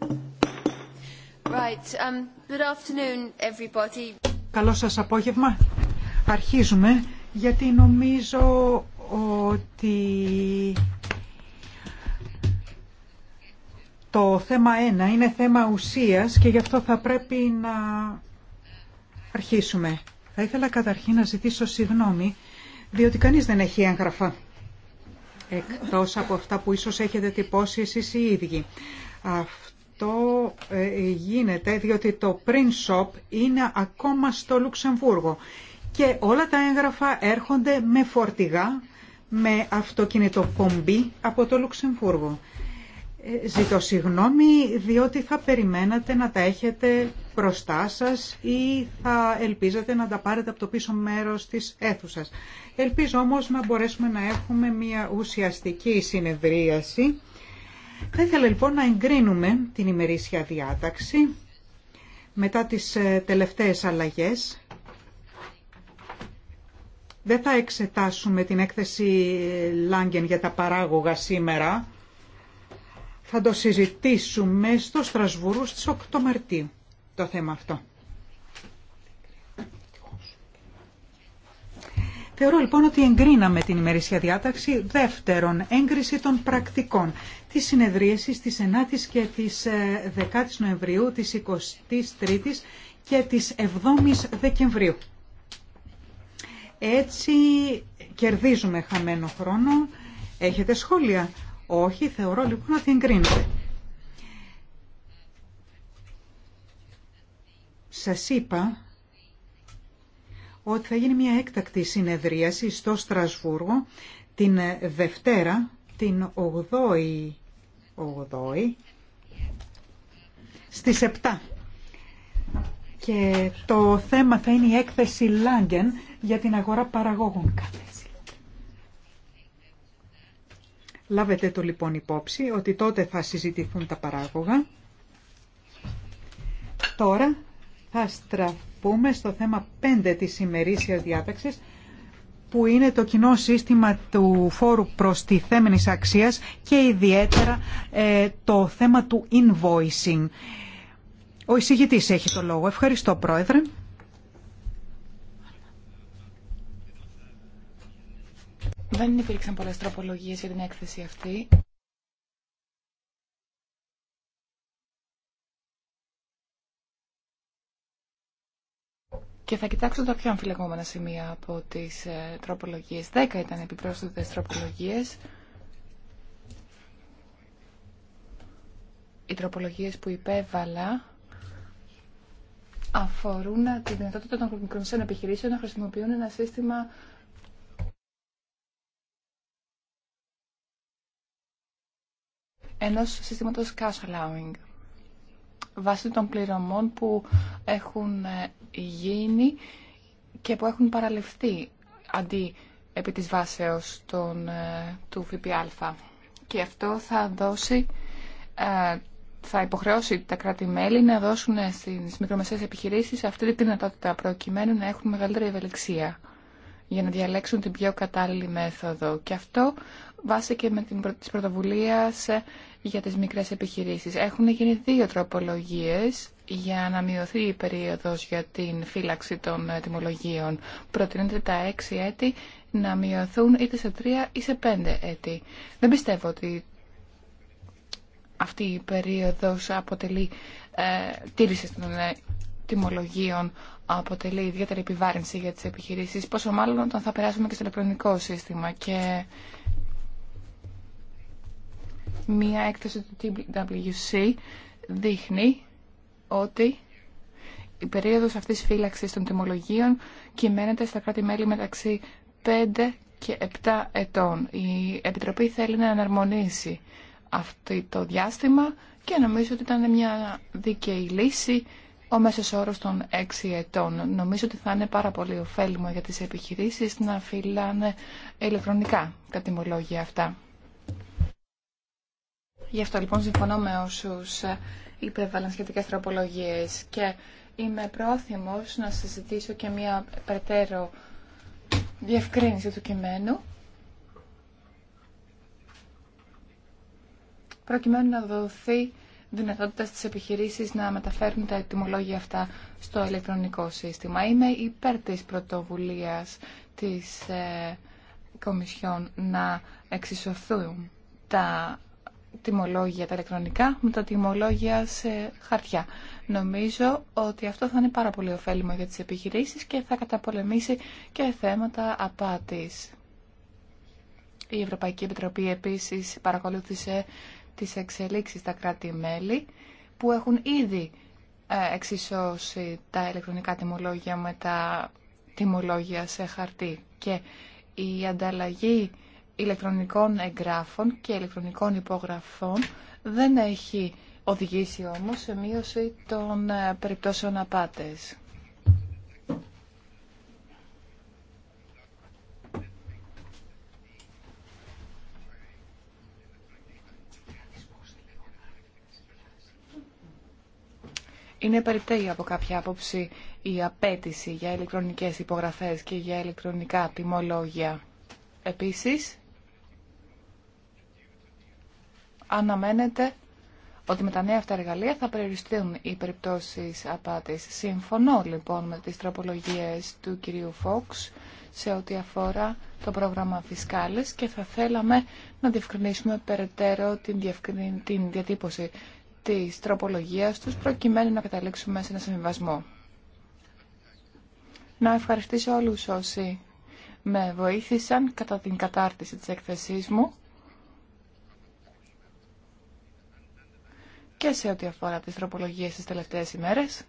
Um, Καλό σας απόγευμα. Αρχίζουμε γιατί νομίζω ότι το θέμα 1 είναι θέμα ουσίας και γι' αυτό θα πρέπει να αρχίσουμε. Θα ήθελα καταρχήν να ζητήσω συγγνώμη διότι κανείς δεν έχει έγγραφα εκτός από αυτά που ίσως έχετε τυπώσει εσείς οι ίδιοι αυτό ε, γίνεται διότι το print shop είναι ακόμα στο Λουξεμβούργο και όλα τα έγγραφα έρχονται με φορτηγά, με αυτοκινητοπομπή από το Λουξεμβούργο. Ε, ζητώ συγγνώμη διότι θα περιμένατε να τα έχετε μπροστά σας ή θα ελπίζατε να τα πάρετε από το πίσω μέρος της αίθουσας. Ελπίζω όμως να μπορέσουμε να έχουμε μια ουσιαστική συνεδρίαση θα ήθελα λοιπόν να εγκρίνουμε την ημερήσια διάταξη μετά τις ε, τελευταίες αλλαγές. Δεν θα εξετάσουμε την έκθεση Λάγκεν για τα παράγωγα σήμερα. Θα το συζητήσουμε στο Στρασβούργο στις 8 Μαρτίου το θέμα αυτό. Θεωρώ λοιπόν ότι εγκρίναμε την ημερήσια διάταξη. Δεύτερον, έγκριση των πρακτικών Τη συνεδρίασης τη 9 η και τη 10 η Νοεμβρίου, τη 23 η και τη 7 η Δεκεμβρίου. Έτσι κερδίζουμε χαμένο χρόνο. Έχετε σχόλια. Όχι, θεωρώ λοιπόν να εγκρίνεται. Σα Σας είπα ότι θα γίνει μια έκτακτη συνεδρίαση στο Στρασβούργο την Δευτέρα, την 8η 8 στις 7. Και το θέμα θα είναι η έκθεση Λάγκεν για την αγορά παραγόγων κάθεση. Λάβετε το λοιπόν υπόψη ότι τότε θα συζητηθούν τα παράγωγα. Τώρα θα στραφούμε στο θέμα 5 της ημερήσιας διάταξης που είναι το κοινό σύστημα του φόρου τη προστιθέμενης αξίας και ιδιαίτερα ε, το θέμα του invoicing. Ο εισηγητής έχει το λόγο. Ευχαριστώ, Πρόεδρε. Δεν υπήρξαν πολλές τροπολογίες για την έκθεση αυτή. Και θα κοιτάξω τα πιο αμφιλεγόμενα σημεία από τις ε, τροπολογίες. Δέκα ήταν επιπρόσθετες τροπολογίες. Οι τροπολογίες που υπέβαλα αφορούν τη δυνατότητα των μικρομεσαίων επιχειρήσεων να χρησιμοποιούν ένα σύστημα ενός συστήματος cash allowing βάσει των πληρωμών που έχουν ε, γίνει και που έχουν παραλευθεί αντί επί της βάσεως των, ε, του ΦΠΑ. Και αυτό θα δώσει ε, θα υποχρεώσει τα κράτη-μέλη να δώσουν στις μικρομεσαίες επιχειρήσεις αυτή τη δυνατότητα προκειμένου να έχουν μεγαλύτερη ευελιξία για να διαλέξουν την πιο κατάλληλη μέθοδο. Και αυτό βάσει και με την της ε, για τις μικρές επιχειρήσεις. Έχουν γίνει δύο τροπολογίες για να μειωθεί η περίοδος για την φύλαξη των τιμολογίων. Προτείνεται τα έξι έτη να μειωθούν είτε σε τρία ή σε πέντε έτη. Δεν πιστεύω ότι αυτή η περίοδος αποτελεί ε, τήρηση των ε, τιμολογίων αποτελεί ιδιαίτερη επιβάρυνση για τις επιχειρήσεις, πόσο μάλλον όταν θα περάσουμε και στο ηλεκτρονικό σύστημα. Και μία έκθεση του TWC δείχνει ότι η περίοδος αυτής φύλαξης των τιμολογίων κυμαίνεται στα κράτη-μέλη μεταξύ 5 και 7 ετών. Η Επιτροπή θέλει να εναρμονίσει αυτό το διάστημα και νομίζω ότι ήταν μια δίκαιη λύση ο μέσος όρος των 6 ετών. Νομίζω ότι θα είναι πάρα πολύ ωφέλιμο για τις επιχειρήσεις να φυλάνε ηλεκτρονικά τα τιμολόγια αυτά. Γι' αυτό λοιπόν συμφωνώ με όσους υπέβαλαν σχετικές τροπολογίες και είμαι πρόθυμος να συζητήσω και μια περαιτέρω διευκρίνηση του κειμένου προκειμένου να δοθεί δυνατότητα στις επιχειρήσεις να μεταφέρουν τα ετοιμολόγια αυτά στο ηλεκτρονικό σύστημα. Είμαι υπέρ της πρωτοβουλίας της ε, Κομισιόν να εξισωθούν τα τιμολόγια τα ηλεκτρονικά με τα τιμολόγια σε χαρτιά. Νομίζω ότι αυτό θα είναι πάρα πολύ ωφέλιμο για τις επιχειρήσεις και θα καταπολεμήσει και θέματα απάτης. Η Ευρωπαϊκή Επιτροπή επίσης παρακολούθησε τις εξελίξεις τα κράτη-μέλη που έχουν ήδη ε, εξισώσει τα ηλεκτρονικά τιμολόγια με τα τιμολόγια σε χαρτί και η ανταλλαγή ηλεκτρονικών εγγράφων και ηλεκτρονικών υπογραφών δεν έχει οδηγήσει όμως σε μείωση των ε, περιπτώσεων απάτες. Είναι περίπτεη από κάποια άποψη η απέτηση για ηλεκτρονικές υπογραφές και για ηλεκτρονικά τιμολόγια. Επίσης, αναμένεται ότι με τα νέα αυτά εργαλεία θα περιοριστούν οι περιπτώσεις απάτης. Συμφωνώ λοιπόν με τις τροπολογίες του κυρίου Φόξ σε ό,τι αφορά το πρόγραμμα φυσκάλες και θα θέλαμε να διευκρινίσουμε περαιτέρω την, διατύπωση της τροπολογίας τους προκειμένου να καταλήξουμε σε ένα συμβιβασμό. Να ευχαριστήσω όλους όσοι με βοήθησαν κατά την κατάρτιση της έκθεσής μου και σε ό,τι αφορά τις τροπολογίες στις τελευταίες ημέρες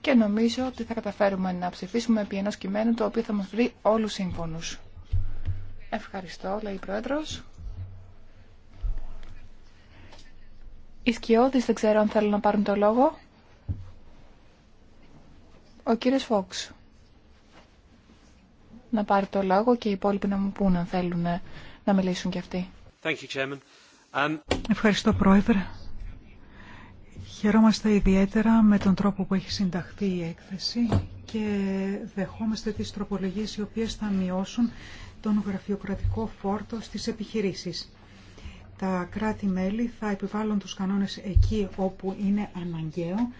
και νομίζω ότι θα καταφέρουμε να ψηφίσουμε επί ενός κειμένου το οποίο θα μας βρει όλους σύμφωνους. Ευχαριστώ, λέει η Πρόεδρος. Οι σκιώδεις δεν ξέρω αν θέλουν να πάρουν το λόγο. Ο κύριος Φόξ. Να πάρει το λόγο και οι υπόλοιποι να μου πούν αν θέλουν να μιλήσουν κι αυτοί. you, Um... Ευχαριστώ Πρόεδρε. Χαιρόμαστε ιδιαίτερα με τον τρόπο που έχει συνταχθεί η έκθεση και δεχόμαστε τις τροπολογίες οι οποίες θα μειώσουν τον γραφειοκρατικό φόρτο στις επιχειρήσεις τα κράτη-μέλη θα επιβάλλουν τους κανόνες εκεί όπου είναι αναγκαίο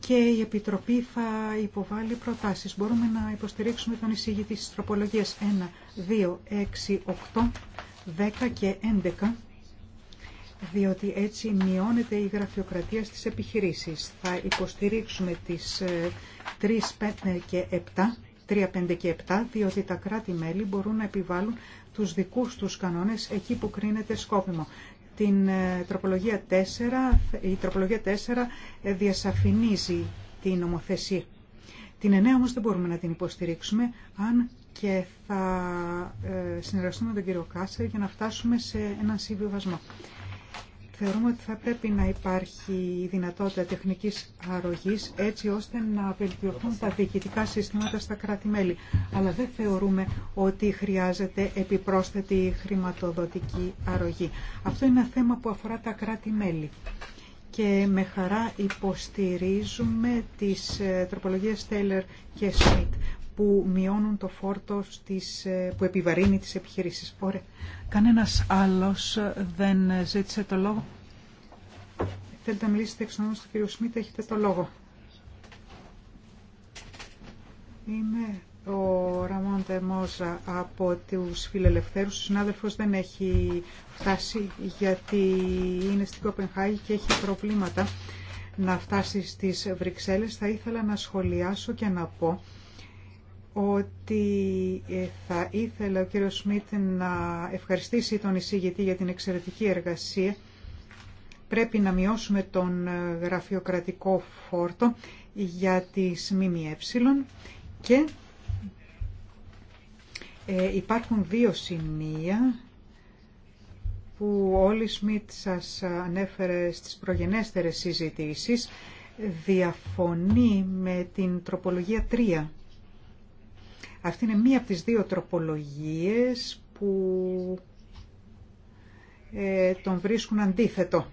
και η Επιτροπή θα υποβάλει προτάσεις. Μπορούμε να υποστηρίξουμε τον εισηγητή στις τροπολογίες 1, 2, 6, 8, 10 και 11 διότι έτσι μειώνεται η γραφειοκρατία στις επιχειρήσεις. Θα υποστηρίξουμε τις 3, ε, 5 και 7 3, 5 και 7, διότι τα κράτη-μέλη μπορούν να επιβάλλουν τους δικούς τους κανόνες εκεί που κρίνεται σκόπιμο. Την ε, τροπολογία 4, η τροπολογία 4 ε, διασαφηνίζει την νομοθεσία. Την 9 όμως δεν μπορούμε να την υποστηρίξουμε, αν και θα ε, συνεργαστούμε με τον κύριο Κάσερ για να φτάσουμε σε έναν συμβιβασμό. Θεωρούμε ότι θα πρέπει να υπάρχει δυνατότητα τεχνικής αρρωγής έτσι ώστε να βελτιωθούν τα διοικητικά συστήματα στα κράτη-μέλη. Αλλά δεν θεωρούμε ότι χρειάζεται επιπρόσθετη χρηματοδοτική αρρωγή. Αυτό είναι ένα θέμα που αφορά τα κράτη-μέλη. Και με χαρά υποστηρίζουμε τις ε, τροπολογίες Taylor και Σμιτ που μειώνουν το φόρτο στις, ε, που επιβαρύνει τις επιχειρήσεις. Ωραία. Κανένας άλλος ε, δεν ε, ζήτησε το λόγο. Θέλετε να μιλήσετε εξ ονόμας του Σμίτ, έχετε το λόγο. Είμαι ο Ραμόν Τεμόζα από τους φιλελευθέρους. Ο συνάδελφος δεν έχει φτάσει γιατί είναι στην Κοπενχάγη και έχει προβλήματα να φτάσει στις Βρυξέλλες. Θα ήθελα να σχολιάσω και να πω ότι ε, θα ήθελα ο κύριος Σμιτ να ευχαριστήσει τον εισηγητή για την εξαιρετική εργασία. Πρέπει να μειώσουμε τον ε, γραφειοκρατικό φόρτο για τις ΜΜΕ και ε, υπάρχουν δύο σημεία που όλοι Σμιτ σας ανέφερε στις προγενέστερες συζητήσεις διαφωνεί με την τροπολογία 3 αυτή είναι μία από τις δύο τροπολογίες που ε, τον βρίσκουν αντίθετο.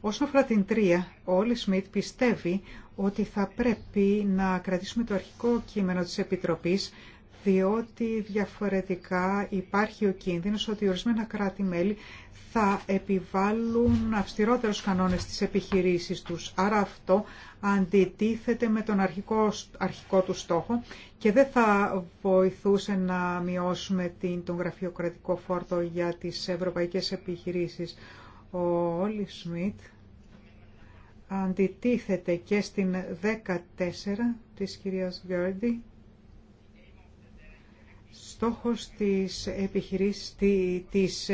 Όσον αφορά την τρία, ο Όλη Σμιτ πιστεύει ότι θα πρέπει να κρατήσουμε το αρχικό κείμενο της Επιτροπής διότι διαφορετικά υπάρχει ο κίνδυνος ότι ορισμένα κράτη-μέλη θα επιβάλλουν αυστηρότερους κανόνες στις επιχειρήσεις τους. Άρα αυτό αντιτίθεται με τον αρχικό, αρχικό του στόχο και δεν θα βοηθούσε να μειώσουμε την, τον γραφειοκρατικό φόρτο για τις ευρωπαϊκές επιχειρήσεις. Ο Όλι Σμιτ αντιτίθεται και στην 14 της κυρίας Γκέρντι Στόχος της επιχειρήσης της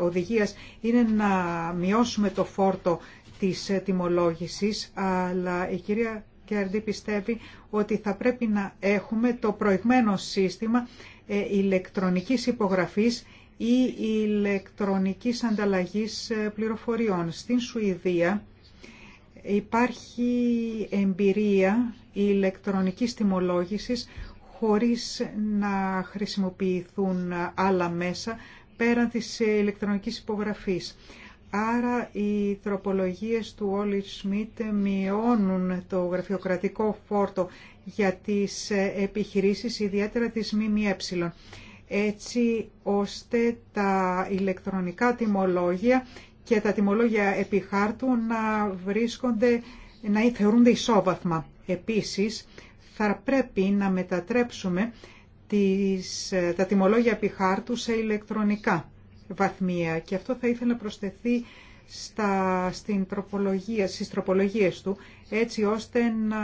οδηγίας είναι να μειώσουμε το φόρτο της τιμολόγησης, αλλά η κυρία Κέρντι πιστεύει ότι θα πρέπει να έχουμε το προηγμένο σύστημα ε, ηλεκτρονικής υπογραφής ή ηλεκτρονικής ανταλλαγής ε, πληροφοριών. Στην Σουηδία υπάρχει εμπειρία ηλεκτρονικής τιμολόγησης χωρίς να χρησιμοποιηθούν άλλα μέσα πέραν της ηλεκτρονικής υπογραφής. Άρα οι τροπολογίες του Όλιτ Σμιτ μειώνουν το γραφειοκρατικό φόρτο για τις επιχειρήσεις, ιδιαίτερα της ΜΜΕ, έτσι ώστε τα ηλεκτρονικά τιμολόγια και τα τιμολόγια επιχάρτου να βρίσκονται, να θεωρούνται ισόβαθμα. Επίσης, θα πρέπει να μετατρέψουμε τις, τα τιμολόγια πιχάρτου σε ηλεκτρονικά βαθμία και αυτό θα ήθελα να προσθεθεί στα, στην τροπολογία, στις τροπολογίες του έτσι ώστε να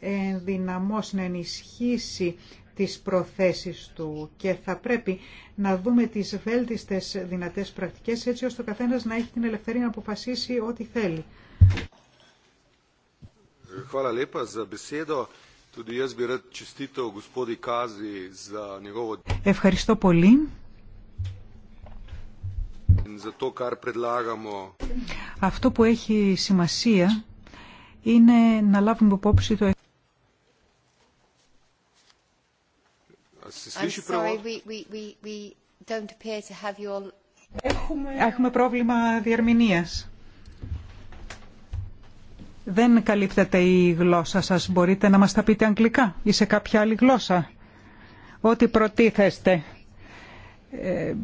ενδυναμώσει, να ενισχύσει τις προθέσεις του και θα πρέπει να δούμε τις βέλτιστες δυνατές πρακτικές έτσι ώστε ο καθένας να έχει την ελευθερία να αποφασίσει ό,τι θέλει. Ευχαριστώ πολύ. Αυτό που έχει σημασία είναι να λάβουμε υπόψη το... Έχουμε... Έχουμε πρόβλημα διαρμηνίας. Δεν καλύπτεται η γλώσσα σας. Μπορείτε να μας τα πείτε αγγλικά ή σε κάποια άλλη γλώσσα. Ό,τι προτίθεστε. Ε,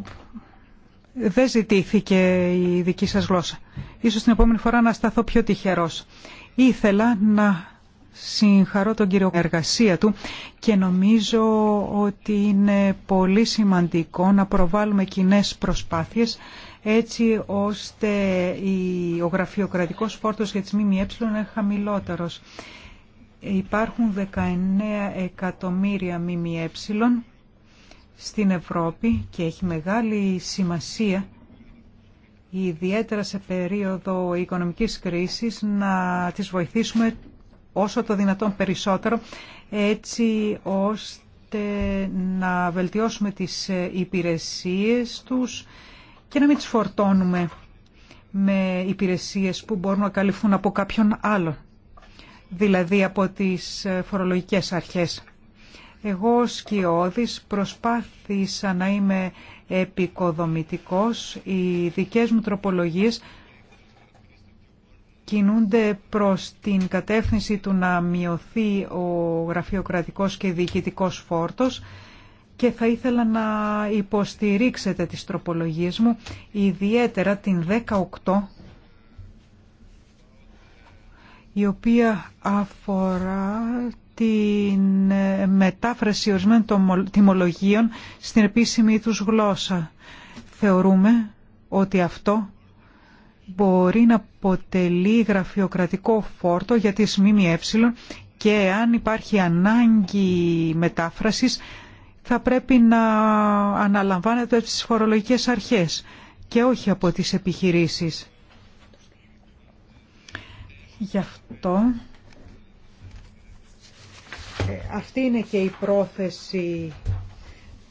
δεν ζητήθηκε η δική σας γλώσσα. Ίσως την επόμενη φορά να σταθώ πιο τυχερός. Ήθελα να συγχαρώ τον κύριο εργασία του και νομίζω ότι είναι πολύ σημαντικό να προβάλλουμε κοινέ προσπάθειες έτσι ώστε ο γραφειοκρατικός φόρτος για τις ΜΜΕ είναι χαμηλότερος. Υπάρχουν 19 εκατομμύρια ΜΜΕ στην Ευρώπη και έχει μεγάλη σημασία ιδιαίτερα σε περίοδο οικονομικής κρίσης να τις βοηθήσουμε όσο το δυνατόν περισσότερο έτσι ώστε να βελτιώσουμε τις ε, υπηρεσίες τους και να μην τις φορτώνουμε με υπηρεσίες που μπορούν να καλυφθούν από κάποιον άλλο, δηλαδή από τις ε, φορολογικές αρχές. Εγώ σκιώδης προσπάθησα να είμαι επικοδομητικός. Οι δικές μου τροπολογίες κινούνται προς την κατεύθυνση του να μειωθεί ο γραφειοκρατικός και διοικητικός φόρτος και θα ήθελα να υποστηρίξετε τις τροπολογίες μου, ιδιαίτερα την 18, η οποία αφορά τη μετάφραση ορισμένων τιμολογίων στην επίσημη τους γλώσσα. Θεωρούμε ότι αυτό μπορεί να αποτελεί γραφειοκρατικό φόρτο για τις ΜΜΕ και αν υπάρχει ανάγκη μετάφρασης θα πρέπει να αναλαμβάνεται από τις φορολογικές αρχές και όχι από τις επιχειρήσεις. Γι' αυτό ε, αυτή είναι και η πρόθεση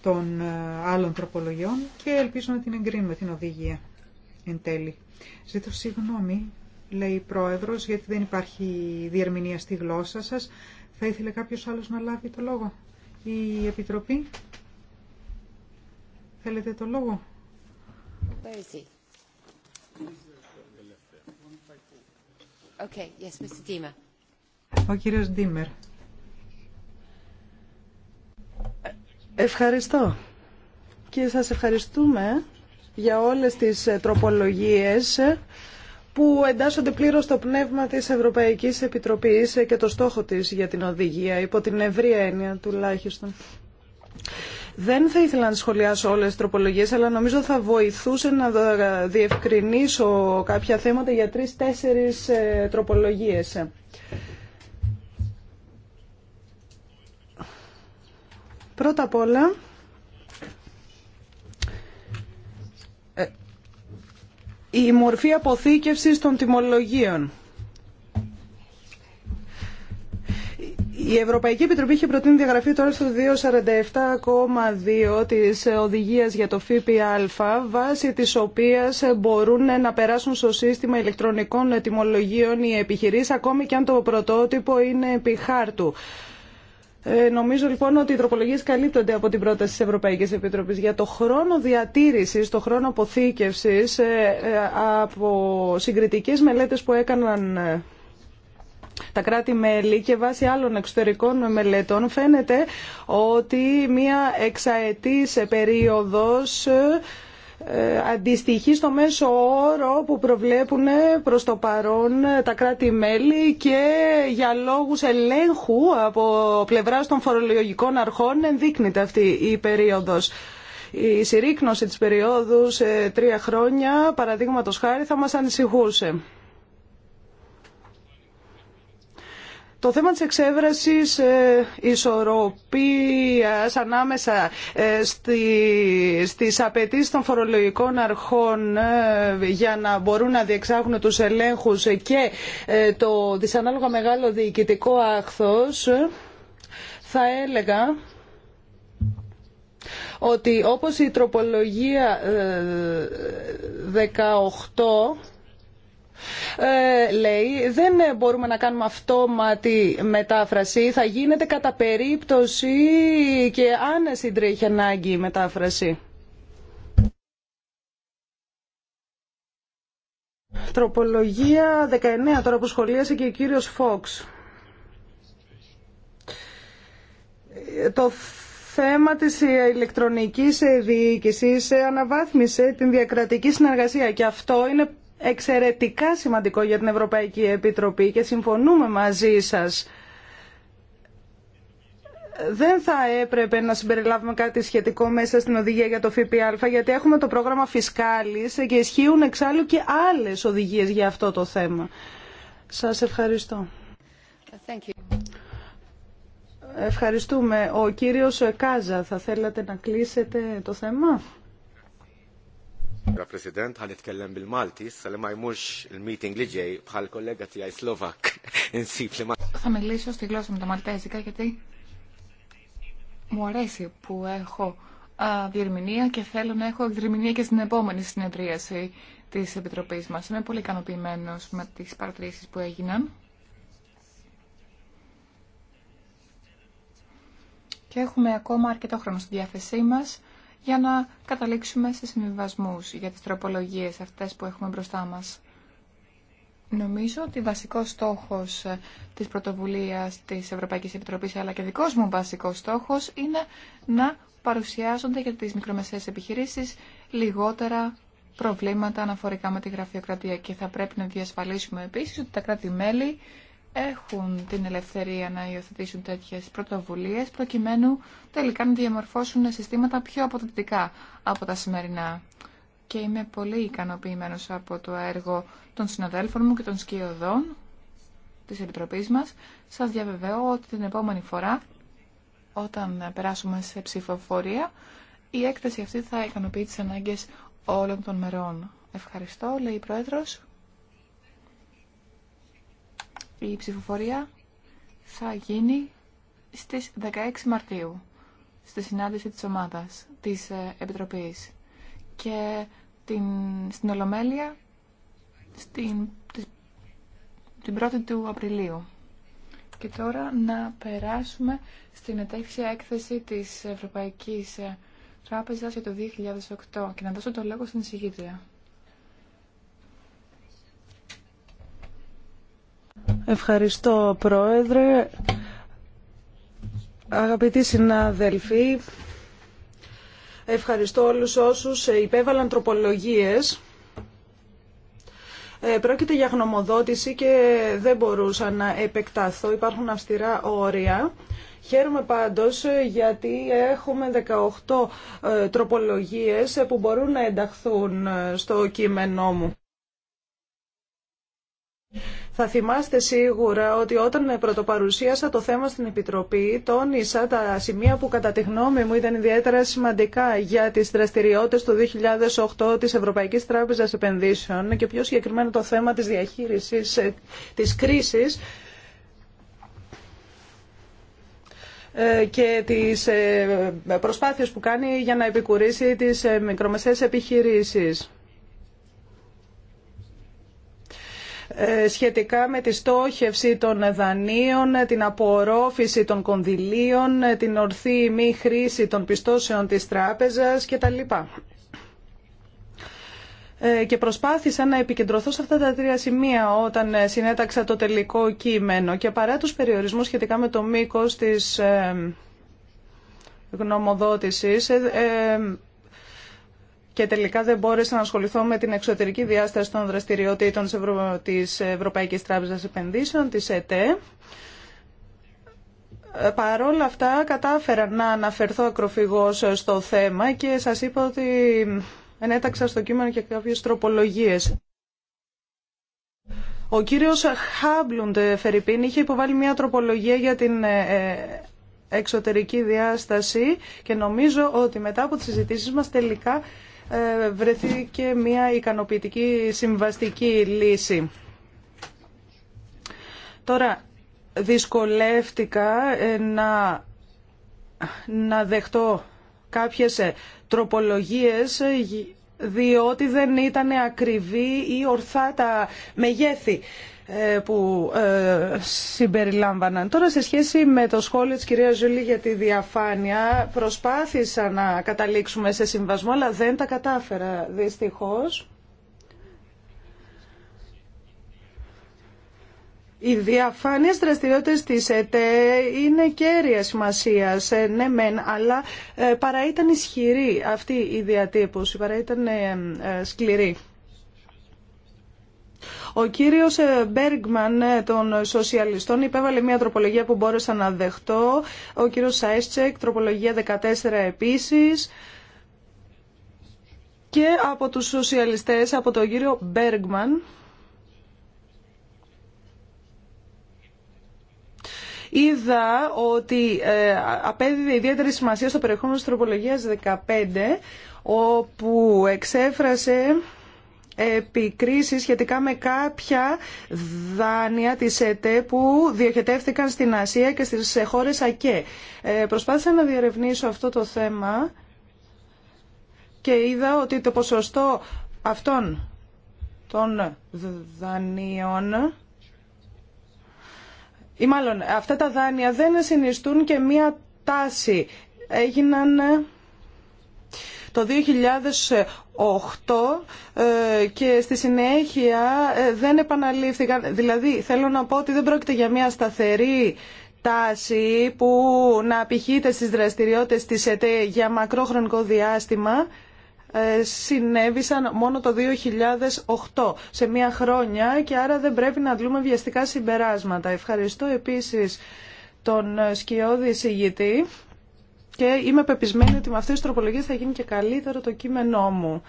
των ε, άλλων τροπολογιών και ελπίζω να την εγκρίνουμε την οδηγία εν τέλει. Ζήτω συγγνώμη, λέει η Πρόεδρος, γιατί δεν υπάρχει διερμηνία στη γλώσσα σας. Θα ήθελε κάποιος άλλος να λάβει το λόγο. Η Επιτροπή. Θέλετε το λόγο. Okay, yes, Mr. Ο κύριος Ντίμερ. Ευχαριστώ. Και σας ευχαριστούμε για όλες τις ε, τροπολογίες που εντάσσονται πλήρως στο πνεύμα της Ευρωπαϊκής Επιτροπής και το στόχο της για την οδηγία, υπό την ευρία έννοια τουλάχιστον. Δεν θα ήθελα να σχολιάσω όλες τις τροπολογίες, αλλά νομίζω θα βοηθούσε να διευκρινίσω κάποια θέματα για τρεις-τέσσερις ε, τροπολογίες. Πρώτα απ' όλα, η μορφή αποθήκευσης των τιμολογίων. Η Ευρωπαϊκή Επιτροπή είχε προτείνει διαγραφή τώρα στο 247,2 της οδηγίας για το ΦΠΑ, βάσει της οποίας μπορούν να περάσουν στο σύστημα ηλεκτρονικών τιμολογίων οι επιχειρήσεις, ακόμη και αν το πρωτότυπο είναι επί χάρτου. Ε, νομίζω λοιπόν ότι οι τροπολογίε καλύπτονται από την πρόταση τη Ευρωπαϊκή Επιτροπή για το χρόνο διατήρησης, το χρόνο αποθήκευση ε, ε, από συγκριτικές μελέτες που έκαναν ε, τα κράτη-μέλη και βάσει άλλων εξωτερικών μελετών φαίνεται ότι μία εξαετής περίοδος ε, αντιστοιχεί στο μέσο όρο που προβλέπουν ε, προς το παρόν ε, τα κράτη-μέλη και για λόγους ελέγχου από πλευράς των φορολογικών αρχών ενδείκνεται αυτή η περίοδος. Η συρρήκνωση της περίοδου σε τρία χρόνια, παραδείγματος χάρη, θα μας ανησυχούσε. Το θέμα της εξέβρασης ε, ισορροπίας ανάμεσα ε, στις απαιτήσεις των φορολογικών αρχών ε, για να μπορούν να διεξάγουν τους ελέγχους και το δυσανάλογα μεγάλο διοικητικό άχθος θα έλεγα ότι όπως η τροπολογία 18 ε, λέει δεν μπορούμε να κάνουμε αυτόματη μετάφραση. Θα γίνεται κατά περίπτωση και αν συντρέχει ανάγκη η μετάφραση. Τροπολογία 19 τώρα που σχολίασε και ο κύριος Φόξ. Το θέμα της ηλεκτρονικής διοίκησης αναβάθμισε την διακρατική συνεργασία και αυτό είναι εξαιρετικά σημαντικό για την Ευρωπαϊκή Επιτροπή και συμφωνούμε μαζί σας. Δεν θα έπρεπε να συμπεριλάβουμε κάτι σχετικό μέσα στην οδηγία για το ΦΠΑ, γιατί έχουμε το πρόγραμμα Φισκάλης και ισχύουν εξάλλου και άλλες οδηγίες για αυτό το θέμα. Σας ευχαριστώ. Thank you. Ευχαριστούμε. Ο κύριος Κάζα, θα θέλατε να κλείσετε το θέμα. Θα μιλήσω στη γλώσσα με τα Μαλτέζικα γιατί μου αρέσει που έχω διερμηνία και θέλω να έχω διερμηνία και στην επόμενη συνεδρίαση της Επιτροπής μας. Είμαι πολύ ικανοποιημένο με τις παρατηρήσεις που έγιναν. Και έχουμε ακόμα αρκετό χρόνο στη διάθεσή μας για να καταλήξουμε σε συμβιβασμού για τις τροπολογίες αυτές που έχουμε μπροστά μας. Νομίζω ότι βασικός στόχος ε, της πρωτοβουλίας της Ευρωπαϊκής Επιτροπής αλλά και δικό μου βασικός στόχος είναι να παρουσιάζονται για τις μικρομεσαίες επιχειρήσεις λιγότερα προβλήματα αναφορικά με τη γραφειοκρατία και θα πρέπει να διασφαλίσουμε επίσης ότι τα κράτη-μέλη έχουν την ελευθερία να υιοθετήσουν τέτοιες πρωτοβουλίες προκειμένου τελικά να διαμορφώσουν συστήματα πιο αποδοτικά από τα σημερινά. Και είμαι πολύ ικανοποιημένος από το έργο των συναδέλφων μου και των σκιωδών της Επιτροπής μας. Σας διαβεβαιώ ότι την επόμενη φορά, όταν περάσουμε σε ψηφοφορία, η έκθεση αυτή θα ικανοποιεί τις ανάγκες όλων των μερών. Ευχαριστώ, λέει η Πρόεδρος. Η ψηφοφορία θα γίνει στις 16 Μαρτίου, στη συνάντηση της ομάδας, της ε, Επιτροπής. Και την, στην Ολομέλεια, στην, την 1η του Απριλίου. Και τώρα να περάσουμε στην ετέχεια έκθεση της Ευρωπαϊκής ε, Τράπεζας για το 2008 και να δώσω το λόγο στην εισηγήτρια. Ευχαριστώ, Πρόεδρε. Αγαπητοί συνάδελφοι, ευχαριστώ όλους όσους υπέβαλαν τροπολογίες. Ε, πρόκειται για γνωμοδότηση και δεν μπορούσα να επεκταθώ. Υπάρχουν αυστηρά όρια. Χαίρομαι πάντως ε, γιατί έχουμε 18 ε, τροπολογίες που μπορούν να ενταχθούν στο κείμενό μου. Θα θυμάστε σίγουρα ότι όταν πρωτοπαρουσίασα το θέμα στην Επιτροπή, τόνισα τα σημεία που κατά τη γνώμη μου ήταν ιδιαίτερα σημαντικά για τις δραστηριότητες του 2008 της Ευρωπαϊκής Τράπεζας Επενδύσεων και πιο συγκεκριμένα το θέμα της διαχείρισης ε, της κρίσης ε, και τις ε, προσπάθειες που κάνει για να επικουρήσει τις μικρομεσαίες επιχειρήσεις. Ε, σχετικά με τη στόχευση των δανείων, την απορρόφηση των κονδυλίων, την ορθή μη χρήση των πιστώσεων της τράπεζας κτλ. Ε, και προσπάθησα να επικεντρωθώ σε αυτά τα τρία σημεία όταν συνέταξα το τελικό κείμενο και παρά τους περιορισμούς σχετικά με το μήκος της ε, γνωμοδότησης και τελικά δεν μπόρεσα να ασχοληθώ με την εξωτερική διάσταση των δραστηριοτήτων της, Ευρω... της Ευρωπαϊκής Τράπεζας Επενδύσεων, της ΕΤΕ. Παρόλα αυτά κατάφερα να αναφερθώ ακροφυγώς στο θέμα και σας είπα ότι ενέταξα στο κείμενο και κάποιες τροπολογίες. Ο κύριος Χάμπλουντ ε, Φερρυπίν είχε υποβάλει μια τροπολογία για την ε, ε, εξωτερική διάσταση και νομίζω ότι μετά από τις συζητήσεις μας τελικά ε, βρεθεί και μια ικανοποιητική συμβαστική λύση. Τώρα, δυσκολεύτηκα ε, να, να δεχτώ κάποιες ε, τροπολογίες διότι δεν ήταν ακριβή ή ορθά τα μεγέθη. Ε, που ε, συμπεριλάμβαναν. Τώρα σε σχέση με το σχόλιο της κυρίας Ζουλή για τη διαφάνεια προσπάθησα να καταλήξουμε σε συμβασμό αλλά δεν τα κατάφερα δυστυχώς. Οι διαφάνειε δραστηριότητε τη ΕΤΕ είναι κέρια σημασία, ναι μεν, αλλά ε, παρά ήταν ισχυρή αυτή η διατύπωση, παρά ήταν σκληρή. Ο κύριος ε, Μπέργκμαν ε, των Σοσιαλιστών υπέβαλε μια τροπολογία που μπόρεσα να δεχτώ. Ο κύριος Σάιστσεκ, τροπολογία 14 επίσης. Και από τους σοσιαλιστές, από τον κύριο Μπέργκμαν, είδα ότι ε, απέδιδε ιδιαίτερη σημασία στο περιεχόμενο της τροπολογίας 15, όπου εξέφρασε επικρίσεις σχετικά με κάποια δάνεια της ΕΤΕ που διοχετεύτηκαν στην Ασία και στις χώρες ΑΚΕ. Προσπάθησα να διερευνήσω αυτό το θέμα και είδα ότι το ποσοστό αυτών των δανείων ή μάλλον αυτά τα δάνεια δεν συνιστούν και μία τάση. Έγιναν το 2008 ε, και στη συνέχεια ε, δεν επαναλήφθηκαν. Δηλαδή θέλω να πω ότι δεν πρόκειται για μια σταθερή τάση που να απηχείται στις δραστηριότητες της ΕΤΕ για μακρόχρονικό διάστημα ε, συνέβησαν μόνο το 2008 σε μία χρόνια και άρα δεν πρέπει να δούμε βιαστικά συμπεράσματα. Ευχαριστώ επίσης τον σκιώδη Σιγητή και είμαι πεπισμένη ότι με αυτές τις τροπολογίες θα γίνει και καλύτερο το κείμενό μου.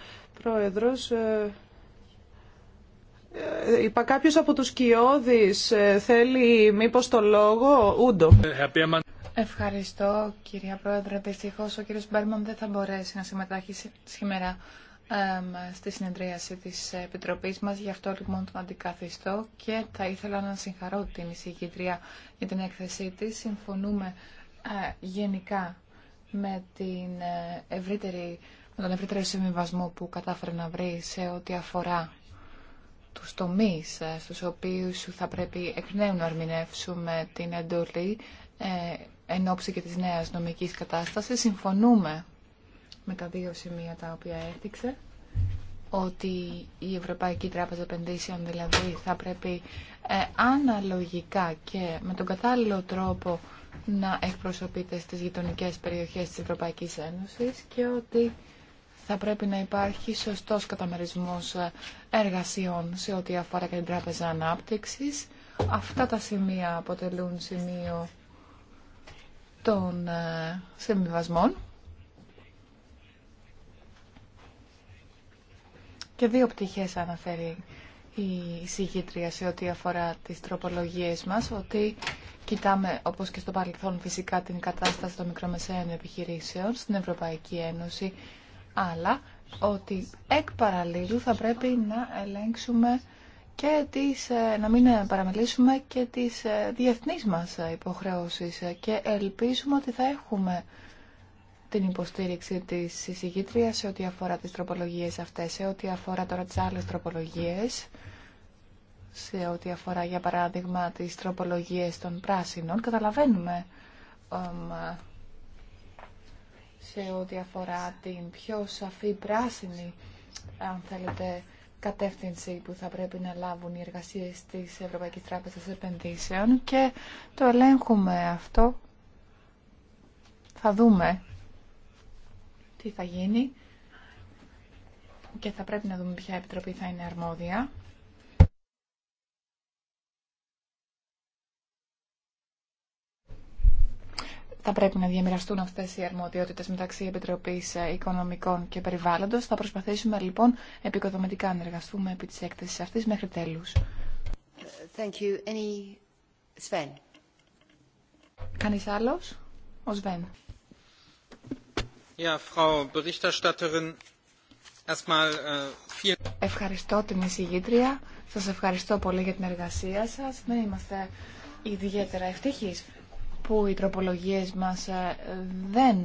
Πρόεδρος, ε, ε, είπα κάποιος από τους ε, θέλει μήπως το λόγο, Ούντο. Ευχαριστώ κυρία Πρόεδρε. Δυστυχώ ο κύριος Μπέρμαν δεν θα μπορέσει να συμμετάχει σήμερα στη συνεδρίαση της Επιτροπής μας. Γι' αυτό λοιπόν τον αντικαθιστώ και θα ήθελα να συγχαρώ την εισηγήτρια για την έκθεσή της. Συμφωνούμε ε, γενικά με, την ε, ευρύτερη, με τον ευρύτερο συμβιβασμό που κατάφερε να βρει σε ό,τι αφορά τους τομείς ε, στους οποίους θα πρέπει εκ νέου να την εντολή ε, εν ώψη και της νέας νομικής κατάστασης. Συμφωνούμε με τα δύο σημεία τα οποία έθιξε ότι η Ευρωπαϊκή Τράπεζα Επενδύσεων δηλαδή θα πρέπει ε, αναλογικά και με τον κατάλληλο τρόπο να εκπροσωπείται στις γειτονικές περιοχές της Ευρωπαϊκής Ένωσης και ότι θα πρέπει να υπάρχει σωστός καταμερισμός εργασιών σε ό,τι αφορά και την Τράπεζα Ανάπτυξης. Αυτά τα σημεία αποτελούν σημείο των ε, συμβιβασμών. Και δύο πτυχές αναφέρει η συγκήτρια σε ό,τι αφορά τις τροπολογίες μας, ότι Κοιτάμε, όπως και στο παρελθόν, φυσικά την κατάσταση των μικρομεσαίων επιχειρήσεων στην Ευρωπαϊκή Ένωση, αλλά ότι εκ παραλίλου θα πρέπει να ελέγξουμε και τις, ε, να μην παραμελήσουμε και τις ε, διεθνείς μας υποχρεώσεις και ελπίζουμε ότι θα έχουμε την υποστήριξη της συζητήτρια σε ό,τι αφορά τις τροπολογίες αυτές, σε ό,τι αφορά τώρα τις άλλες τροπολογίες σε ό,τι αφορά για παράδειγμα τις τροπολογίες των πράσινων. Καταλαβαίνουμε σε ό,τι αφορά την πιο σαφή πράσινη, αν θέλετε, κατεύθυνση που θα πρέπει να λάβουν οι εργασίες της Ευρωπαϊκής Τράπεζας Επενδύσεων και το ελέγχουμε αυτό. Θα δούμε τι θα γίνει και θα πρέπει να δούμε ποια επιτροπή θα είναι αρμόδια. θα πρέπει να διαμοιραστούν αυτέ οι αρμοδιότητε μεταξύ επιτροπή Οικονομικών και περιβάλλοντο. Θα προσπαθήσουμε λοιπόν επικοδομητικά να εργαστούμε επί τη έκθεση αυτή μέχρι τέλου. Äh, ευχαριστώ την εισηγήτρια. Σας ευχαριστώ πολύ για την εργασία σας. Δεν είμαστε ιδιαίτερα ευτυχείς που οι τροπολογίες μας ε, δεν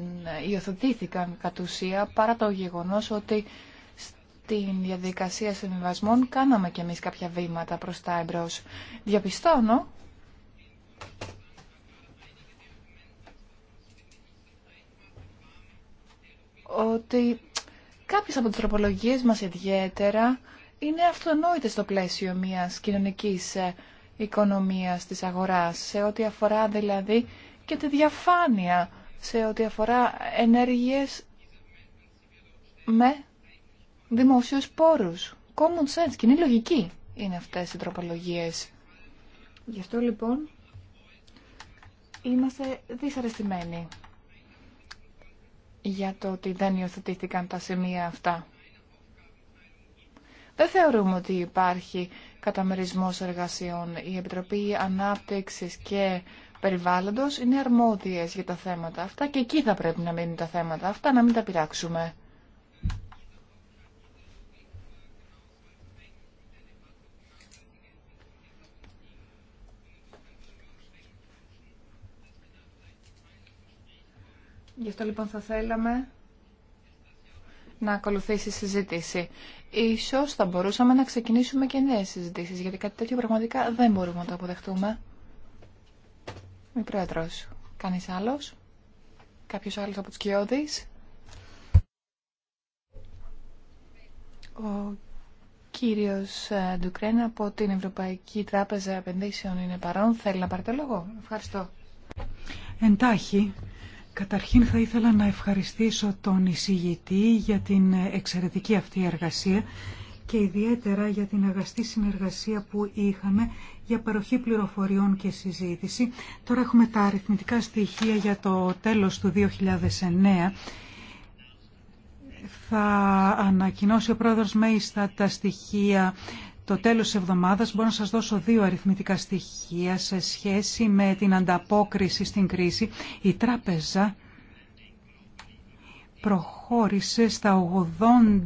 υιοθετήθηκαν κατ' ουσία παρά το γεγονός ότι στην διαδικασία συμβιβασμών κάναμε κι εμείς κάποια βήματα προς τα εμπρός. Διαπιστώνω ότι κάποιες από τις τροπολογίες μας ιδιαίτερα είναι αυτονόητες στο πλαίσιο μιας κοινωνικής ε, οικονομίας της αγοράς, σε ό,τι αφορά δηλαδή και τη διαφάνεια, σε ό,τι αφορά ενέργειες με δημοσίους πόρους. Common sense, κοινή λογική είναι αυτές οι τροπολογίες. Γι' αυτό λοιπόν είμαστε δυσαρεστημένοι για το ότι δεν υιοθετήθηκαν τα σημεία αυτά. Δεν θεωρούμε ότι υπάρχει καταμερισμός εργασιών. Η Επιτροπή Ανάπτυξης και Περιβάλλοντος είναι αρμόδιες για τα θέματα αυτά και εκεί θα πρέπει να μείνουν τα θέματα αυτά, να μην τα πειράξουμε. Γι' αυτό λοιπόν θα θέλαμε να ακολουθήσει η συζήτηση. Ίσως θα μπορούσαμε να ξεκινήσουμε και νέες συζητήσεις, γιατί κάτι τέτοιο πραγματικά δεν μπορούμε να το αποδεχτούμε. Μη πρόεδρος, κανείς άλλος, κάποιος άλλος από τους κοιόδης. Ο κύριος ε, Ντουκρέν από την Ευρωπαϊκή Τράπεζα Επενδύσεων είναι παρόν. Θέλει να πάρει το λόγο. Ευχαριστώ. Εντάχει, Καταρχήν θα ήθελα να ευχαριστήσω τον εισηγητή για την εξαιρετική αυτή εργασία και ιδιαίτερα για την αγαστή συνεργασία που είχαμε για παροχή πληροφοριών και συζήτηση. Τώρα έχουμε τα αριθμητικά στοιχεία για το τέλος του 2009. Θα ανακοινώσει ο πρόεδρος Μέιστα τα στοιχεία το τέλος της εβδομάδας μπορώ να σας δώσω δύο αριθμητικά στοιχεία σε σχέση με την ανταπόκριση στην κρίση. Η τράπεζα προχώρησε στα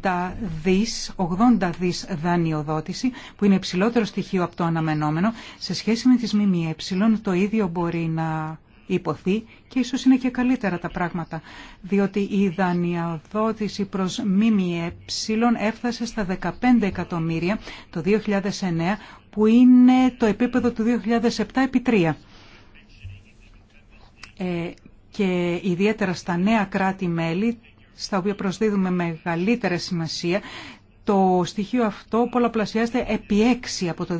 80 δις, 80 δις δανειοδότηση, που είναι υψηλότερο στοιχείο από το αναμενόμενο. Σε σχέση με τις ΜΜΕ, το ίδιο μπορεί να υποθεί και ίσως είναι και καλύτερα τα πράγματα, διότι η δανειοδότηση προς ΜΜΕ έφτασε στα 15 εκατομμύρια το 2009, που είναι το επίπεδο του 2007 επί 3. Ε, και ιδιαίτερα στα νέα κράτη-μέλη, στα οποία προσδίδουμε μεγαλύτερη σημασία, το στοιχείο αυτό πολλαπλασιάζεται επί 6 από το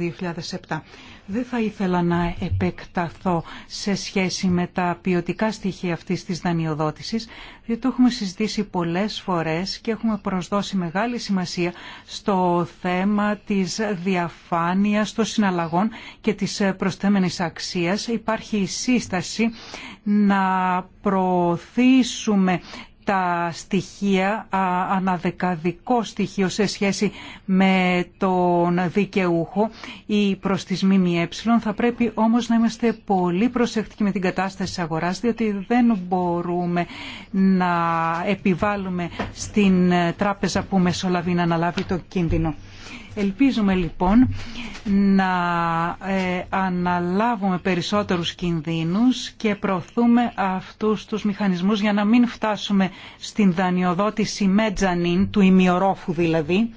2007. Δεν θα ήθελα να επεκταθώ σε σχέση με τα ποιοτικά στοιχεία αυτής της δανειοδότησης, διότι το έχουμε συζητήσει πολλές φορές και έχουμε προσδώσει μεγάλη σημασία στο θέμα της διαφάνειας των συναλλαγών και της προσθέμενης αξίας. Υπάρχει η σύσταση να προωθήσουμε τα στοιχεία, αναδεκαδικό στοιχείο σε σχέση με τον δικαιούχο ή προς τις ΜΜΕ. Θα πρέπει όμως να είμαστε πολύ προσεκτικοί με την κατάσταση της αγοράς, διότι δεν μπορούμε να επιβάλλουμε στην τράπεζα που μεσολαβεί να αναλάβει το κίνδυνο. Ελπίζουμε λοιπόν να ε, αναλάβουμε περισσότερους κινδύνους και προωθούμε αυτούς τους μηχανισμούς για να μην φτάσουμε στην δανειοδότηση μέτζανιν, του ημιορόφου δηλαδή,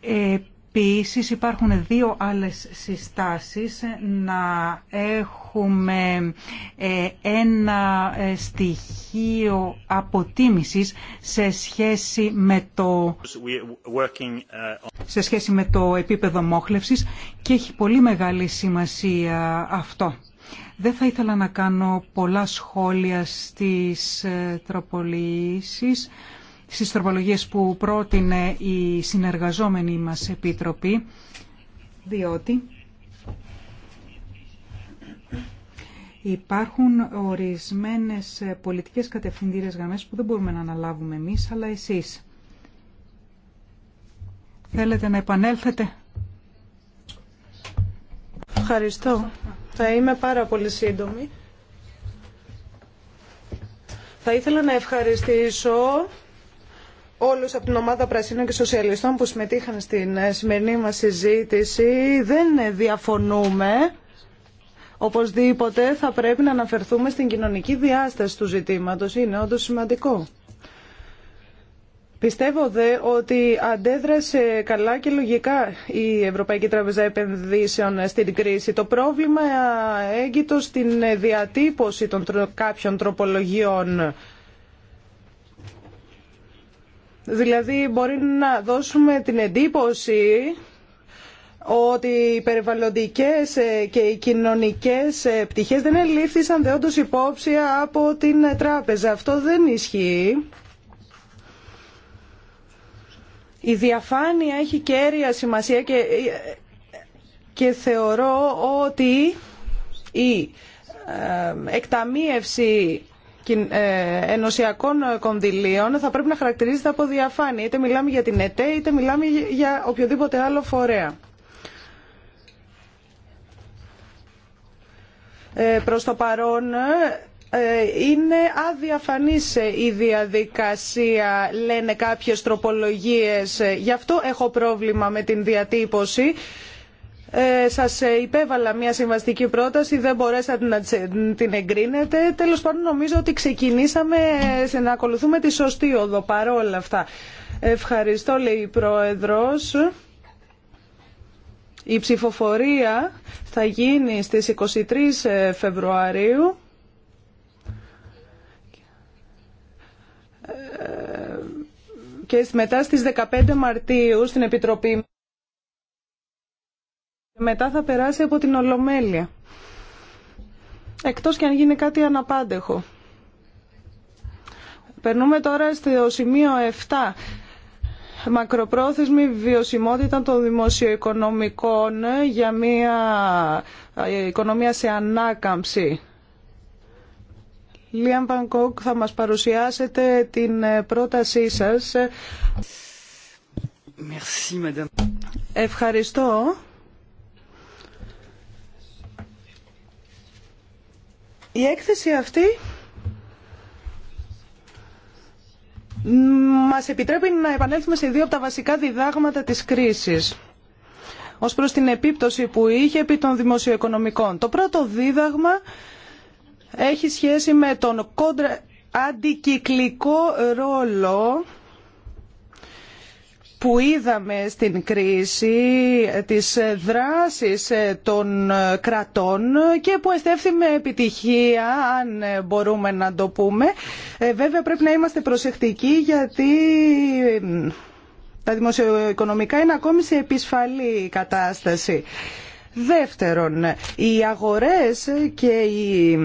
ε, Επίση, υπάρχουν δύο άλλες συστάσεις να έχουμε ε, ένα ε, στοιχείο αποτίμησης σε σχέση με το, uh, σε σχέση με το επίπεδο μόχλευσης και έχει πολύ μεγάλη σημασία αυτό. Δεν θα ήθελα να κάνω πολλά σχόλια στις ε, τροπολίσεις στις τροπολογίες που πρότεινε η συνεργαζόμενη μας Επίτροπη, διότι υπάρχουν ορισμένες πολιτικές κατευθυντήρες γραμμές που δεν μπορούμε να αναλάβουμε εμείς, αλλά εσείς. Θέλετε να επανέλθετε. Ευχαριστώ. Θα είμαι πάρα πολύ σύντομη. Θα ήθελα να ευχαριστήσω όλους από την ομάδα Πρασίνων και Σοσιαλιστών που συμμετείχαν στην ε, σημερινή μας συζήτηση. Δεν διαφωνούμε. Οπωσδήποτε θα πρέπει να αναφερθούμε στην κοινωνική διάσταση του ζητήματος. Είναι όντως σημαντικό. Πιστεύω δε ότι αντέδρασε καλά και λογικά η Ευρωπαϊκή Τραπεζά Επενδύσεων στην κρίση. Το πρόβλημα ε, έγκυτο στην ε, διατύπωση των κάποιων τροπολογιών Δηλαδή μπορεί να δώσουμε την εντύπωση ότι οι περιβαλλοντικές ε, και οι κοινωνικές ε, πτυχές δεν ελήφθησαν δεόντως υπόψη από την τράπεζα. Αυτό δεν ισχύει. Η διαφάνεια έχει κέρια σημασία και, και θεωρώ ότι η ε, εκταμίευση ε, ενωσιακών ε, κονδυλίων θα πρέπει να χαρακτηρίζεται από διαφάνεια. Είτε μιλάμε για την ΕΤΕ, είτε μιλάμε για οποιοδήποτε άλλο φορέα. Ε, προς το παρόν ε, είναι αδιαφανής η διαδικασία, λένε κάποιες τροπολογίες. Γι' αυτό έχω πρόβλημα με την διατύπωση. Ε, σας υπέβαλα μια συμβαστική πρόταση, δεν μπορέσατε να την εγκρίνετε. Τέλος πάντων νομίζω ότι ξεκινήσαμε σε να ακολουθούμε τη σωστή οδο παρόλα αυτά. Ευχαριστώ λέει η Πρόεδρος. Η ψηφοφορία θα γίνει στις 23 Φεβρουαρίου. Ε, και μετά στις 15 Μαρτίου στην Επιτροπή μετά θα περάσει από την Ολομέλεια. Εκτός και αν γίνει κάτι αναπάντεχο. Περνούμε τώρα στο σημείο 7 μακροπρόθεσμη βιωσιμότητα των δημοσιοοικονομικών για μια ε, οικονομία σε ανάκαμψη. Λίαν Πανκόκ, θα μας παρουσιάσετε την ε, πρότασή σας. Merci, Ευχαριστώ. Η έκθεση αυτή μας επιτρέπει να επανέλθουμε σε δύο από τα βασικά διδάγματα της κρίσης ως προς την επίπτωση που είχε επί των δημοσιοοικονομικών. Το πρώτο δίδαγμα έχει σχέση με τον κόντρα αντικυκλικό ρόλο που είδαμε στην κρίση τις δράσεις των κρατών και που εστέφθη με επιτυχία, αν μπορούμε να το πούμε. Ε, βέβαια πρέπει να είμαστε προσεκτικοί γιατί τα δημοσιοοικονομικά είναι ακόμη σε επισφαλή κατάσταση. Δεύτερον, οι αγορές και οι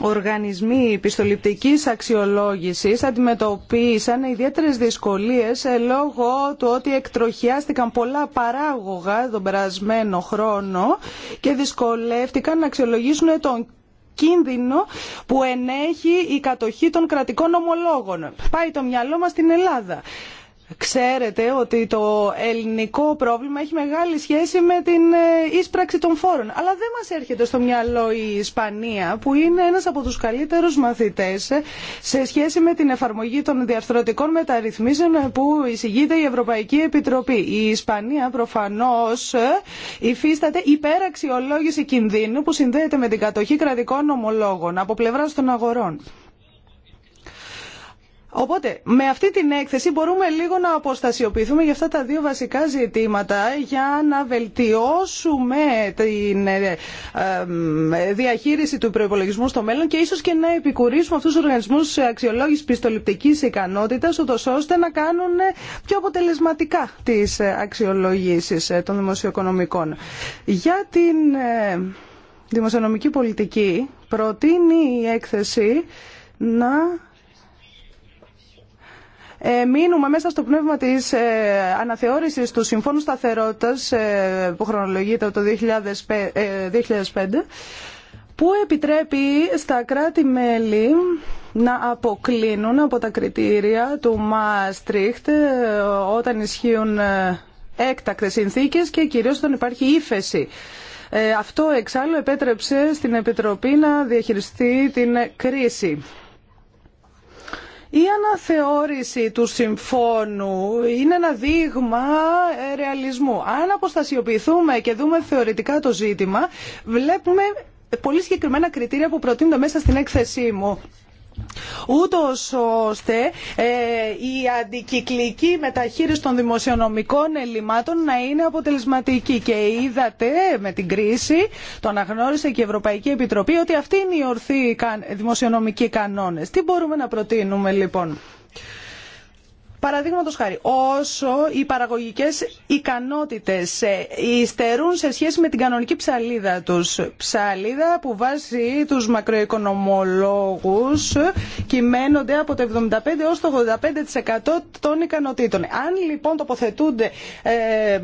οργανισμοί πιστοληπτικής αξιολόγησης αντιμετωπίσαν ιδιαίτερες δυσκολίες ε, λόγω του ότι εκτροχιάστηκαν πολλά παράγωγα τον περασμένο χρόνο και δυσκολεύτηκαν να αξιολογήσουν τον κίνδυνο που ενέχει η κατοχή των κρατικών ομολόγων. Πάει το μυαλό μας στην Ελλάδα. Ξέρετε ότι το ελληνικό πρόβλημα έχει μεγάλη σχέση με την ίσπραξη ε, των φόρων. Αλλά δεν μας έρχεται στο μυαλό η Ισπανία που είναι ένας από τους καλύτερους μαθητές ε, σε σχέση με την εφαρμογή των διαρθρωτικών μεταρρυθμίσεων ε, που εισηγείται η Ευρωπαϊκή Επιτροπή. Η Ισπανία προφανώς υφίσταται υπεραξιολόγηση κινδύνου που συνδέεται με την κατοχή κρατικών ομολόγων από πλευρά των αγορών. Οπότε, με αυτή την έκθεση μπορούμε λίγο να αποστασιοποιηθούμε για αυτά τα δύο βασικά ζητήματα για να βελτιώσουμε την ε, ε, διαχείριση του προπολογισμού στο μέλλον και ίσως και να επικουρήσουμε αυτούς τους οργανισμούς αξιολόγησης πιστοληπτικής ικανότητας ούτως ώστε να κάνουν πιο αποτελεσματικά τις αξιολογήσεις ε, των δημοσιοοικονομικών. Για την δημοσιονομική πολιτική προτείνει η έκθεση να ε, μείνουμε μέσα στο πνεύμα της ε, αναθεώρησης του Συμφώνου Σταθερότητας ε, που χρονολογείται το 2005 που επιτρέπει στα κράτη-μέλη να αποκλίνουν από τα κριτήρια του Μαστρίχτ όταν ισχύουν έκτακτες συνθήκες και κυρίως όταν υπάρχει ύφεση. Αυτό εξάλλου επέτρεψε στην Επιτροπή να διαχειριστεί την κρίση. Η αναθεώρηση του συμφώνου είναι ένα δείγμα ε, ρεαλισμού. Αν αποστασιοποιηθούμε και δούμε θεωρητικά το ζήτημα, βλέπουμε πολύ συγκεκριμένα κριτήρια που προτείνονται μέσα στην έκθεσή μου ούτως ώστε ε, η αντικυκλική μεταχείριση των δημοσιονομικών ελλημάτων να είναι αποτελεσματική. Και είδατε με την κρίση, το αναγνώρισε και η Ευρωπαϊκή Επιτροπή, ότι αυτή είναι η ορθοί δημοσιονομικοί κανόνες. Τι μπορούμε να προτείνουμε λοιπόν. Παραδείγματο χάρη, όσο οι παραγωγικέ ικανότητε ε, υστερούν σε σχέση με την κανονική ψαλίδα του, ψαλίδα που βάσει του μακροοικονομολόγου κυμαίνονται από το 75 έω το 85% των ικανοτήτων. Αν λοιπόν τοποθετούνται ε,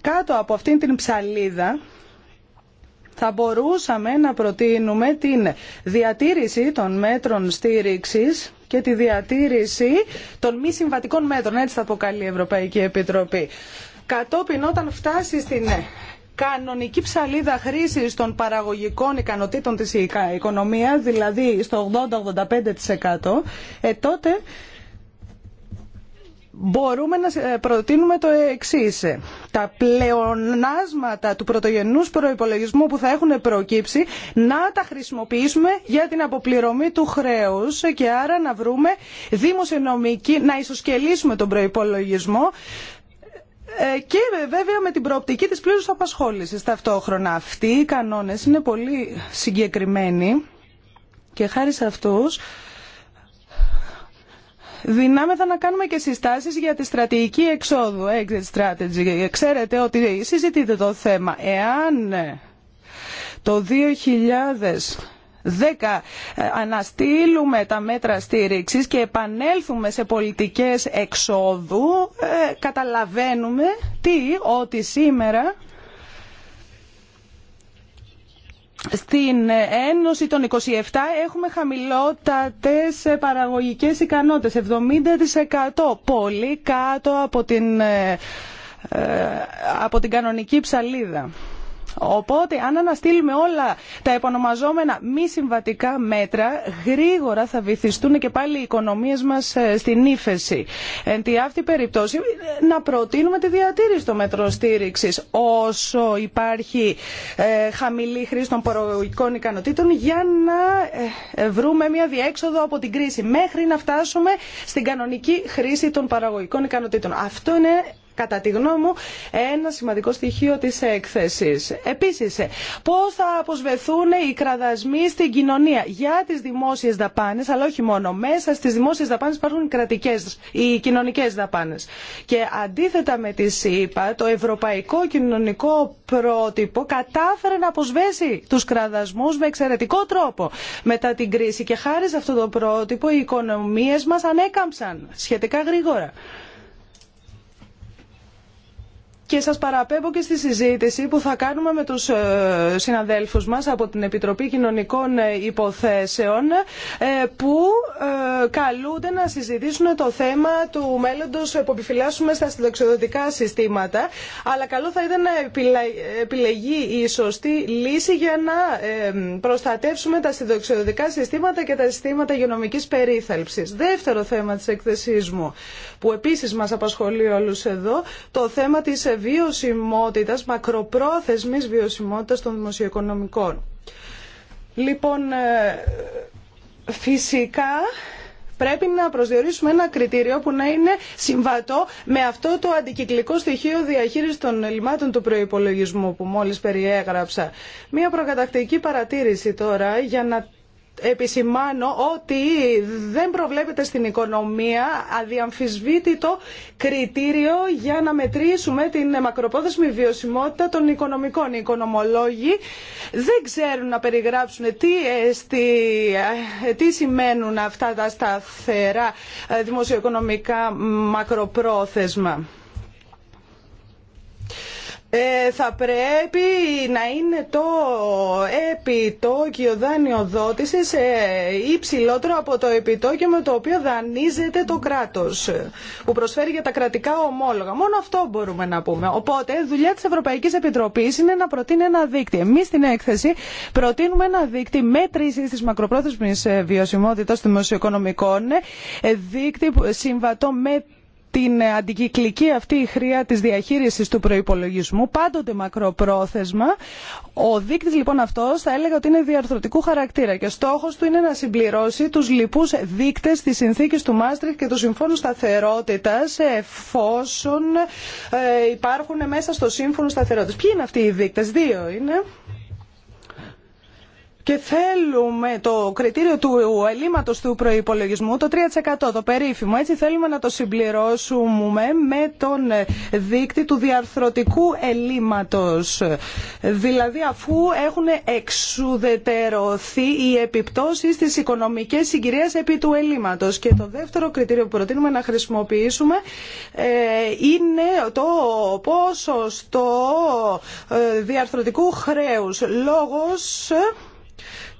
κάτω από αυτήν την ψαλίδα, θα μπορούσαμε να προτείνουμε την διατήρηση των μέτρων στήριξης και τη διατήρηση των μη συμβατικών μέτρων, έτσι θα αποκαλεί η Ευρωπαϊκή Επιτροπή. Κατόπιν όταν φτάσει στην κανονική ψαλίδα χρήσης των παραγωγικών ικανοτήτων της οικονομίας, δηλαδή στο 80-85%, ε, τότε μπορούμε να ε, προτείνουμε το εξή. Τα πλεονάσματα του πρωτογενούς προϋπολογισμού που θα έχουν προκύψει να τα χρησιμοποιήσουμε για την αποπληρωμή του χρέους και άρα να βρούμε δημοσιονομική, να ισοσκελίσουμε τον προϋπολογισμό ε, και βέβαια με την προοπτική της πλήρους απασχόλησης ταυτόχρονα. Αυτοί οι κανόνες είναι πολύ συγκεκριμένοι και χάρη σε αυτούς δυνάμεθα να κάνουμε και συστάσεις για τη στρατηγική εξόδου, exit ε, strategy. Ξέρετε ότι συζητείτε το θέμα. Εάν το 2010 ε, Αναστείλουμε τα μέτρα στήριξης και επανέλθουμε σε πολιτικές εξόδου. Ε, καταλαβαίνουμε τι, ότι σήμερα στην Ένωση των 27 έχουμε χαμηλότατες παραγωγικές ικανότητες, 70%. Πολύ κάτω από την, ε, ε, από την κανονική ψαλίδα. Οπότε αν αναστείλουμε όλα τα επανομαζόμενα μη συμβατικά μέτρα, γρήγορα θα βυθιστούν και πάλι οι οικονομίες μας ε, στην ύφεση. Εν τη αυτή περιπτώση να προτείνουμε τη διατήρηση των μέτρων στήριξη όσο υπάρχει ε, χαμηλή χρήση των παραγωγικών ικανοτήτων για να ε, βρούμε μια διέξοδο από την κρίση μέχρι να φτάσουμε στην κανονική χρήση των παραγωγικών ικανοτήτων. Αυτό είναι κατά τη γνώμη μου, ένα σημαντικό στοιχείο της έκθεσης. Επίσης, πώς θα αποσβεθούν οι κραδασμοί στην κοινωνία για τις δημόσιες δαπάνες, αλλά όχι μόνο. Μέσα στις δημόσιες δαπάνες υπάρχουν οι, κρατικές, οι κοινωνικές δαπάνες. Και αντίθετα με τη ΣΥΠΑ, το ευρωπαϊκό κοινωνικό πρότυπο κατάφερε να αποσβέσει τους κραδασμούς με εξαιρετικό τρόπο μετά την κρίση. Και χάρη σε αυτό το πρότυπο οι οικονομίες μας ανέκαμψαν σχετικά γρήγορα. Και σας παραπέμπω και στη συζήτηση που θα κάνουμε με τους ε, συναδέλφους μας από την Επιτροπή Κοινωνικών ε, Υποθέσεων ε, που καλούνται να συζητήσουν το θέμα του μέλλοντος που επιφυλάσσουμε στα συνταξιοδοτικά συστήματα. Αλλά καλό θα ήταν να επιλεγεί η σωστή λύση για να προστατεύσουμε τα συνταξιοδοτικά συστήματα και τα συστήματα υγειονομικής περίθαλψης. Δεύτερο θέμα της εκθεσής μου που επίσης μας απασχολεί όλους εδώ, το θέμα της βιωσιμότητας, μακροπρόθεσμης βιωσιμότητας των δημοσιοοικονομικών. Λοιπόν, ε, φυσικά πρέπει να προσδιορίσουμε ένα κριτήριο που να είναι συμβατό με αυτό το αντικυκλικό στοιχείο διαχείρισης των ελλημάτων του προϋπολογισμού που μόλις περιέγραψα. Μία προκατακτική παρατήρηση τώρα για να επισημάνω ότι δεν προβλέπεται στην οικονομία αδιαμφισβήτητο κριτήριο για να μετρήσουμε την μακροπρόθεσμη βιωσιμότητα των οικονομικών. Οι οικονομολόγοι δεν ξέρουν να περιγράψουν τι, ε, τι σημαίνουν αυτά τα σταθερά ε, δημοσιοοικονομικά μακροπρόθεσμα. Ε, θα πρέπει να είναι το επιτόκιο δανειοδότησης ε, υψηλότερο από το επιτόκιο με το οποίο δανείζεται το κράτος που προσφέρει για τα κρατικά ομόλογα. Μόνο αυτό μπορούμε να πούμε. Οπότε δουλειά της Ευρωπαϊκής Επιτροπής είναι να προτείνει ένα δίκτυο. Εμείς στην έκθεση προτείνουμε ένα δίκτυο μέτρησης της μακροπρόθεσμης ε, βιωσιμότητας δημοσιοοικονομικών δίκτυο συμβατό με την αντικυκλική αυτή η χρειά της διαχείρισης του προϋπολογισμού, πάντοτε μακροπρόθεσμα. Ο δείκτης λοιπόν αυτός θα έλεγα ότι είναι διαρθρωτικού χαρακτήρα και στόχος του είναι να συμπληρώσει τους λοιπούς δείκτες της συνθήκης του Μάστριχ και του Συμφώνου Σταθερότητας εφόσον ε, υπάρχουν μέσα στο Σύμφωνο Σταθερότητας. Ποιοι είναι αυτοί οι δείκτες, δύο είναι και θέλουμε το κριτήριο του ελλείμματο του προπολογισμού, το 3%, το περίφημο, έτσι θέλουμε να το συμπληρώσουμε με τον δείκτη του διαρθρωτικού ελλείμματο. Δηλαδή αφού έχουν εξουδετερωθεί οι επιπτώσει της οικονομική συγκυρία επί του ελλείμματο. Και το δεύτερο κριτήριο που προτείνουμε να χρησιμοποιήσουμε ε, είναι το πόσο στο ε, διαρθρωτικού χρέου λόγος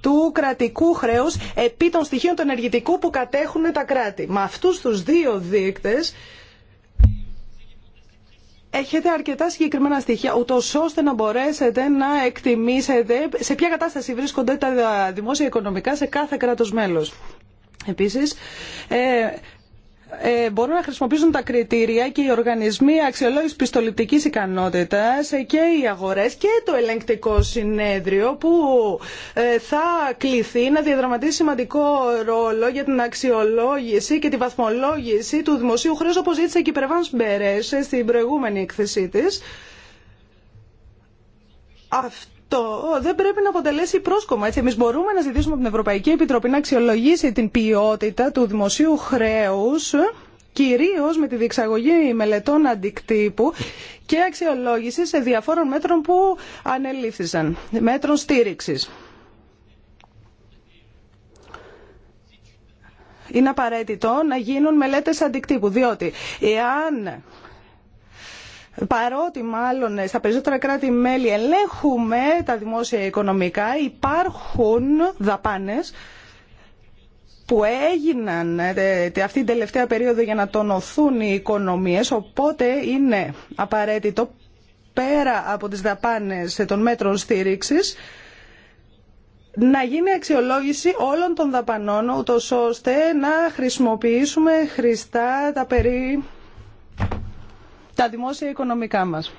του κρατικού χρέου επί των στοιχείων του ενεργητικού που κατέχουν τα κράτη. Με αυτούς τους δύο δείκτε έχετε αρκετά συγκεκριμένα στοιχεία, ούτω ώστε να μπορέσετε να εκτιμήσετε σε ποια κατάσταση βρίσκονται τα δημόσια οικονομικά σε κάθε κράτος μέλος. Επίσης, ε, ε, μπορούν να χρησιμοποιήσουν τα κριτήρια και οι οργανισμοί αξιολόγηση πιστοληπτική ικανότητα και οι αγορέ και το ελεγκτικό συνέδριο που ε, θα κληθεί να διαδραματίσει σημαντικό ρόλο για την αξιολόγηση και τη βαθμολόγηση του δημοσίου χρέου όπω ζήτησε και η Περβάν Μπερέσε στην προηγούμενη εκθεσή τη δεν πρέπει να αποτελέσει πρόσκομα. Έτσι, εμείς μπορούμε να ζητήσουμε από την Ευρωπαϊκή Επιτροπή να αξιολογήσει την ποιότητα του δημοσίου χρέους κυρίως με τη διεξαγωγή μελετών αντικτύπου και αξιολόγηση σε διαφόρων μέτρων που ανελήφθησαν, μέτρων στήριξης. Είναι απαραίτητο να γίνουν μελέτες αντικτύπου, διότι εάν Παρότι μάλλον στα περισσότερα κράτη-μέλη ελέγχουμε τα δημόσια οικονομικά, υπάρχουν δαπάνες που έγιναν ε, αυτή την τελευταία περίοδο για να τονωθούν οι οικονομίες, οπότε είναι απαραίτητο πέρα από τις δαπάνες των μέτρων στήριξης να γίνει αξιολόγηση όλων των δαπανών, ούτως ώστε να χρησιμοποιήσουμε χρηστά τα περί τα δημόσια οικονομικά μας.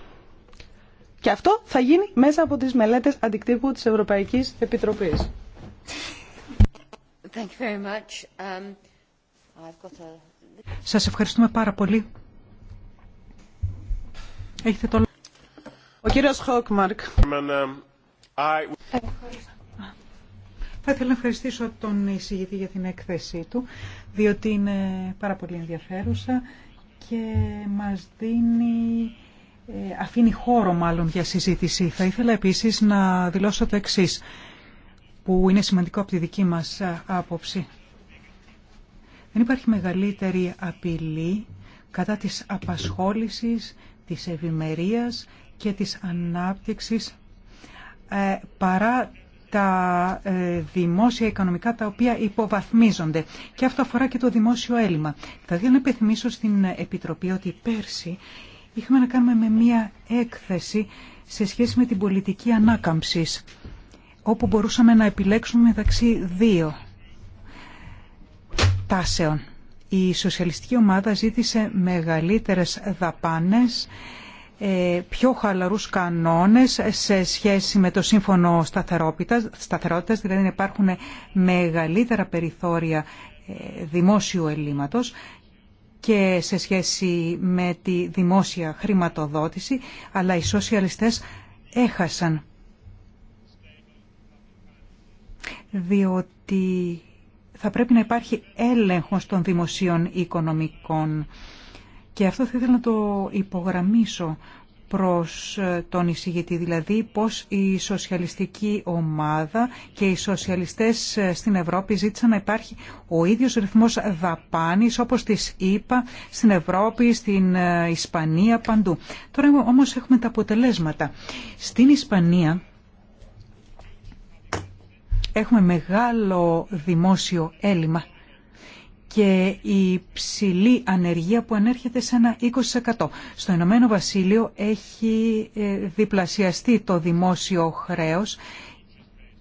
Και αυτό θα γίνει μέσα από τις μελέτες αντικτύπου της Ευρωπαϊκής Επιτροπής. Thank um, Σας ευχαριστούμε πάρα πολύ. Έχετε το Ο κύριος Χόκμαρκ. Θα ήθελα να ευχαριστήσω τον εισηγητή για την έκθεσή του, διότι είναι πάρα πολύ ενδιαφέρουσα και μας δίνει, ε, αφήνει χώρο μάλλον για συζήτηση. Θα ήθελα επίσης να δηλώσω το εξή που είναι σημαντικό από τη δική μας ε, άποψη. Δεν υπάρχει μεγαλύτερη απειλή κατά της απασχόλησης, της ευημερίας και της ανάπτυξης ε, παρά τα ε, δημόσια οικονομικά τα οποία υποβαθμίζονται. Και αυτό αφορά και το δημόσιο έλλειμμα. Θα ήθελα να επιθυμίσω στην Επιτροπή ότι πέρσι είχαμε να κάνουμε με μία έκθεση σε σχέση με την πολιτική ανάκαμψης, όπου μπορούσαμε να επιλέξουμε μεταξύ δύο τάσεων. Η σοσιαλιστική ομάδα ζήτησε μεγαλύτερες δαπάνες ε, πιο χαλαρούς κανόνες σε σχέση με το σύμφωνο σταθερότητας, δηλαδή να υπάρχουν μεγαλύτερα περιθώρια ε, δημόσιου ελλείμματος και σε σχέση με τη δημόσια χρηματοδότηση, αλλά οι σοσιαλιστές έχασαν. Διότι θα πρέπει να υπάρχει έλεγχος των δημοσίων οικονομικών και αυτό θα ήθελα να το υπογραμμίσω προς ε, τον εισηγητή, δηλαδή πώς η σοσιαλιστική ομάδα και οι σοσιαλιστές ε, στην Ευρώπη ζήτησαν να υπάρχει ο ίδιος ρυθμός δαπάνης όπως τις είπα στην Ευρώπη, στην ε, Ισπανία, παντού. Τώρα όμως έχουμε τα αποτελέσματα. Στην Ισπανία έχουμε μεγάλο δημόσιο έλλειμμα και η ψηλή ανεργία που ανέρχεται σε ένα 20%. Στο Ηνωμένο Βασίλειο έχει ε, διπλασιαστεί το δημόσιο χρέος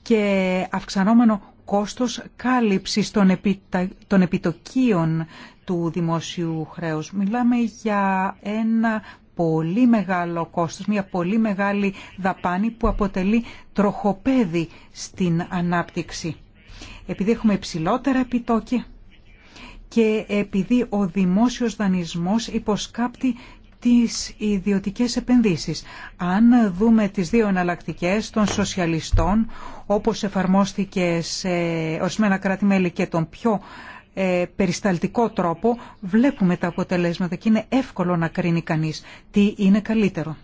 και αυξανόμενο κόστος κάλυψης των επιτοκίων του δημόσιου χρέους. Μιλάμε για ένα πολύ μεγάλο κόστος, μια πολύ μεγάλη δαπάνη που αποτελεί τροχοπέδι στην ανάπτυξη. Επειδή έχουμε υψηλότερα επιτόκια, και επειδή ο δημόσιος δανεισμός υποσκάπτει τις ιδιωτικές επενδύσεις. Αν δούμε τις δύο εναλλακτικέ των σοσιαλιστών, όπως εφαρμόστηκε σε ορισμένα κράτη-μέλη και τον πιο ε, περισταλτικό τρόπο, βλέπουμε τα αποτελέσματα και είναι εύκολο να κρίνει κανείς τι είναι καλύτερο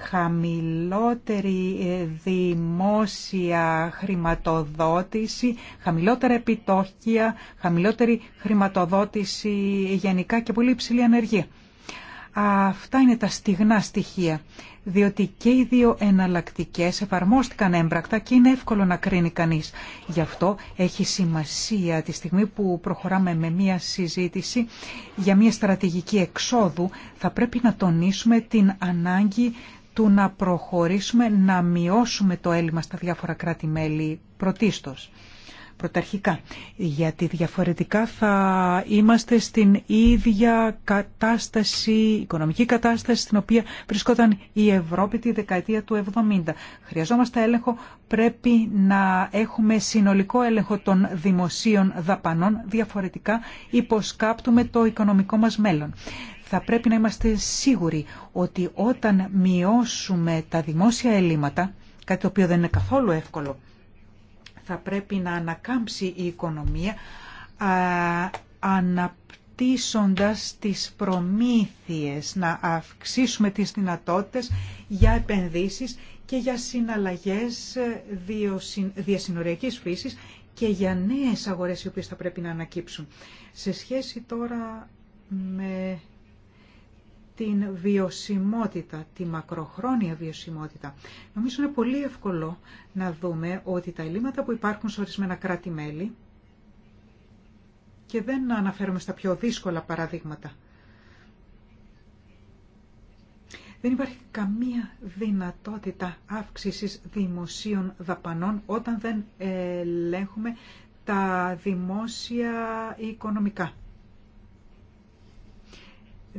χαμηλότερη ε, δημόσια χρηματοδότηση, χαμηλότερα επιτόχια, χαμηλότερη χρηματοδότηση γενικά και πολύ υψηλή ανεργία. Αυτά είναι τα στιγνά στοιχεία, διότι και οι δύο εναλλακτικές εφαρμόστηκαν έμπρακτα και είναι εύκολο να κρίνει κανείς. Γι' αυτό έχει σημασία τη στιγμή που προχωράμε με μία συζήτηση για μία στρατηγική εξόδου, θα πρέπει να τονίσουμε την ανάγκη του να προχωρήσουμε να μειώσουμε το έλλειμμα στα διάφορα κράτη-μέλη πρωτίστως, πρωταρχικά. Γιατί διαφορετικά θα είμαστε στην ίδια κατάσταση, οικονομική κατάσταση στην οποία βρισκόταν η Ευρώπη τη δεκαετία του 70. Χρειαζόμαστε έλεγχο, πρέπει να έχουμε συνολικό έλεγχο των δημοσίων δαπανών, διαφορετικά υποσκάπτουμε το οικονομικό μας μέλλον θα πρέπει να είμαστε σίγουροι ότι όταν μειώσουμε τα δημόσια ελλείμματα, κάτι το οποίο δεν είναι καθόλου εύκολο, θα πρέπει να ανακάμψει η οικονομία α, αναπτύσσοντας τις προμήθειες, να αυξήσουμε τις δυνατότητες για επενδύσεις και για συναλλαγές ε, διασυνοριακής φύσης και για νέες αγορές οι οποίες θα πρέπει να ανακύψουν. Σε σχέση τώρα με την βιωσιμότητα, τη μακροχρόνια βιωσιμότητα. Νομίζω είναι πολύ εύκολο να δούμε ότι τα ελλείμματα που υπάρχουν σε ορισμένα κράτη-μέλη, και δεν αναφέρομαι στα πιο δύσκολα παραδείγματα, δεν υπάρχει καμία δυνατότητα αύξησης δημοσίων δαπανών όταν δεν ελέγχουμε τα δημόσια οικονομικά.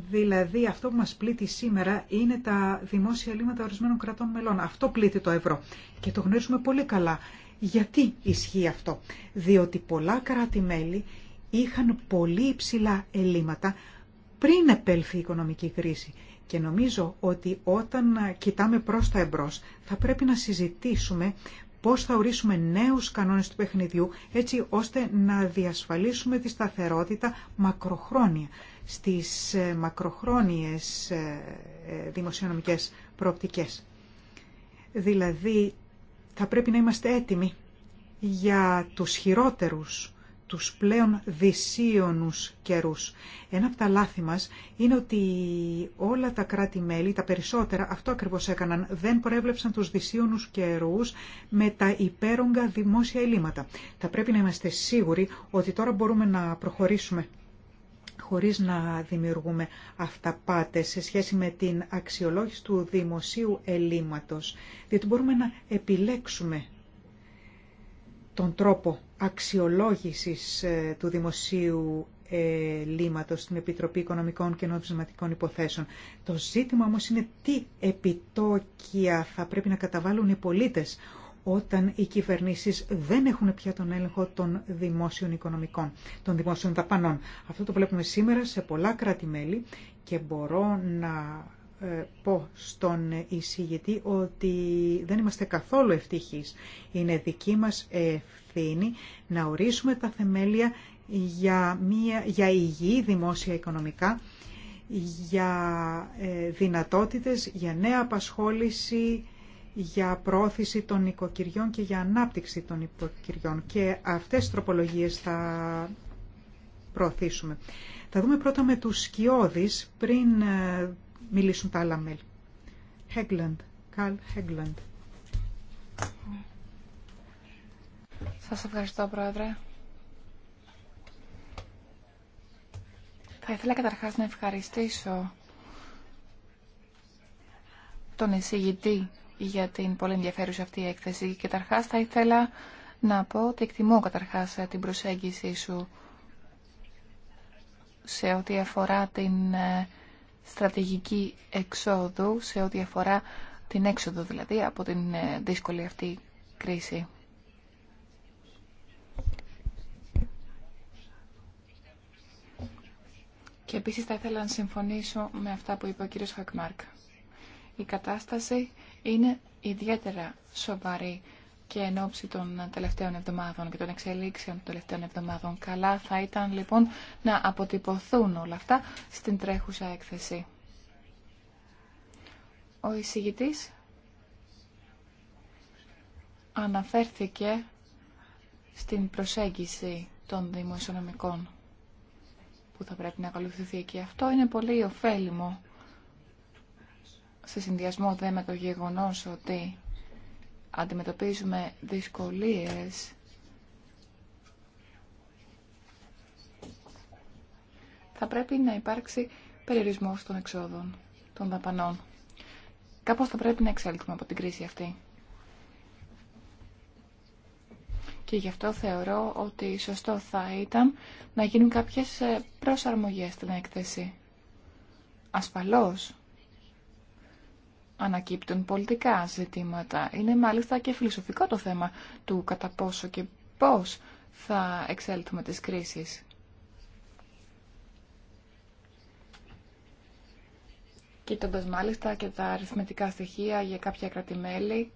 Δηλαδή αυτό που μας πλήττει σήμερα είναι τα δημόσια λύματα ορισμένων κρατών μελών. Αυτό πλήττει το ευρώ και το γνωρίζουμε πολύ καλά. Γιατί ισχύει αυτό. Διότι πολλά κράτη-μέλη είχαν πολύ υψηλά ελλείμματα πριν επέλθει η οικονομική κρίση. Και νομίζω ότι όταν κοιτάμε προς τα εμπρός θα πρέπει να συζητήσουμε πώς θα ορίσουμε νέους κανόνες του παιχνιδιού έτσι ώστε να διασφαλίσουμε τη σταθερότητα μακροχρόνια στις ε, μακροχρόνιες ε, ε, δημοσιονομικές προοπτικές. Δηλαδή, θα πρέπει να είμαστε έτοιμοι για τους χειρότερους, τους πλέον δυσίωνους καιρούς. Ένα από τα λάθη μας είναι ότι όλα τα κράτη-μέλη, τα περισσότερα, αυτό ακριβώς έκαναν, δεν προέβλεψαν τους δυσίωνους καιρούς με τα υπέρογκα δημόσια ελλείμματα. Θα πρέπει να είμαστε σίγουροι ότι τώρα μπορούμε να προχωρήσουμε χωρίς να δημιουργούμε αυταπάτες σε σχέση με την αξιολόγηση του δημοσίου ελλείμματος, διότι μπορούμε να επιλέξουμε τον τρόπο αξιολόγησης ε, του δημοσίου ελλείμματος στην Επιτροπή Οικονομικών και Νομισματικών Υποθέσεων. Το ζήτημα όμως είναι τι επιτόκια θα πρέπει να καταβάλουν οι πολίτες όταν οι κυβερνήσεις δεν έχουν πια τον έλεγχο των δημόσιων οικονομικών, των δημόσιων δαπανών. Αυτό το βλέπουμε σήμερα σε πολλά κράτη-μέλη και μπορώ να ε, πω στον εισηγητή ότι δεν είμαστε καθόλου ευτυχείς. Είναι δική μας ευθύνη να ορίσουμε τα θεμέλια για, μια, για υγιή δημόσια οικονομικά, για ε, δυνατότητες, για νέα απασχόληση, για πρόθεση των οικοκυριών και για ανάπτυξη των οικοκυριών και αυτές τις τροπολογίες θα προωθήσουμε. Θα δούμε πρώτα με τους σκιώδεις πριν ε, μιλήσουν τα άλλα μέλη. Hegland, Καλ Hegland. Σας ευχαριστώ Πρόεδρε. Θα ήθελα καταρχάς να ευχαριστήσω τον εισηγητή για την πολύ ενδιαφέρουσα αυτή η έκθεση. Καταρχάς θα ήθελα να πω ότι εκτιμώ καταρχάς ε, την προσέγγιση σου σε ό,τι αφορά την ε, στρατηγική εξόδου, σε ό,τι αφορά την έξοδο δηλαδή από την ε, δύσκολη αυτή κρίση. Και επίσης θα ήθελα να συμφωνήσω με αυτά που είπε ο κύριος Χακμάρκ. Η κατάσταση είναι ιδιαίτερα σοβαρή και εν ώψη των τελευταίων εβδομάδων και των εξελίξεων των τελευταίων εβδομάδων. Καλά θα ήταν λοιπόν να αποτυπωθούν όλα αυτά στην τρέχουσα έκθεση. Ο εισηγητής αναφέρθηκε στην προσέγγιση των δημοσιονομικών που θα πρέπει να ακολουθηθεί και αυτό είναι πολύ ωφέλιμο σε συνδυασμό δε με το γεγονός ότι αντιμετωπίζουμε δυσκολίες θα πρέπει να υπάρξει περιορισμός των εξόδων, των δαπανών. Κάπως θα πρέπει να εξέλθουμε από την κρίση αυτή. Και γι' αυτό θεωρώ ότι σωστό θα ήταν να γίνουν κάποιες ε, προσαρμογές στην έκθεση. Ασφαλώς, ανακύπτουν πολιτικά ζητήματα. Είναι μάλιστα και φιλοσοφικό το θέμα του κατά πόσο και πώς θα εξέλθουμε τις κρίσεις. Κοιτώντα μάλιστα και τα αριθμητικά στοιχεία για κάποια κρατημέλη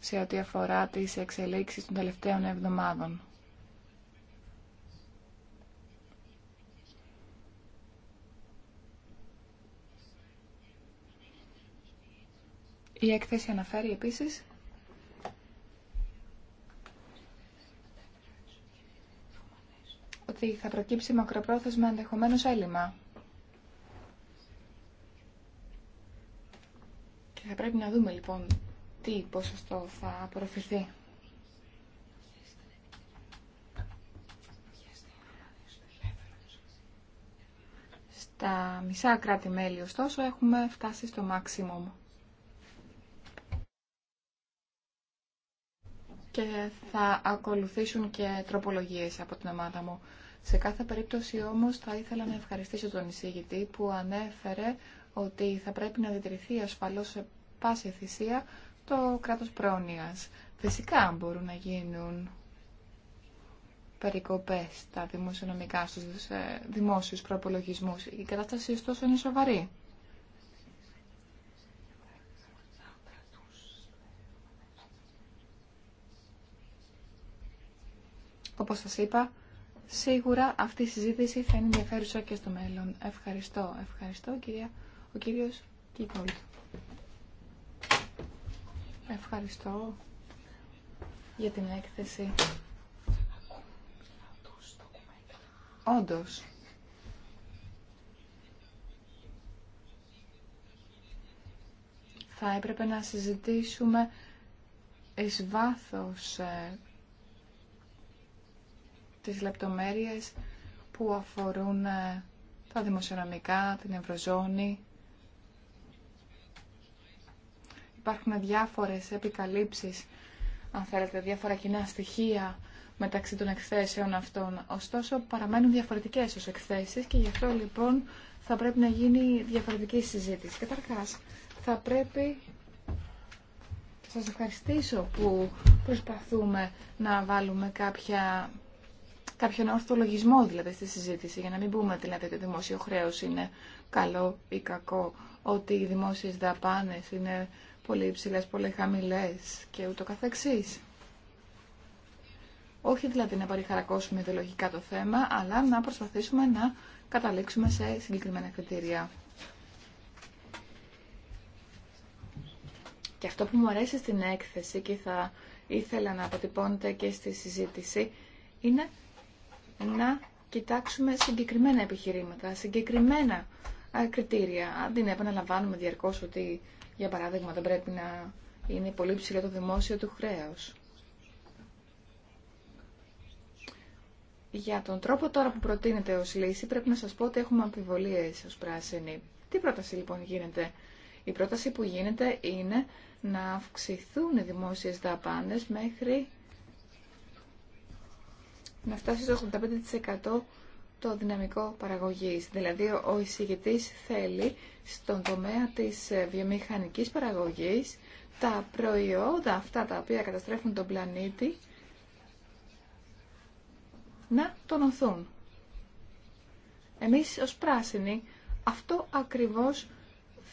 σε ό,τι αφορά τις εξελίξεις των τελευταίων εβδομάδων. Η έκθεση αναφέρει επίσης ότι θα προκύψει μακροπρόθεσμα ενδεχομένως έλλειμμα. Και θα πρέπει να δούμε λοιπόν τι ποσοστό θα απορροφηθεί. Στα μισά κράτη-μέλη, ωστόσο, έχουμε φτάσει στο maximum. και θα ακολουθήσουν και τροπολογίες από την ομάδα μου. Σε κάθε περίπτωση όμως θα ήθελα να ευχαριστήσω τον εισηγητή που ανέφερε ότι θα πρέπει να διατηρηθεί ασφαλώς σε πάση θυσία το κράτος πρόνοιας. Φυσικά μπορούν να γίνουν περικοπές στα δημοσιονομικά στους ε, δημόσιους προπολογισμούς. Η κατάσταση ωστόσο είναι σοβαρή. Όπως σας είπα, σίγουρα αυτή η συζήτηση θα είναι ενδιαφέρουσα και στο μέλλον. Ευχαριστώ. Ευχαριστώ, κυρία, ο κύριος Κίκολτ. Ευχαριστώ για την έκθεση. Όντως. Θα έπρεπε να συζητήσουμε εις βάθος ε, τις λεπτομέρειες που αφορούν ε, τα δημοσιονομικά, την Ευρωζώνη. Υπάρχουν διάφορες επικαλύψεις, αν θέλετε, διάφορα κοινά στοιχεία μεταξύ των εκθέσεων αυτών. Ωστόσο, παραμένουν διαφορετικές ως εκθέσεις και γι' αυτό λοιπόν θα πρέπει να γίνει διαφορετική συζήτηση. Καταρχάς, θα πρέπει σας ευχαριστήσω που προσπαθούμε να βάλουμε κάποια κάποιον ορθολογισμό δηλαδή στη συζήτηση, για να μην πούμε δηλαδή ότι το δημόσιο χρέο είναι καλό ή κακό, ότι οι δημόσιε δαπάνε είναι πολύ υψηλέ, πολύ χαμηλέ και ούτω καθεξή. Όχι δηλαδή να παρηχαρακώσουμε ιδεολογικά το θέμα, αλλά να προσπαθήσουμε να καταλήξουμε σε συγκεκριμένα κριτήρια. Και αυτό που μου αρέσει στην έκθεση και θα ήθελα να αποτυπώνεται και στη συζήτηση είναι να κοιτάξουμε συγκεκριμένα επιχειρήματα, συγκεκριμένα κριτήρια. Αντί να επαναλαμβάνουμε διαρκώ ότι, για παράδειγμα, δεν πρέπει να είναι πολύ ψηλό το δημόσιο του χρέους. Για τον τρόπο τώρα που προτείνεται ως λύση πρέπει να σας πω ότι έχουμε αμφιβολίες ως πράσινοι. Τι πρόταση λοιπόν γίνεται. Η πρόταση που γίνεται είναι να αυξηθούν οι δημόσιες δαπάνες μέχρι να φτάσει στο 85% το δυναμικό παραγωγής. Δηλαδή ο εισηγητής θέλει στον τομέα της ε, βιομηχανικής παραγωγής τα προϊόντα αυτά τα οποία καταστρέφουν τον πλανήτη να τονωθούν. Εμείς ως πράσινοι αυτό ακριβώς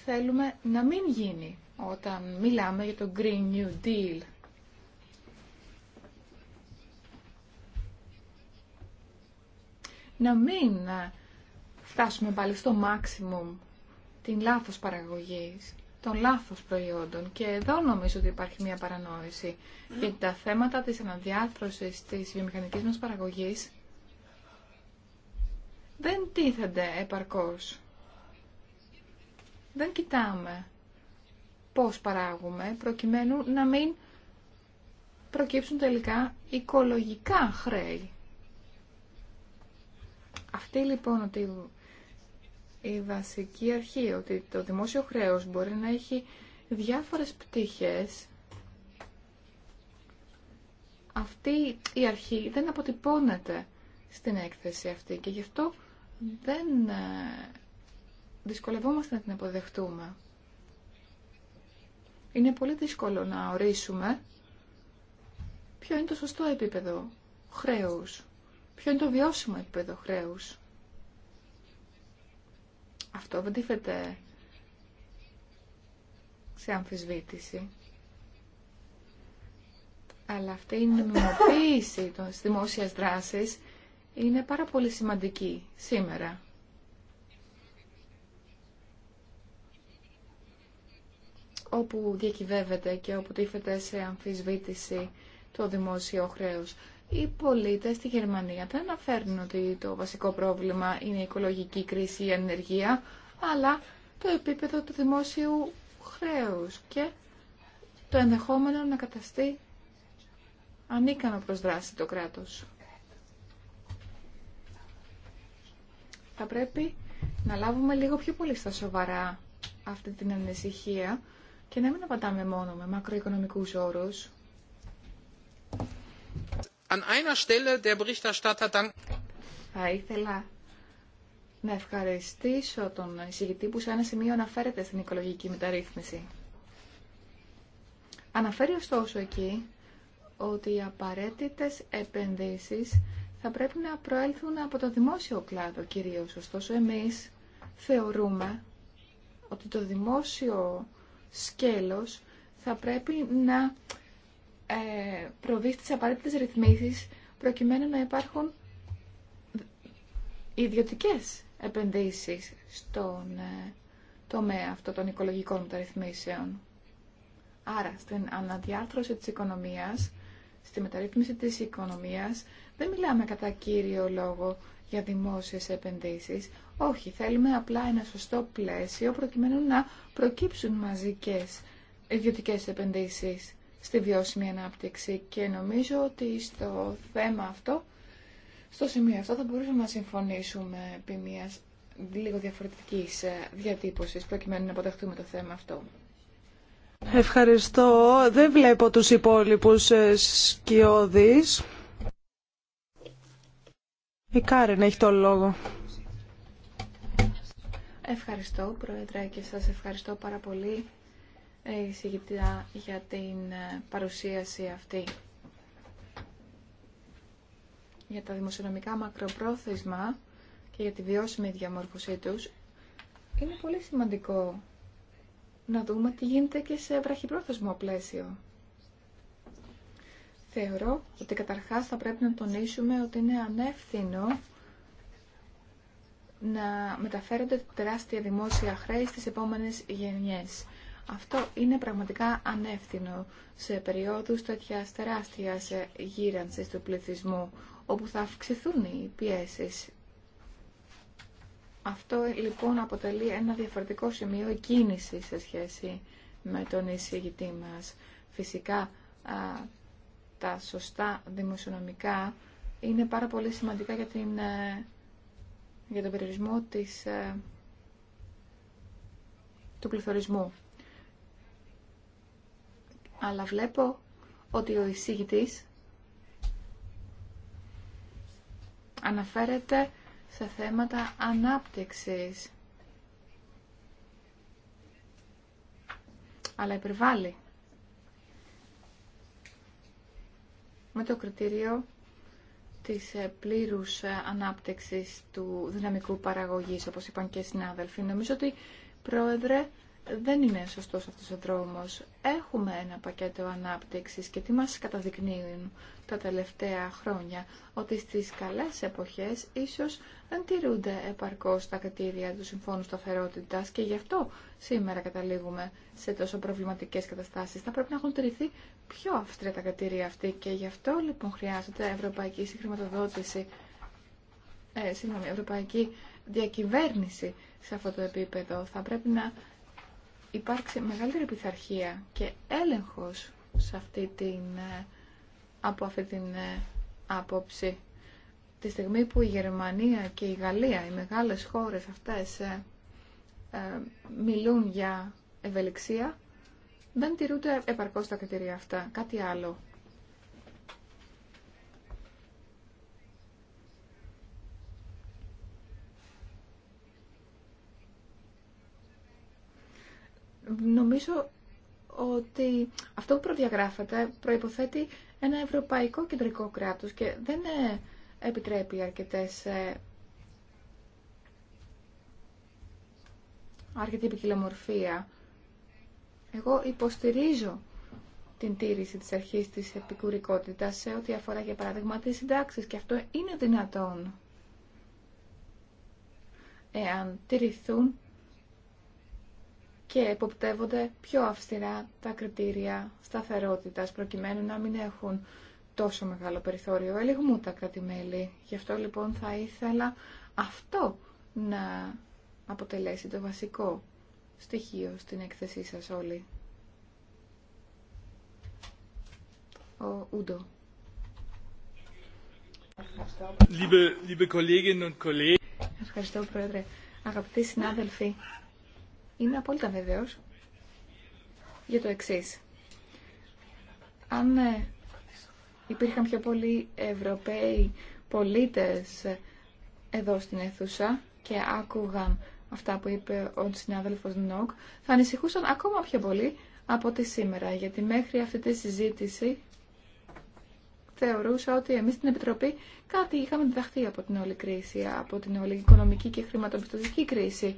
θέλουμε να μην γίνει όταν μιλάμε για το Green New Deal. να μην ε, φτάσουμε πάλι στο maximum την λάθος παραγωγής, των λάθος προϊόντων. Και εδώ νομίζω ότι υπάρχει μια παρανόηση. Γιατί τα θέματα της αναδιάρθρωσης της βιομηχανικής μας παραγωγής δεν τίθενται επαρκώς. Δεν κοιτάμε πώς παράγουμε προκειμένου να μην προκύψουν τελικά οικολογικά χρέη. Αυτή λοιπόν ότι η βασική αρχή ότι το δημόσιο χρέος μπορεί να έχει διάφορες πτυχές αυτή η αρχή δεν αποτυπώνεται στην έκθεση αυτή και γι' αυτό δεν ε, δυσκολευόμαστε να την αποδεχτούμε. Είναι πολύ δύσκολο να ορίσουμε ποιο είναι το σωστό επίπεδο χρέους. Ποιο είναι το βιώσιμο επίπεδο χρέου. Αυτό δεν σε αμφισβήτηση. Αλλά αυτή η νομιμοποίηση τη δημόσιας δράσης είναι πάρα πολύ σημαντική σήμερα. όπου διακυβεύεται και όπου τίθεται σε αμφισβήτηση το δημόσιο χρέος οι πολίτε στη Γερμανία δεν αναφέρουν ότι το βασικό πρόβλημα είναι η οικολογική κρίση, η ανεργία, αλλά το επίπεδο του δημόσιου χρέους και το ενδεχόμενο να καταστεί ανίκανο προς δράση το κράτος. Θα πρέπει να λάβουμε λίγο πιο πολύ στα σοβαρά αυτή την ανησυχία και να μην απαντάμε μόνο με μακροοικονομικούς όρους. Θα ήθελα να ευχαριστήσω τον εισηγητή που σε ένα σημείο αναφέρεται στην οικολογική μεταρρύθμιση. Αναφέρει ωστόσο εκεί ότι οι απαραίτητες επενδύσεις θα πρέπει να προέλθουν από το δημόσιο κλάδο κυρίως. Ωστόσο εμείς θεωρούμε ότι το δημόσιο σκέλος θα πρέπει να ε, προβεί στις απαραίτητες ρυθμίσεις προκειμένου να υπάρχουν ιδιωτικές επενδύσεις στον ε, τομέα αυτό των οικολογικών μεταρρυθμίσεων. Άρα, στην αναδιάρθρωση της οικονομίας, στη μεταρρύθμιση της οικονομίας, δεν μιλάμε κατά κύριο λόγο για δημόσιες επενδύσεις. Όχι, θέλουμε απλά ένα σωστό πλαίσιο προκειμένου να προκύψουν μαζικές ιδιωτικές επενδύσεις στη βιώσιμη ανάπτυξη και νομίζω ότι στο θέμα αυτό, στο σημείο αυτό θα μπορούσαμε να συμφωνήσουμε επί μια λίγο διαφορετική ε, διατύπωση προκειμένου να αποτεχτούμε το θέμα αυτό. Ευχαριστώ. Δεν βλέπω τους υπόλοιπους ε, σκιώδεις. Η Κάρεν έχει το λόγο. Ευχαριστώ, Πρόεδρε, και σας ευχαριστώ πάρα πολύ εισηγητά για την ε, παρουσίαση αυτή. Για τα δημοσιονομικά μακροπρόθεσμα και για τη βιώσιμη διαμόρφωσή τους, είναι πολύ σημαντικό να δούμε τι γίνεται και σε βραχυπρόθεσμο πλαίσιο. Θεωρώ ότι καταρχάς θα πρέπει να τονίσουμε ότι είναι ανεύθυνο να μεταφέρονται τεράστια δημόσια χρέη στις επόμενες γενιές. Αυτό είναι πραγματικά ανεύθυνο σε περιόδους τέτοια τεράστια γύρανσης του πληθυσμού, όπου θα αυξηθούν οι πιέσεις. Αυτό λοιπόν αποτελεί ένα διαφορετικό σημείο κίνηση σε σχέση με τον εισηγητή μας. Φυσικά τα σωστά δημοσιονομικά είναι πάρα πολύ σημαντικά για, την, ε, για τον περιορισμό της, ε, του πληθωρισμού αλλά βλέπω ότι ο εισηγητής αναφέρεται σε θέματα ανάπτυξης. Αλλά υπερβάλλει. Με το κριτήριο της ε, πλήρους ε, ανάπτυξης του δυναμικού παραγωγής, όπως είπαν και οι συνάδελφοι. Νομίζω ότι, Πρόεδρε, δεν είναι σωστός αυτός ο δρόμος. Έχουμε ένα πακέτο ανάπτυξης και τι μας καταδεικνύουν τα τελευταία χρόνια, ότι στις καλές εποχές ίσως δεν τηρούνται επαρκώς τα κριτήρια του Συμφώνου σταθερότητα και γι' αυτό σήμερα καταλήγουμε σε τόσο προβληματικές καταστάσεις. Θα πρέπει να έχουν τηρηθεί πιο αυστηρά τα κριτήρια αυτή και γι' αυτό λοιπόν χρειάζεται ευρωπαϊκή συγχρηματοδότηση, ε, συγγνώμη, ευρωπαϊκή διακυβέρνηση σε αυτό το επίπεδο. Θα πρέπει να υπάρξει μεγαλύτερη πειθαρχία και έλεγχος σε αυτή την, ε, από αυτή την ε, άποψη. Τη στιγμή που η Γερμανία και η Γαλλία, οι μεγάλες χώρες αυτές, ε, μιλούν για ευελιξία, δεν τηρούνται επαρκώς τα κριτήρια αυτά. Κάτι άλλο Νομίζω ότι αυτό που προδιαγράφεται προϋποθέτει ένα ευρωπαϊκό κεντρικό κράτος και δεν ε, επιτρέπει αρκετές ε, αρκετή επικοινομορφία. Εγώ υποστηρίζω την τήρηση της αρχής της επικουρικότητας σε ό,τι αφορά για παράδειγμα τις συντάξεις και αυτό είναι δυνατόν εάν τηρηθούν και εποπτεύονται πιο αυστηρά τα κριτήρια σταθερότητας προκειμένου να μην έχουν τόσο μεγάλο περιθώριο ελιγμού τα κράτη-μέλη. Γι' αυτό λοιπόν θα ήθελα αυτό να αποτελέσει το βασικό στοιχείο στην έκθεσή σας όλοι. Ο Ούντο. Ευχαριστώ, Πρόεδρε. Αγαπητοί συνάδελφοι, Είμαι απόλυτα βεβαίω για το εξή. Αν ε, υπήρχαν πιο πολλοί Ευρωπαίοι πολίτες ε, εδώ στην αίθουσα και άκουγαν αυτά που είπε ο συνάδελφος Νόκ, θα ανησυχούσαν ακόμα πιο πολύ από τη σήμερα, γιατί μέχρι αυτή τη συζήτηση θεωρούσα ότι εμείς στην Επιτροπή κάτι είχαμε διδαχθεί από την όλη κρίση, από την όλη οικονομική και χρηματοπιστωτική κρίση.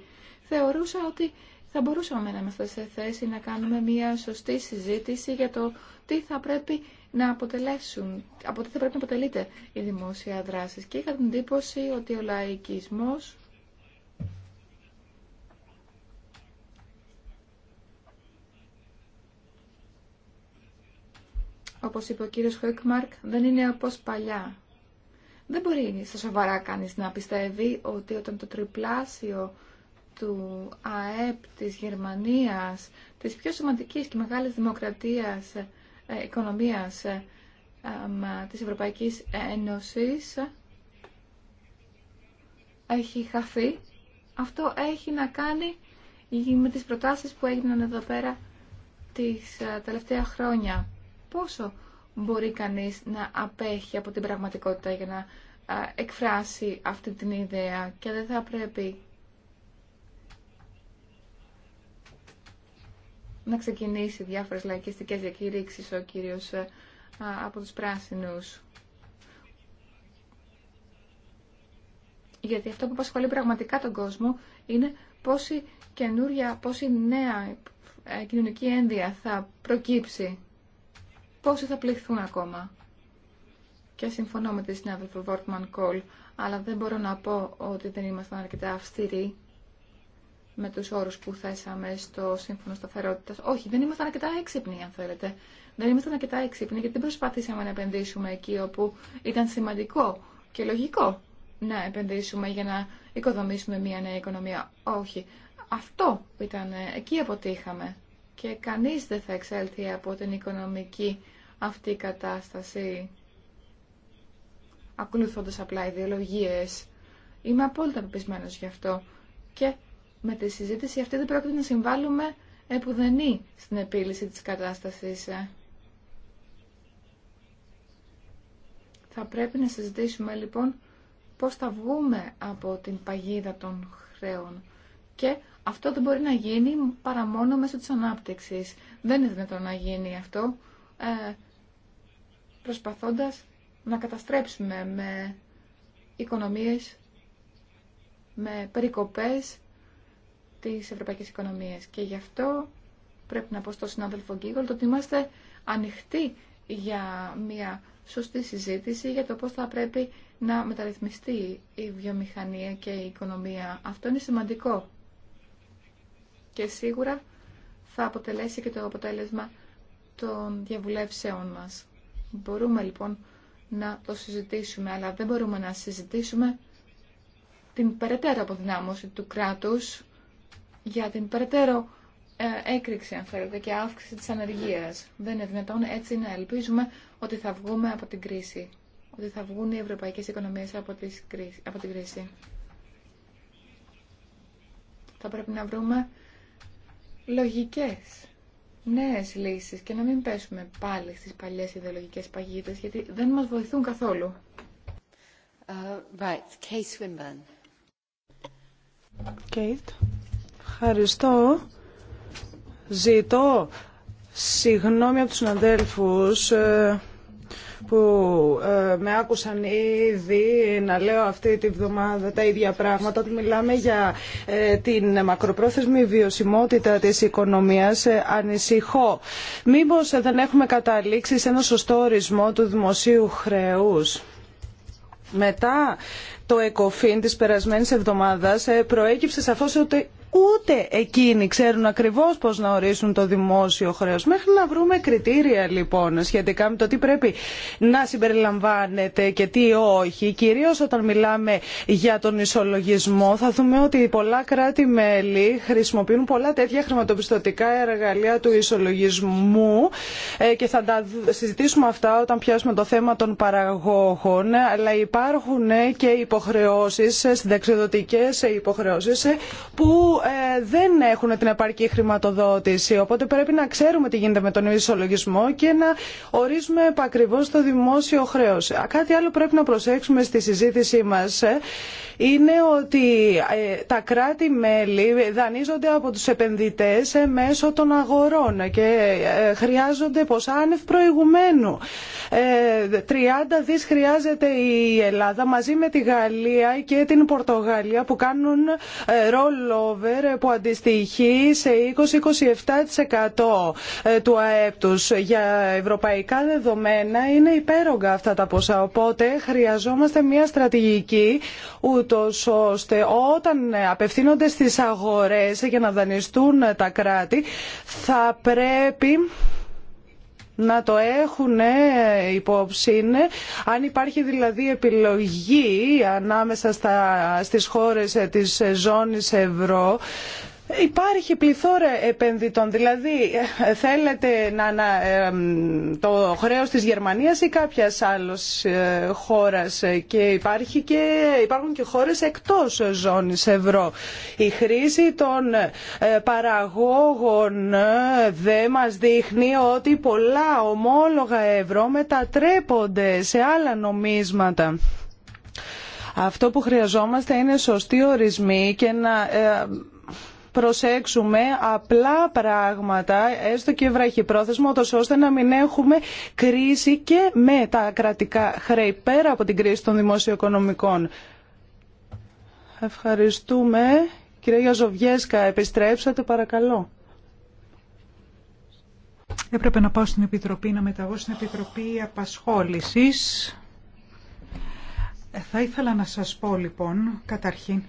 Θεωρούσα ότι θα μπορούσαμε να είμαστε σε θέση να κάνουμε μια σωστή συζήτηση για το τι θα πρέπει να αποτελέσουν, από τι θα πρέπει να αποτελείται η δημόσια δράση. Και είχα την εντύπωση ότι ο λαϊκισμός όπως είπε ο κύριος Χόικμαρκ, δεν είναι όπως παλιά. Δεν μπορεί στα σοβαρά κανείς να πιστεύει ότι όταν το τριπλάσιο του ΑΕΠ της Γερμανίας, της πιο σημαντικής και μεγάλης δημοκρατίας ε, οικονομίας ε, της Ευρωπαϊκής Ένωσης έχει χαθεί. Αυτό έχει να κάνει με τις προτάσεις που έγιναν εδώ πέρα τις ε, τελευταία χρόνια. Πόσο μπορεί κανείς να απέχει από την πραγματικότητα για να ε, εκφράσει αυτή την ιδέα και δεν θα πρέπει να ξεκινήσει διάφορες λαϊκιστικές διακήρυξεις ο κύριος ε, από τους πράσινους. Γιατί αυτό που απασχολεί πραγματικά τον κόσμο είναι πόση καινούρια, πόση νέα ε, κοινωνική ένδια θα προκύψει. Πόσοι θα πληχθούν ακόμα. Και συμφωνώ με τη συνάδελφο Βόρτμαν Κόλ, αλλά δεν μπορώ να πω ότι δεν ήμασταν αρκετά αυστηροί με τους όρους που θέσαμε στο Σύμφωνο Σταθερότητας. Όχι, δεν ήμασταν αρκετά έξυπνοι, αν θέλετε. Δεν ήμασταν αρκετά έξυπνοι, γιατί δεν προσπαθήσαμε να επενδύσουμε εκεί όπου ήταν σημαντικό και λογικό να επενδύσουμε για να οικοδομήσουμε μια νέα οικονομία. Όχι. Αυτό ήταν, ε, εκεί αποτύχαμε. Και κανείς δεν θα εξέλθει από την οικονομική αυτή κατάσταση ακολουθώντας απλά ιδεολογίες. Είμαι απόλυτα πεπισμένος γι' αυτό. Και με τη συζήτηση αυτή δεν πρόκειται να συμβάλλουμε επουδενή στην επίλυση της κατάστασης. Θα πρέπει να συζητήσουμε λοιπόν πώς θα βγούμε από την παγίδα των χρέων. Και αυτό δεν μπορεί να γίνει παρά μόνο μέσω της ανάπτυξης. Δεν είναι δυνατόν να γίνει αυτό ε, προσπαθώντας να καταστρέψουμε με οικονομίες, με περικοπές Τη ευρωπαϊκές οικονομίες. Και γι' αυτό πρέπει να πω στον συνάδελφο Γκίγολτ ότι είμαστε ανοιχτοί για μια σωστή συζήτηση για το πώς θα πρέπει να μεταρρυθμιστεί η βιομηχανία και η οικονομία. Αυτό είναι σημαντικό και σίγουρα θα αποτελέσει και το αποτέλεσμα των διαβουλεύσεων μας. Μπορούμε λοιπόν να το συζητήσουμε, αλλά δεν μπορούμε να συζητήσουμε την περαιτέρω αποδυνάμωση του κράτους για την περαιτέρω ε, έκρηξη, αν θέλετε, και αύξηση της ανεργίας. Δεν είναι δυνατόν έτσι να ελπίζουμε ότι θα βγούμε από την κρίση, ότι θα βγουν οι ευρωπαϊκές οικονομίες από, από την κρίση. Θα πρέπει να βρούμε λογικές νέες λύσεις και να μην πέσουμε πάλι στις παλιές ιδεολογικές παγίδες, γιατί δεν μας βοηθούν καθόλου. Uh, right. Kate Swinburne. Ευχαριστώ. Ζητώ συγγνώμη από τους ε, που ε, με άκουσαν ήδη να λέω αυτή τη βδομάδα τα ίδια πράγματα ότι μιλάμε για ε, την μακροπρόθεσμη βιωσιμότητα της οικονομίας ε, ανησυχώ. Μήπως δεν έχουμε καταλήξει σε ένα σωστό ορισμό του δημοσίου χρεούς. Μετά το ΕΚΟΦΗΝ της περασμένης εβδομάδας προέκυψε σαφώς ότι ούτε εκείνοι ξέρουν ακριβώς πώς να ορίσουν το δημόσιο χρέο. Μέχρι να βρούμε κριτήρια λοιπόν σχετικά με το τι πρέπει να συμπεριλαμβάνεται και τι όχι, κυρίως όταν μιλάμε για τον ισολογισμό, θα δούμε ότι πολλά κράτη-μέλη χρησιμοποιούν πολλά τέτοια χρηματοπιστωτικά εργαλεία του ισολογισμού ε, και θα τα συζητήσουμε αυτά όταν πιάσουμε το θέμα των παραγόγων, αλλά υπάρχουν και υποχρεώσεις, ε, συνταξιδοτικές υποχρεώσεις ε, που ε, δεν έχουν την επαρκή χρηματοδότηση. Οπότε πρέπει να ξέρουμε τι γίνεται με τον ισολογισμό και να ορίζουμε επακριβώς το δημόσιο χρέος. Κάτι άλλο πρέπει να προσέξουμε στη συζήτησή μας ε, είναι ότι ε, τα κράτη-μέλη δανείζονται από τους επενδυτές ε, μέσω των αγορών και ε, χρειάζονται ποσά άνευ προηγουμένου. 30 δις χρειάζεται η Ελλάδα μαζί με τη Γαλλία και την Πορτογαλία που κάνουν rollover που αντιστοιχεί σε 20-27% του ΑΕΠ τους. Για ευρωπαϊκά δεδομένα είναι υπέρογκα αυτά τα ποσά. Οπότε χρειαζόμαστε μια στρατηγική ώστε όταν απευθύνονται στις αγορές για να δανειστούν τα κράτη θα πρέπει να το έχουν υπόψη αν υπάρχει δηλαδή επιλογή ανάμεσα στα, στις χώρες της ζώνης ευρώ Υπάρχει πληθώρα επενδυτών. Δηλαδή, θέλετε να, το χρέος της Γερμανίας ή κάποιας άλλης ε, χώρας και, υπάρχει και υπάρχουν και χώρες εκτός ζώνης ευρώ. Η καποιας αλλης χωρας και και υπαρχουν και χωρες εκτος ζωνης ευρω η χρηση των ε, παραγόγων ε, δεν μας δείχνει ότι πολλά ομόλογα ευρώ μετατρέπονται σε άλλα νομίσματα. Αυτό που χρειαζόμαστε είναι σωστοί ορισμοί και να προσέξουμε απλά πράγματα, έστω και βραχυπρόθεσμα, ώστε να μην έχουμε κρίση και με τα κρατικά χρέη, πέρα από την κρίση των δημοσιοοικονομικών. Ευχαριστούμε. Κυρία Γιαζοβιέσκα, επιστρέψατε παρακαλώ. Έπρεπε να πάω στην Επιτροπή, να μεταβώ στην Επιτροπή Απασχόλησης. Ε, θα ήθελα να σας πω λοιπόν, καταρχήν,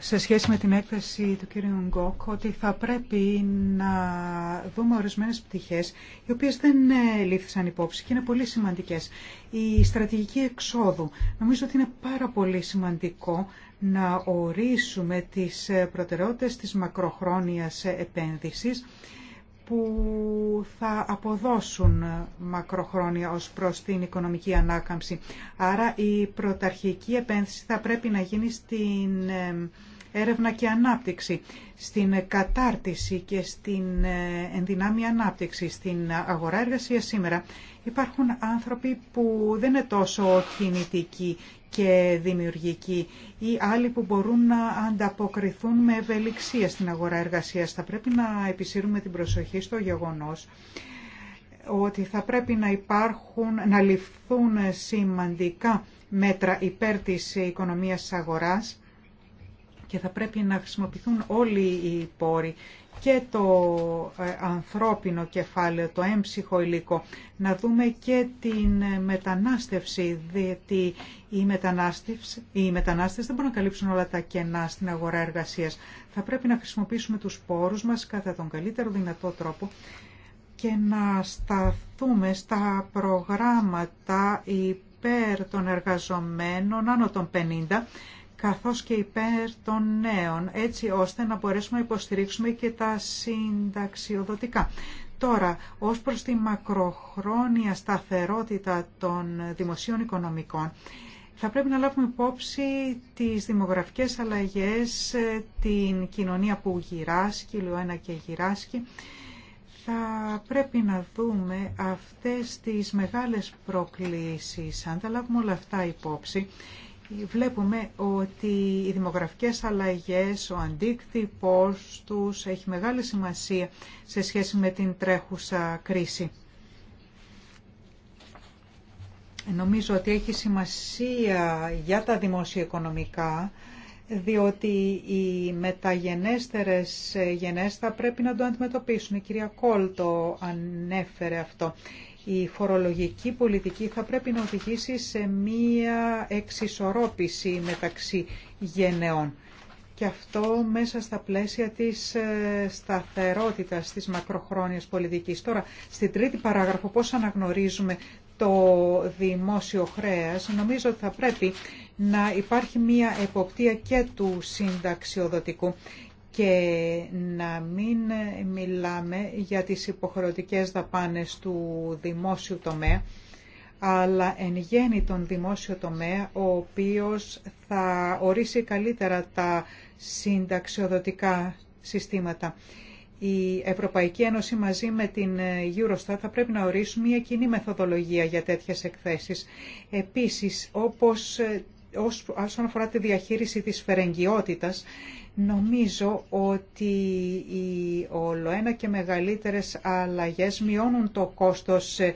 σε σχέση με την έκθεση του κ. Γκόκ ότι θα πρέπει να δούμε ορισμένες πτυχές οι οποίες δεν ε, λήφθησαν υπόψη και είναι πολύ σημαντικές. Η στρατηγική εξόδου. Νομίζω ότι είναι πάρα πολύ σημαντικό να ορίσουμε τις ε, προτεραιότητες της μακροχρόνιας επένδυσης που θα αποδώσουν μακροχρόνια ως προς την οικονομική ανάκαμψη. Άρα η πρωταρχική επένδυση θα πρέπει να γίνει στην έρευνα και ανάπτυξη, στην κατάρτιση και στην ε, ενδυνάμει ανάπτυξη. Στην αγορά εργασία. σήμερα υπάρχουν άνθρωποι που δεν είναι τόσο κινητικοί και δημιουργική ή άλλοι που μπορούν να ανταποκριθούν με ευελιξία στην αγορά εργασίας. Θα πρέπει να επισύρουμε την προσοχή στο γεγονός ότι θα πρέπει να υπάρχουν, να ληφθούν σημαντικά μέτρα υπέρ της οικονομίας της αγοράς και θα πρέπει να χρησιμοποιηθούν όλοι οι πόροι και το ε, ανθρώπινο κεφάλαιο, το έμψυχο υλικό. Να δούμε και την ε, μετανάστευση, διότι οι μετανάστες, οι μετανάστες δεν μπορούν να καλύψουν όλα τα κενά στην αγορά εργασίας. Θα πρέπει να χρησιμοποιήσουμε τους πόρους μας κατά τον καλύτερο δυνατό τρόπο και να σταθούμε στα προγράμματα υπέρ των εργαζομένων άνω των 50 καθώς και υπέρ των νέων, έτσι ώστε να μπορέσουμε να υποστηρίξουμε και τα συνταξιοδοτικά. Τώρα, ως προς τη μακροχρόνια σταθερότητα των δημοσίων οικονομικών, θα πρέπει να λάβουμε υπόψη τις δημογραφικές αλλαγές, την κοινωνία που γυράσκει, Λουένα και γυράσκει. Θα πρέπει να δούμε αυτές τις μεγάλες προκλήσεις, αν τα λάβουμε όλα αυτά υπόψη, Βλέπουμε ότι οι δημογραφικές αλλαγές, ο αντίκτυπος τους έχει μεγάλη σημασία σε σχέση με την τρέχουσα κρίση. Νομίζω ότι έχει σημασία για τα δημοσιοοικονομικά, διότι οι μεταγενέστερες γενές θα πρέπει να το αντιμετωπίσουν. Η κυρία Κόλτο ανέφερε αυτό. Η φορολογική πολιτική θα πρέπει να οδηγήσει σε μία εξισορρόπηση μεταξύ γενεών. Και αυτό μέσα στα πλαίσια της ε, σταθερότητας της μακροχρόνιας πολιτικής. Τώρα, στην τρίτη παράγραφο, πώς αναγνωρίζουμε το δημόσιο χρέας, νομίζω ότι θα πρέπει να υπάρχει μία εποπτεία και του συνταξιοδοτικού και να μην μιλάμε για τις υποχρεωτικές δαπάνες του δημόσιου τομέα, αλλά εν γέννη τον δημόσιο τομέα, ο οποίος θα ορίσει καλύτερα τα συνταξιοδοτικά συστήματα. Η Ευρωπαϊκή Ένωση μαζί με την Eurostat θα πρέπει να ορίσουν μια κοινή μεθοδολογία για τέτοιες εκθέσεις. Επίσης, όπως ε, όσον αφορά τη διαχείριση της φερεγγιότητας, Νομίζω ότι οι ολοένα και μεγαλύτερες αλλαγές μειώνουν το κόστος ε,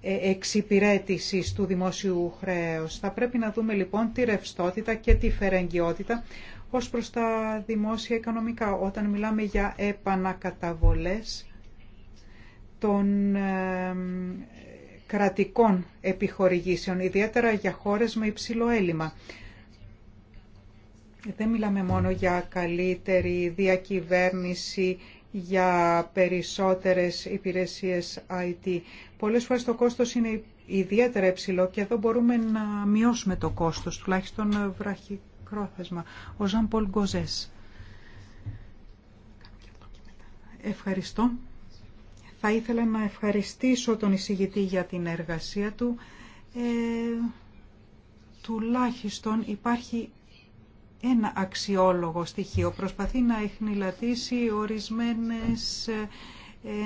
ε, εξυπηρέτησης του δημόσιου χρέους. Θα πρέπει να δούμε λοιπόν τη ρευστότητα και τη φερεγγιότητα ως προς τα δημόσια οικονομικά. Όταν μιλάμε για επανακαταβολές των κρατικών επιχορηγήσεων, ιδιαίτερα για χώρες με υψηλό έλλειμμα. Δεν μιλάμε μόνο για καλύτερη διακυβέρνηση, για περισσότερες υπηρεσίες IT. Πολλές φορές το κόστος είναι ιδιαίτερα υψηλό και εδώ μπορούμε να μειώσουμε το κόστος, τουλάχιστον βραχυκρόθεσμα. Ο Ζαν Πολ Γκοζές. Ευχαριστώ. Θα ήθελα να ευχαριστήσω τον εισηγητή για την εργασία του. Ε, τουλάχιστον υπάρχει ένα αξιόλογο στοιχείο. Προσπαθεί να εχνηλατήσει ορισμένες ε,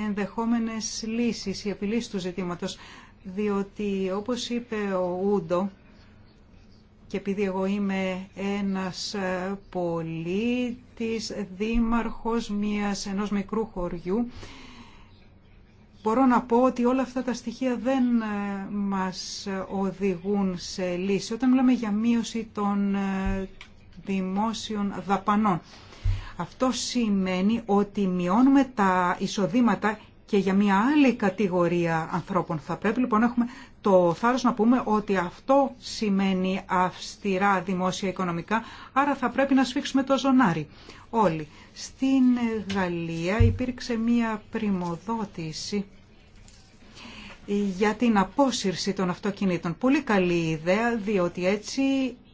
ενδεχόμενες λύσεις, η επιλύση του ζητήματος. Διότι, όπως είπε ο Ούντο, και επειδή εγώ είμαι ένας ε, πολίτης, δήμαρχος μιας, ενός μικρού χωριού, μπορώ να πω ότι όλα αυτά τα στοιχεία δεν ε, μας οδηγούν σε λύση. Όταν μιλάμε για μείωση των δημόσιων δαπανών. Αυτό σημαίνει ότι μειώνουμε τα εισοδήματα και για μια άλλη κατηγορία ανθρώπων. Θα πρέπει λοιπόν να έχουμε το θάρρος να πούμε ότι αυτό σημαίνει αυστηρά δημόσια οικονομικά, άρα θα πρέπει να σφίξουμε το ζωνάρι. Όλοι. Στην Γαλλία υπήρξε μια πρημοδότηση για την απόσυρση των αυτοκινήτων. Πολύ καλή ιδέα, διότι έτσι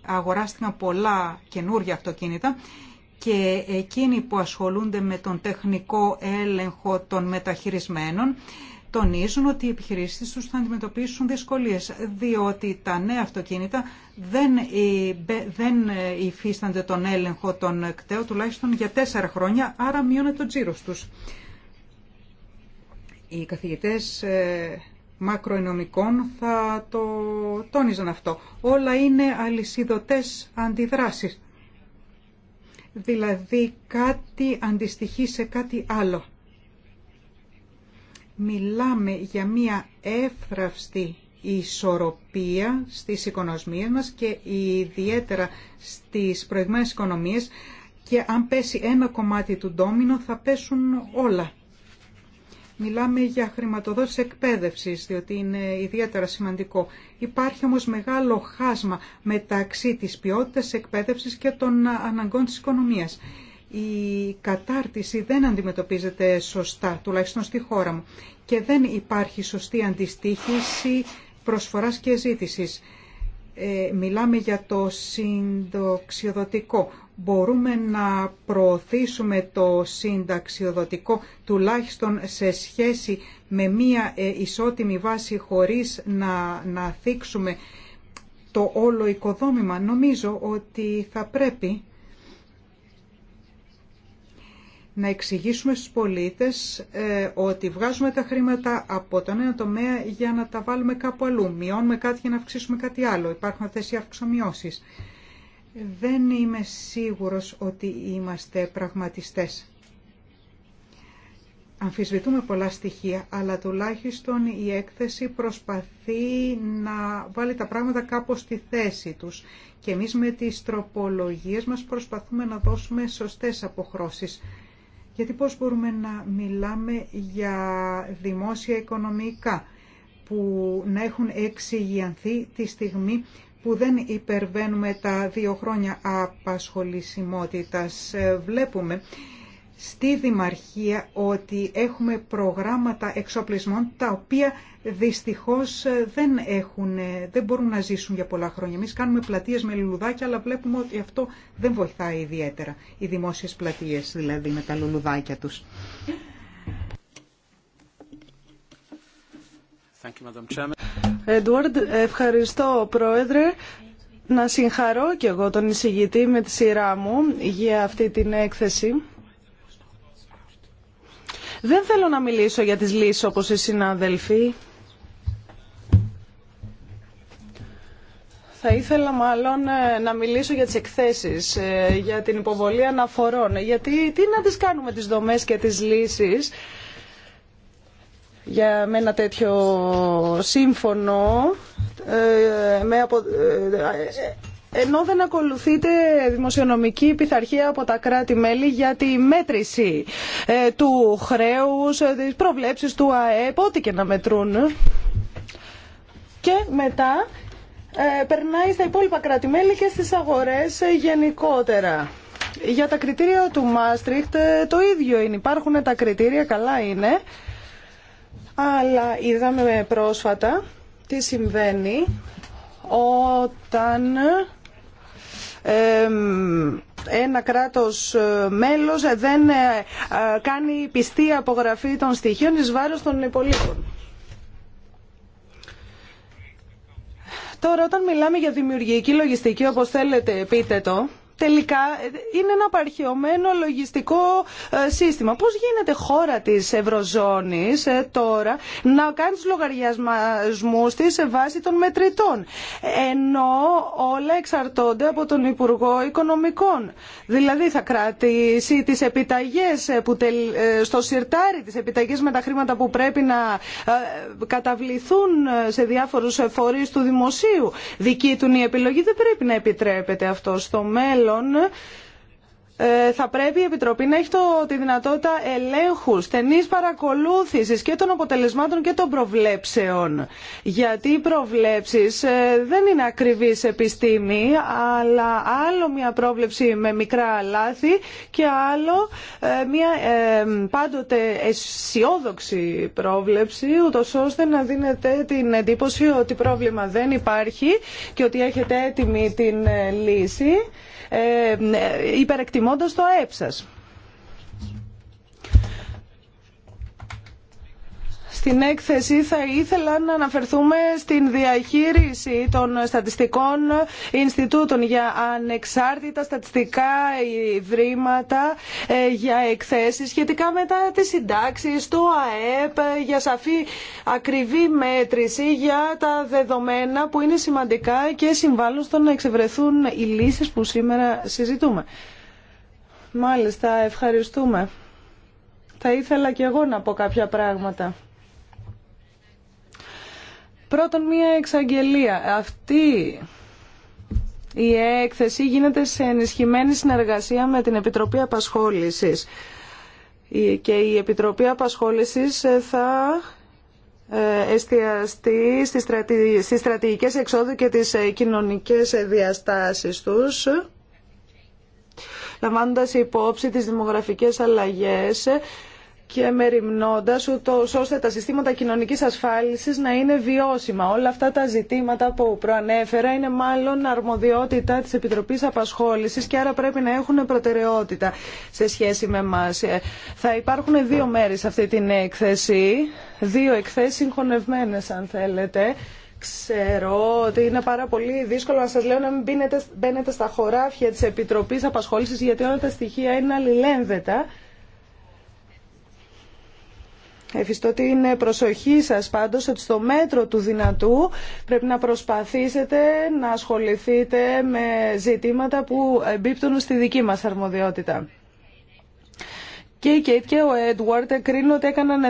αγοράστηκαν πολλά καινούργια αυτοκίνητα και εκείνοι που ασχολούνται με τον τεχνικό έλεγχο των μεταχειρισμένων τονίζουν ότι οι επιχειρήσεις τους θα αντιμετωπίσουν δυσκολίες, διότι τα νέα αυτοκίνητα δεν, δεν υφίστανται τον έλεγχο των κταίων τουλάχιστον για τέσσερα χρόνια, άρα μειώνεται το τζίρος τους. Οι καθηγητές ε, μακροοικονομικών θα το τόνιζαν αυτό. Όλα είναι αλυσιδωτές αντιδράσεις. Δηλαδή κάτι αντιστοιχεί σε κάτι άλλο. Μιλάμε για μία εύθραυστη ισορροπία στις οικονομίες μας και ιδιαίτερα στις προηγμένες οικονομίες και αν πέσει ένα κομμάτι του ντόμινο θα πέσουν όλα. Μιλάμε για χρηματοδότηση εκπαίδευση, διότι είναι ιδιαίτερα σημαντικό. Υπάρχει όμως μεγάλο χάσμα μεταξύ της ποιότητα εκπαίδευση και των αναγκών της οικονομίας. Η κατάρτιση δεν αντιμετωπίζεται σωστά, τουλάχιστον στη χώρα μου, και δεν υπάρχει σωστή αντιστοίχηση προσφοράς και ζήτησης. Ε, μιλάμε για το συντοξιοδοτικό μπορούμε να προωθήσουμε το συνταξιοδοτικό τουλάχιστον σε σχέση με μία ε, ισότιμη βάση χωρίς να, να θίξουμε το όλο οικοδόμημα. Νομίζω ότι θα πρέπει να εξηγήσουμε στους πολίτες ε, ότι βγάζουμε τα χρήματα από τον ένα τομέα για να τα βάλουμε κάπου αλλού. Μειώνουμε κάτι για να αυξήσουμε κάτι άλλο. Υπάρχουν αυτές δεν είμαι σίγουρος ότι είμαστε πραγματιστές. Αμφισβητούμε πολλά στοιχεία, αλλά τουλάχιστον η έκθεση προσπαθεί να βάλει τα πράγματα κάπως στη θέση τους. Και εμείς με τις τροπολογίες μας προσπαθούμε να δώσουμε σωστές αποχρώσεις. Γιατί πώς μπορούμε να μιλάμε για δημόσια οικονομικά που να έχουν εξηγιανθεί τη στιγμή που δεν υπερβαίνουμε τα δύο χρόνια απασχολησιμότητας. Ε, βλέπουμε στη Δημαρχία ότι έχουμε προγράμματα εξοπλισμών τα οποία δυστυχώς ε, δεν, έχουν, ε, δεν μπορούν να ζήσουν για πολλά χρόνια. Εμείς κάνουμε πλατείες με λουλουδάκια αλλά βλέπουμε ότι αυτό δεν βοηθάει ιδιαίτερα. Οι δημόσιες πλατείες δηλαδή με τα λουλουδάκια τους. Έντουαρντ, ευχαριστώ Πρόεδρε. Να συγχαρώ και εγώ τον εισηγητή με τη σειρά μου για αυτή την έκθεση. Δεν θέλω να μιλήσω για τις λύσεις όπως οι συνάδελφοι. Θα ήθελα μάλλον ε, να μιλήσω για τις εκθέσεις, ε, για την υποβολή αναφορών. Γιατί τι να τις κάνουμε τις δομές και τις λύσεις για με ένα τέτοιο σύμφωνο ε, απο... Ε, ενώ δεν ακολουθείται δημοσιονομική πειθαρχία από τα κράτη-μέλη για τη μέτρηση ε, του χρέους, της προβλέψεις του ΑΕΠ, ό,τι και να μετρούν. Και μετά περνάει στα υπόλοιπα κράτη-μέλη και στις αγορές γενικότερα. Για τα κριτήρια του Μάστριχτ το ίδιο είναι. Υπάρχουν τα κριτήρια, καλά είναι. Αλλά είδαμε πρόσφατα τι συμβαίνει όταν ένα κράτος ε, μέλος δεν ε, κάνει πιστή απογραφή των στοιχείων εις βάρος των υπολείπων. Τώρα όταν μιλάμε για δημιουργική λογιστική, όπως θέλετε πείτε το, τελικά είναι ένα απαρχαιωμένο λογιστικό ε, σύστημα. Πώς γίνεται χώρα της Ευρωζώνης ε, τώρα να κάνει τους λογαριασμούς της σε βάση των μετρητών, ενώ όλα εξαρτώνται από τον Υπουργό Οικονομικών. Δηλαδή θα κρατήσει τις επιταγές ε, που στο σιρτάρι, τις επιταγές με τα χρήματα που πρέπει να καταβληθούν σε διάφορους φορείς του δημοσίου. Δική του η επιλογή δεν πρέπει να επιτρέπεται αυτό στο μέλλον ε, θα πρέπει η Επιτροπή να έχει το, τη δυνατότητα ελέγχου, στενή παρακολούθηση και των αποτελεσμάτων και των προβλέψεων. Γιατί οι προβλέψει ε, δεν είναι ακριβή επιστήμη, αλλά άλλο μια πρόβλεψη με μικρά λάθη και άλλο ε, μια πάντοτε αισιόδοξη πρόβλεψη, ούτω ώστε να δίνετε την εντύπωση ότι πρόβλημα δεν υπάρχει και ότι έχετε έτοιμη την λύση. Ε, ε, ε, υπερεκτιμώντας το ΑΕΠ Στην έκθεση θα ήθελα να αναφερθούμε στην διαχείριση των στατιστικών Ινστιτούτων για ανεξάρτητα στατιστικά ιδρύματα, ε, για εκθέσεις σχετικά με τις συντάξεις, ΑΕΠ, ε, για σαφή ακριβή μέτρηση, για τα δεδομένα που είναι σημαντικά και συμβάλλουν στο να εξευρεθούν οι λύσεις που σήμερα συζητούμε. Μάλιστα, ευχαριστούμε. Θα ήθελα και εγώ να πω κάποια πράγματα. Πρώτον, μία εξαγγελία. Αυτή η έκθεση γίνεται σε ενισχυμένη συνεργασία με την Επιτροπή Απασχόλησης. Και η Επιτροπή Απασχόλησης ε, θα ε, εστιαστεί στις στρατηγικές εξόδου και τις ε, κοινωνικές διαστάσεις τους λαμβάνοντας υπόψη τις δημογραφικές αλλαγές και μεριμνώντα, ούτω ώστε τα συστήματα κοινωνική ασφάλισης να είναι βιώσιμα. Όλα αυτά τα ζητήματα που προανέφερα είναι μάλλον αρμοδιότητα τη επιτροπή απασχόληση και άρα πρέπει να έχουν προτεραιότητα σε σχέση με εμά. Ε, θα υπάρχουν δύο μέρη σε αυτή την έκθεση, δύο εκθέσει συγχωνευμένε, αν θέλετε. Ξέρω ότι είναι πάρα πολύ δύσκολο να σας λέω να μην μπαίνετε, στα χωράφια της Επιτροπής Απασχόλησης γιατί όλα τα στοιχεία είναι αλληλένδετα. Εφιστώ είναι προσοχή σας πάντως ότι στο μέτρο του δυνατού πρέπει να προσπαθήσετε να ασχοληθείτε με ζητήματα που εμπίπτουν στη δική μας αρμοδιότητα. Και η Κέιτ και ο Έντουαρτ κρίνουν ότι έκαναν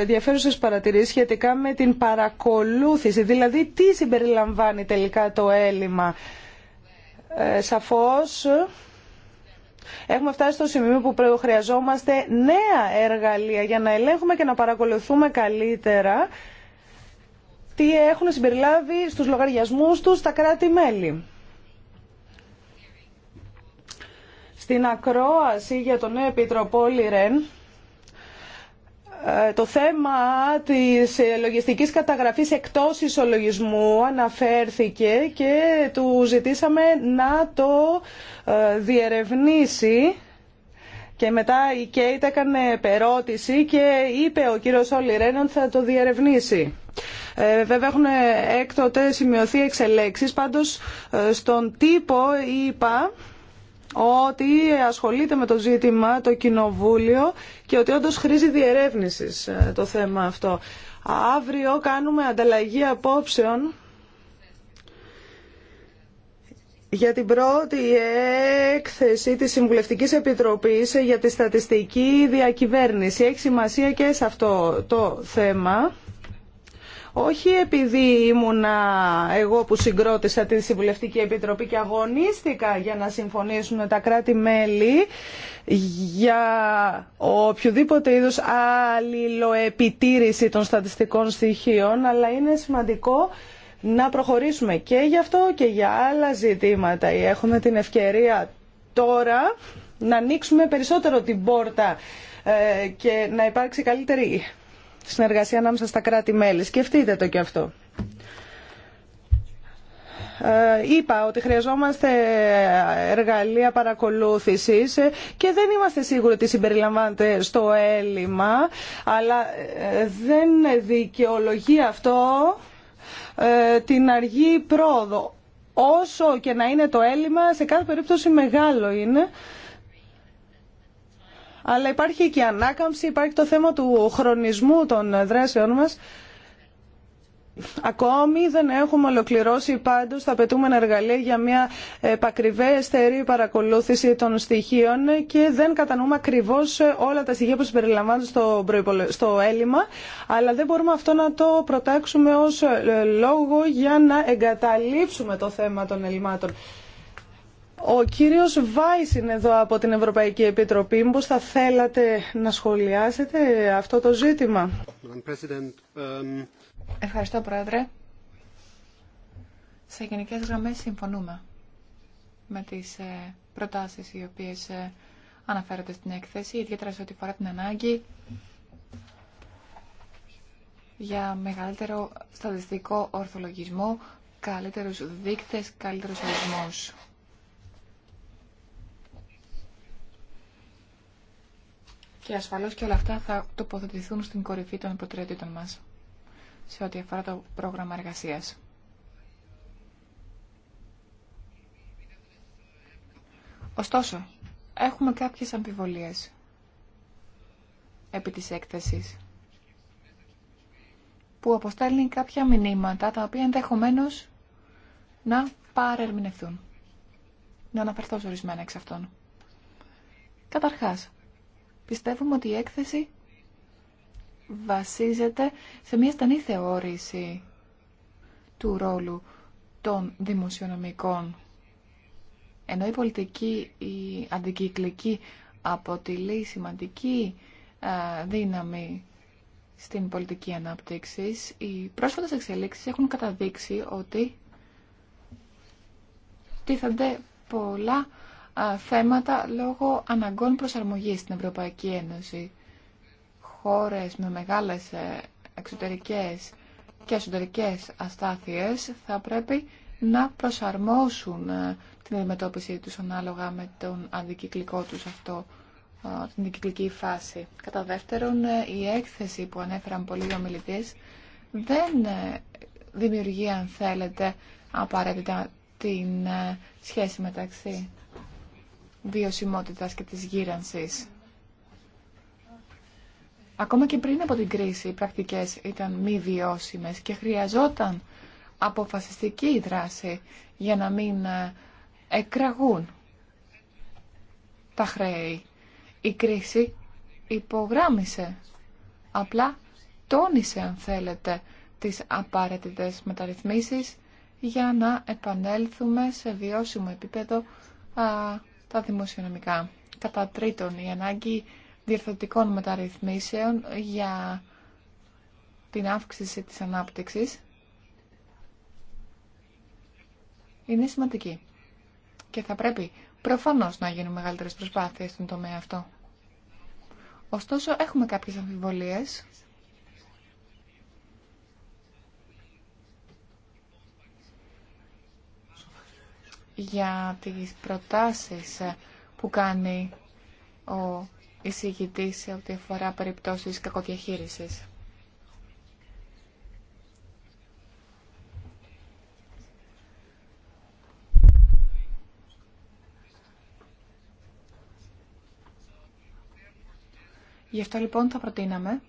ενδιαφέρουσες παρατηρήσεις σχετικά με την παρακολούθηση, δηλαδή τι συμπεριλαμβάνει τελικά το έλλειμμα. Ε, σαφώς Έχουμε φτάσει στο σημείο που χρειαζόμαστε νέα εργαλεία για να ελέγχουμε και να παρακολουθούμε καλύτερα τι έχουν συμπεριλάβει στους λογαριασμούς τους τα κράτη-μέλη. Στην ακρόαση για τον νέο Επιτροπό Λιρέν, ε, το θέμα της λογιστικής καταγραφής εκτός ισολογισμού αναφέρθηκε και του ζητήσαμε να το ε, διερευνήσει και μετά η Κέιτ έκανε περώτηση και είπε ο κύριος Όλη θα το διερευνήσει. Ε, βέβαια έχουν έκτοτε σημειωθεί εξελέξεις, πάντως ε, στον τύπο είπα ότι ασχολείται με το ζήτημα το Κοινοβούλιο και ότι όντως χρήζει διερεύνησης ε, το θέμα αυτό. Αύριο κάνουμε ανταλλαγή απόψεων για την πρώτη έκθεση της Συμβουλευτικής Επιτροπής για τη Στατιστική Διακυβέρνηση. Έχει σημασία και σε αυτό το θέμα όχι επειδή ήμουνα εγώ που συγκρότησα τη Συμβουλευτική Επιτροπή και αγωνίστηκα για να συμφωνήσουν τα κράτη-μέλη για οποιοδήποτε είδους αλληλοεπιτήρηση των στατιστικών στοιχείων, αλλά είναι σημαντικό να προχωρήσουμε και γι' αυτό και για άλλα ζητήματα. Έχουμε την ευκαιρία τώρα να ανοίξουμε περισσότερο την πόρτα ε, και να υπάρξει καλύτερη συνεργασία ανάμεσα στα κράτη-μέλη. Σκεφτείτε το και αυτό. Ε, είπα ότι χρειαζόμαστε εργαλεία παρακολούθησης ε, και δεν είμαστε σίγουροι ότι συμπεριλαμβάνεται στο έλλειμμα, αλλά ε, δεν δικαιολογεί αυτό την αργή πρόοδο. Όσο και να είναι το έλλειμμα, σε κάθε περίπτωση μεγάλο είναι αλλά υπάρχει και ανάκαμψη, υπάρχει το θέμα του χρονισμού των δράσεών μας. Ακόμη δεν έχουμε ολοκληρώσει πάντως τα απαιτούμενα εργαλεία για μια επακριβέστερη παρακολούθηση των στοιχείων και δεν κατανοούμε ακριβώς όλα τα στοιχεία που συμπεριλαμβάνονται στο, στο έλλειμμα, αλλά δεν μπορούμε αυτό να το προτάξουμε ως ε, λόγο για να εγκαταλείψουμε το θέμα των ελλημάτων. Ο κύριος Βάης είναι εδώ από την Ευρωπαϊκή Επιτροπή. Μήπως θα θέλατε να σχολιάσετε αυτό το ζήτημα. Um, Ευχαριστώ, Πρόεδρε. Σε γενικές γραμμές συμφωνούμε με τις ε, προτάσεις οι οποίες ε, αναφέρονται στην έκθεση, ιδιαίτερα σε ό,τι αφορά την ανάγκη για μεγαλύτερο στατιστικό ορθολογισμό, καλύτερους δείκτες, καλύτερους ορισμούς. Και ασφαλώς και όλα αυτά θα τοποθετηθούν στην κορυφή των προτεραιοτήτων μας σε ό,τι αφορά το πρόγραμμα εργασίας. Ωστόσο, έχουμε κάποιες αμφιβολίες επί της έκθεσης που αποστέλνει κάποια μηνύματα τα οποία ενδεχομένω να παρερμηνευτούν. Να αναφερθώ σε ορισμένα εξ αυτών. Καταρχάς, Πιστεύουμε ότι η έκθεση βασίζεται σε μια στενή θεώρηση του ρόλου των δημοσιονομικών. Ενώ η πολιτική, η αντικυκλική αποτελεί σημαντική δύναμη στην πολιτική ανάπτυξη, οι πρόσφατες εξελίξεις έχουν καταδείξει ότι τίθενται πολλά θέματα λόγω αναγκών προσαρμογής στην Ευρωπαϊκή Ένωση. Χώρες με μεγάλες ε, εξωτερικές και εσωτερικές αστάθειες θα πρέπει να προσαρμόσουν ε, την αντιμετώπιση τους ανάλογα με τον αντικυκλικό τους αυτό, την αντικυκλική φάση. Κατά δεύτερον, ε, η έκθεση που ανέφεραν πολλοί ομιλητές δεν δημιουργεί, αν θέλετε, απαραίτητα την σχέση μεταξύ βιωσιμότητας και της γύρανσης. Ακόμα και πριν από την κρίση οι πρακτικές ήταν μη βιώσιμες και χρειαζόταν αποφασιστική δράση για να μην ε, εκραγούν τα χρέη. Η κρίση υπογράμμισε, απλά τόνισε αν θέλετε τις απαραίτητες μεταρρυθμίσεις για να επανέλθουμε σε βιώσιμο επίπεδο τα δημοσιονομικά. Κατά τρίτον, η ανάγκη διορθωτικών μεταρρυθμίσεων για την αύξηση της ανάπτυξης είναι σημαντική και θα πρέπει προφανώς να γίνουν μεγαλύτερες προσπάθειες στον τομέα αυτό. Ωστόσο, έχουμε κάποιες αμφιβολίες για τις προτάσεις που κάνει ο εισηγητής σε ό,τι αφορά περιπτώσεις κακοδιαχείρισης. Γι' αυτό λοιπόν θα προτείναμε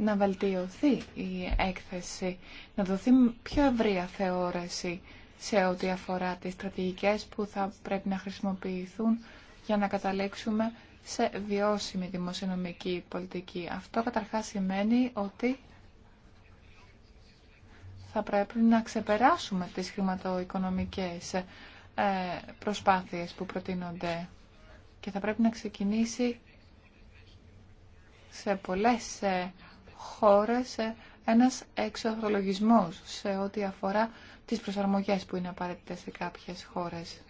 να βελτιωθεί η έκθεση, να δοθεί πιο ευρία θεώρηση σε ό,τι αφορά τις στρατηγικές που θα πρέπει να χρησιμοποιηθούν για να καταλήξουμε σε βιώσιμη δημοσιονομική πολιτική. Αυτό καταρχάς σημαίνει ότι θα πρέπει να ξεπεράσουμε τις χρηματοοικονομικές ε, προσπάθειες που προτείνονται και θα πρέπει να ξεκινήσει σε πολλές ε, χώρες ε, ένας εξοχρολογισμός σε ό,τι αφορά τις προσαρμογές που είναι απαραίτητες σε κάποιες χώρες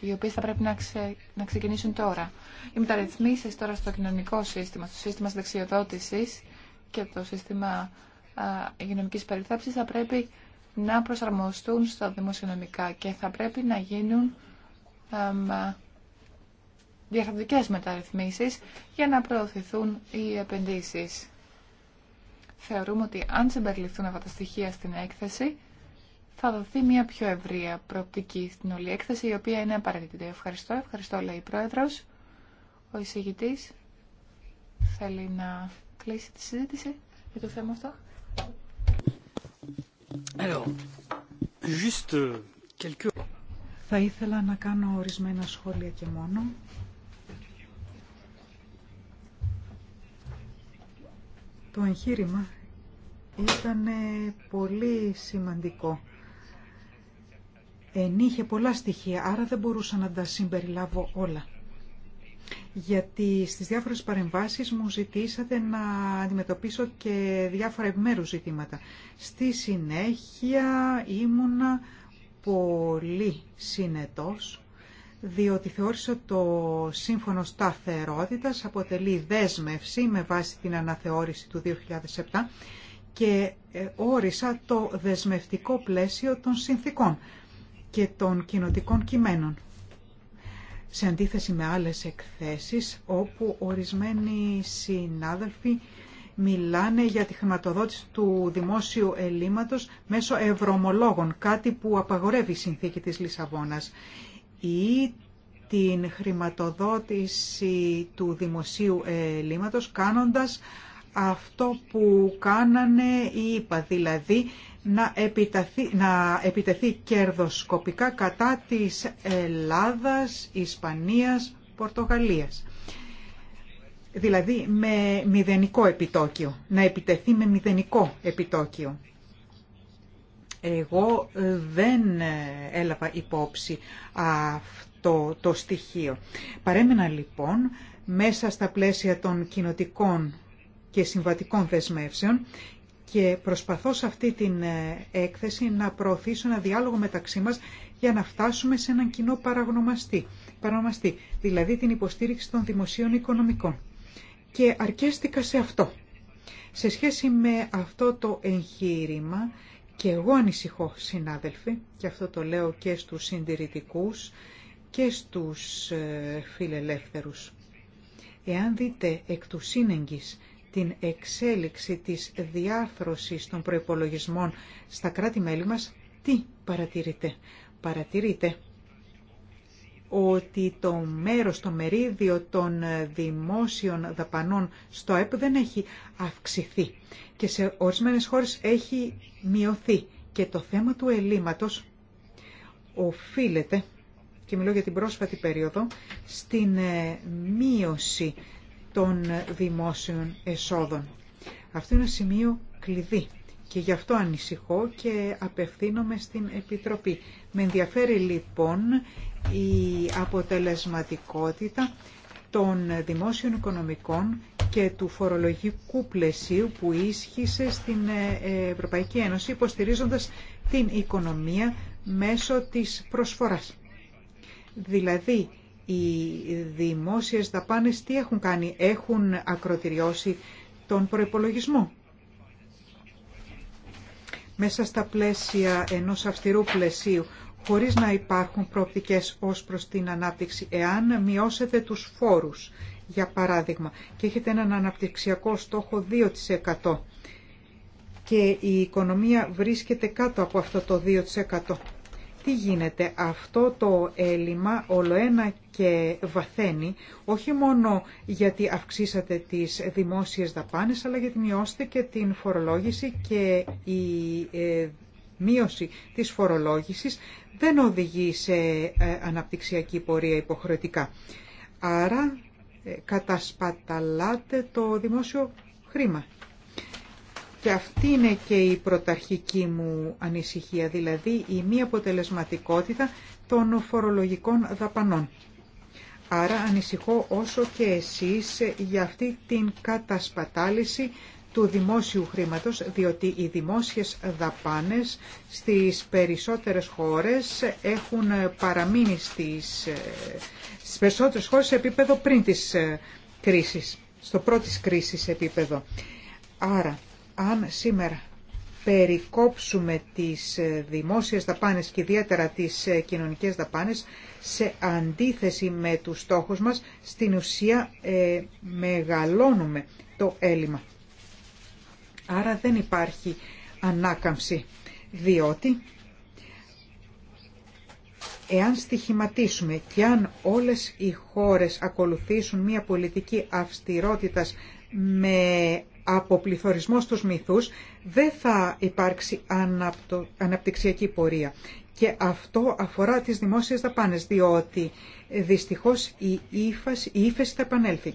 οι οποίε θα πρέπει να, ξε... ξεκινήσουν τώρα. Οι μεταρρυθμίσει τώρα στο κοινωνικό σύστημα, στο σύστημα δεξιοδότηση και το σύστημα υγειονομική περιθέψη θα πρέπει να προσαρμοστούν στα δημοσιονομικά και θα πρέπει να γίνουν διαχρονικές μεταρρυθμίσεις για να προωθηθούν οι επενδύσεις θεωρούμε ότι αν συμπεριληφθούν αυτά τα στοιχεία στην έκθεση, θα δοθεί μια πιο ευρεία προοπτική στην όλη έκθεση, η οποία είναι απαραίτητη. Ευχαριστώ, ευχαριστώ, λέει η Πρόεδρος. Ο εισηγητή θέλει να κλείσει τη συζήτηση για το θέμα αυτό. Θα ήθελα να κάνω ορισμένα σχόλια και μόνο. Το εγχείρημα ήταν πολύ σημαντικό. Ενείχε πολλά στοιχεία, άρα δεν μπορούσα να τα συμπεριλάβω όλα. Γιατί στις διάφορες παρεμβάσεις μου ζητήσατε να αντιμετωπίσω και διάφορα επιμέρους ζητήματα. Στη συνέχεια ήμουνα πολύ συνετός, διότι θεώρησα το σύμφωνο σταθερότητας αποτελεί δέσμευση με βάση την αναθεώρηση του 2007 και ε, όρισα το δεσμευτικό πλαίσιο των συνθήκων και των κοινοτικών κειμένων. Σε αντίθεση με άλλες εκθέσεις όπου ορισμένοι συνάδελφοι μιλάνε για τη χρηματοδότηση του δημόσιου ελλείμματος μέσω ευρωμολόγων, κάτι που απαγορεύει η συνθήκη της Λισαβόνας, ή την χρηματοδότηση του δημοσίου ελλείμματος κάνοντας αυτό που κάνανε οι ΙΠΑ, δηλαδή να επιτεθεί, να επιτεθεί κερδοσκοπικά κατά της Ελλάδας, Ισπανίας, Πορτογαλίας. Δηλαδή με μηδενικό επιτόκιο, να επιτεθεί με μηδενικό επιτόκιο. Εγώ δεν έλαβα υπόψη αυτό το στοιχείο. Παρέμενα λοιπόν μέσα στα πλαίσια των κοινοτικών και συμβατικών δεσμεύσεων και προσπαθώ σε αυτή την ε, έκθεση να προωθήσω ένα διάλογο μεταξύ μας για να φτάσουμε σε έναν κοινό παραγνωμαστή, παραγνωμαστή δηλαδή την υποστήριξη των δημοσίων οικονομικών. Και αρκέστηκα σε αυτό. Σε σχέση με αυτό το εγχείρημα, και εγώ ανησυχώ συνάδελφοι, και αυτό το λέω και στους συντηρητικούς και στους ε, φιλελεύθερους. Εάν δείτε εκ του σύνεγγης την εξέλιξη της διάρθρωσης των προϋπολογισμών στα κράτη-μέλη μας, τι παρατηρείτε. Παρατηρείτε ότι το μέρος, το μερίδιο των δημόσιων δαπανών στο ΕΠ δεν έχει αυξηθεί και σε ορισμένες χώρες έχει μειωθεί. Και το θέμα του ελλείμματος οφείλεται, και μιλώ για την πρόσφατη περίοδο, στην ε, μείωση των δημόσιων εσόδων. Αυτό είναι ένα σημείο κλειδί και γι' αυτό ανησυχώ και απευθύνομαι στην Επιτροπή. Με ενδιαφέρει λοιπόν η αποτελεσματικότητα των δημόσιων οικονομικών και του φορολογικού πλαισίου που ίσχυσε στην ε, Ευρωπαϊκή Ένωση υποστηρίζοντας την οικονομία μέσω της προσφοράς. Δηλαδή οι δημόσιες δαπάνες τι έχουν κάνει, έχουν ακροτηριώσει τον προϋπολογισμό. Μέσα στα πλαίσια ενός αυστηρού πλαισίου, χωρίς να υπάρχουν προοπτικές ως προς την ανάπτυξη, εάν μειώσετε τους φόρους, για παράδειγμα, και έχετε έναν αναπτυξιακό στόχο 2% και η οικονομία βρίσκεται κάτω από αυτό το 2% τι γίνεται. Αυτό το έλλειμμα ολοένα και βαθαίνει, όχι μόνο γιατί αυξήσατε τις δημόσιες δαπάνες, αλλά γιατί μειώσετε και την φορολόγηση και η ε, μείωση της φορολόγησης δεν οδηγεί σε ε, αναπτυξιακή πορεία υποχρεωτικά. Άρα ε, κατασπαταλάτε το δημόσιο χρήμα. Και αυτή είναι και η πρωταρχική μου ανησυχία, δηλαδή η μη αποτελεσματικότητα των φορολογικών δαπανών. Άρα ανησυχώ όσο και εσείς για αυτή την κατασπατάληση του δημόσιου χρήματος, διότι οι δημόσιες δαπάνες στις περισσότερες χώρες έχουν παραμείνει στις, στις περισσότερες χώρες σε επίπεδο πριν της ε, κρίσης, στο πρώτης κρίσης επίπεδο. Άρα αν σήμερα περικόψουμε τις ε, δημόσιες δαπάνες και ιδιαίτερα τις ε, κοινωνικές δαπάνες σε αντίθεση με τους στόχους μας, στην ουσία ε, μεγαλώνουμε το έλλειμμα. Άρα δεν υπάρχει ανάκαμψη, διότι εάν στοιχηματίσουμε και αν όλες οι χώρες ακολουθήσουν μια πολιτική αυστηρότητας με από πληθωρισμό στους μυθούς δεν θα υπάρξει αναπτυξιακή πορεία. Και αυτό αφορά τις δημόσιες δαπάνες, διότι ε, δυστυχώς η ύφεση, η ύφεση θα επανέλθει.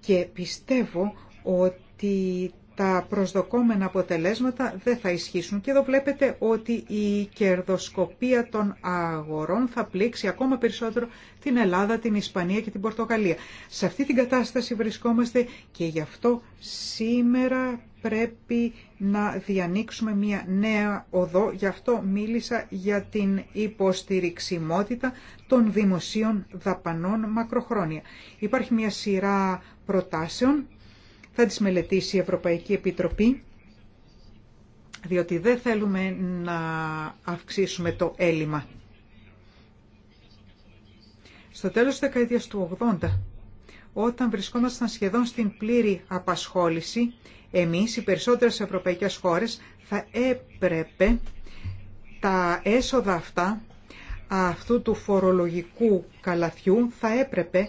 Και πιστεύω ότι τα προσδοκόμενα αποτελέσματα δεν θα ισχύσουν. Και εδώ βλέπετε ότι η κερδοσκοπία των αγορών θα πλήξει ακόμα περισσότερο την Ελλάδα, την Ισπανία και την Πορτοκαλία. Σε αυτή την κατάσταση βρισκόμαστε και γι' αυτό σήμερα πρέπει να διανοίξουμε μια νέα οδό. Γι' αυτό μίλησα για την υποστηριξιμότητα των δημοσίων δαπανών μακροχρόνια. Υπάρχει μια σειρά προτάσεων θα τις μελετήσει η Ευρωπαϊκή Επιτροπή, διότι δεν θέλουμε να αυξήσουμε το έλλειμμα. Στο τέλος της δεκαετίας του 80, όταν βρισκόμασταν σχεδόν στην πλήρη απασχόληση, εμείς, οι περισσότερες ευρωπαϊκές χώρες, θα έπρεπε τα έσοδα αυτά, αυτού του φορολογικού καλαθιού, θα έπρεπε